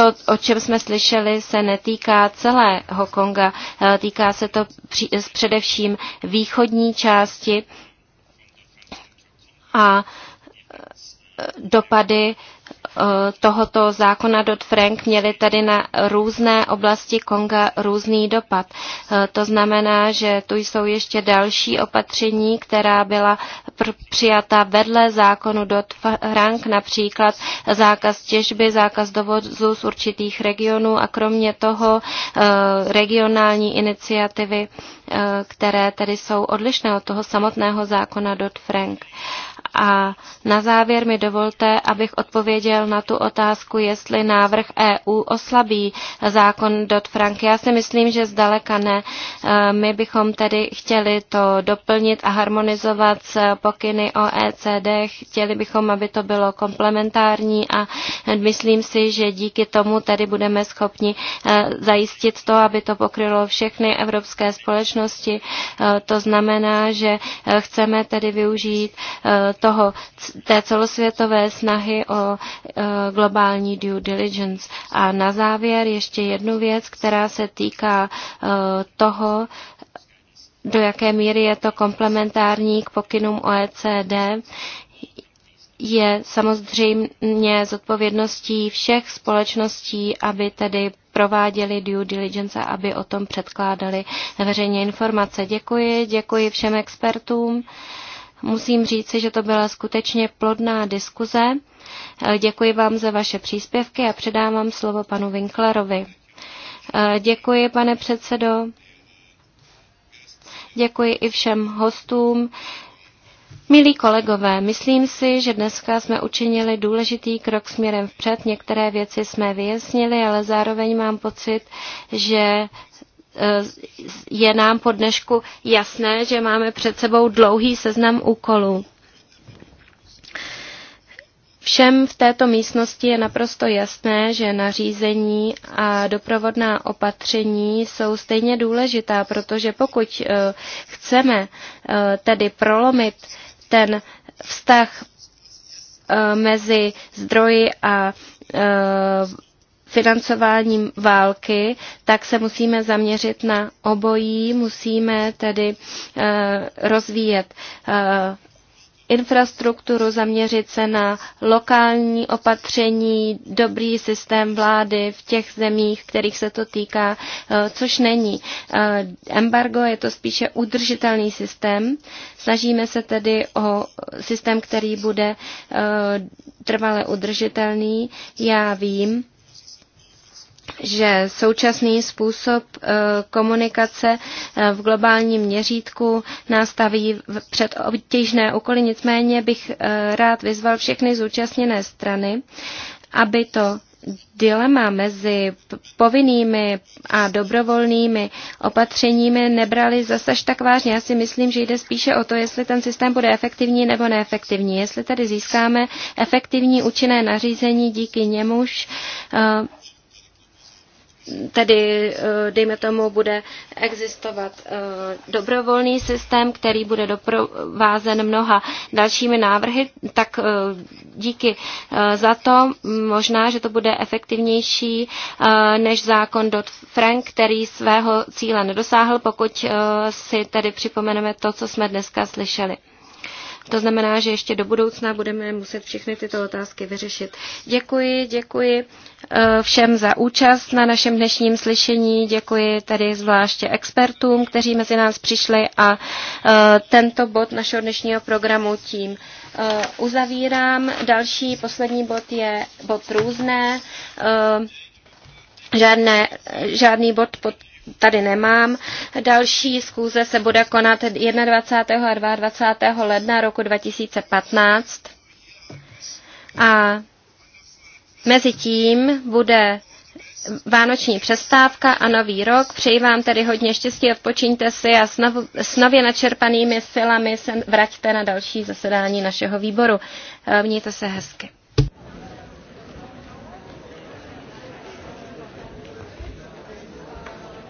to, o čem jsme slyšeli, se netýká celého Konga, eh, týká se to eh, především východní části a dopady eh, tohoto zákona Dodd-Frank měly tady na různé oblasti Konga různý dopad. Eh, to znamená, že tu jsou ještě další opatření, která byla přijata vedle zákonu Dodd-Frank, například zákaz těžby, zákaz dovozu z určitých regionů a kromě toho eh, regionální iniciativy, které tedy jsou odlišné od toho samotného zákona Dodd-Frank. A na závěr mi dovolte, abych odpověděl na tu otázku, jestli návrh EU oslabí zákon dot frank Já si myslím, že zdaleka ne. E, my bychom tedy chtěli to doplnit a harmonizovat s pokyny OECD. Chtěli bychom, aby to bylo komplementární a myslím si, že díky tomu tedy budeme schopni e, zajistit to, aby to pokrylo všechny evropské společnosti. E, to znamená, že chceme tedy využít toho, té celosvětové snahy o e, globální due diligence. A na závěr ještě jednu věc, která se týká e, toho, do jaké míry je to komplementární k pokynům OECD je samozřejmě zodpovědností všech společností, aby tedy prováděli due diligence a aby o tom předkládali veřejně informace. Děkuji, děkuji všem expertům. Musím říci, že to byla skutečně plodná diskuze. Eh, děkuji vám za vaše příspěvky a předám vám slovo panu Winklerovi. Eh, děkuji, pane předsedo. Děkuji i všem hostům. Milí kolegové, myslím si, že dneska jsme učinili důležitý krok směrem vpřed. Některé věci jsme vyjasnili, ale zároveň mám pocit, že je nám po dnešku jasné, že máme před sebou dlouhý seznam úkolů. Všem v této místnosti je naprosto jasné, že nařízení a doprovodná opatření jsou stejně důležitá, protože pokud eh, chceme eh, tedy prolomit ten vztah eh, mezi zdroji a financováním války, tak se musíme zaměřit na obojí, musíme tedy eh, rozvíjet eh, infrastrukturu, zaměřit se na lokální opatření, dobrý systém vlády v těch zemích, kterých se to týká, eh, což není. Embargo je to spíše udržitelný systém. Snažíme se tedy o systém, který bude trvale udržitelný. Já vím, že současný způsob eh, komunikace eh, v globálním měřítku nás před obtížné úkoly, nicméně bych eh, rád vyzval všechny zúčastněné strany, aby to dilema mezi povinnými a dobrovolnými opatřeními nebrali zase tak vážně. Já si myslím, že jde spíše o to, jestli ten systém bude efektivní nebo neefektivní. Jestli tady získáme efektivní účinné nařízení, díky němuž uh, tedy, eh, dejme tomu, bude existovat eh, dobrovolný systém, který bude doprovázen mnoha dalšími návrhy, tak eh, díky za to možná, že to bude efektivnější než zákon Dot frank který svého cíle nedosáhl, pokud si tedy připomeneme to, co jsme dneska slyšeli. To znamená, že ještě do budoucna budeme muset všechny tyto otázky vyřešit. Děkuji, děkuji eh, všem za účast na našem dnešním slyšení. Děkuji tady zvláště expertům, kteří mezi nás přišli a eh, tento bod našeho dnešního programu tím eh, uzavírám. Další poslední bod je bod různé. Žádné, žádný bod pod tady nemám. Další schůze se bude konat 21. a 22. ledna roku 2015. A mezi tím bude vánoční přestávka a nový rok. Přeji vám tedy hodně štěstí, odpočíňte si a s nově načerpanými silami se vraťte na další zasedání našeho výboru. Mějte se hezky.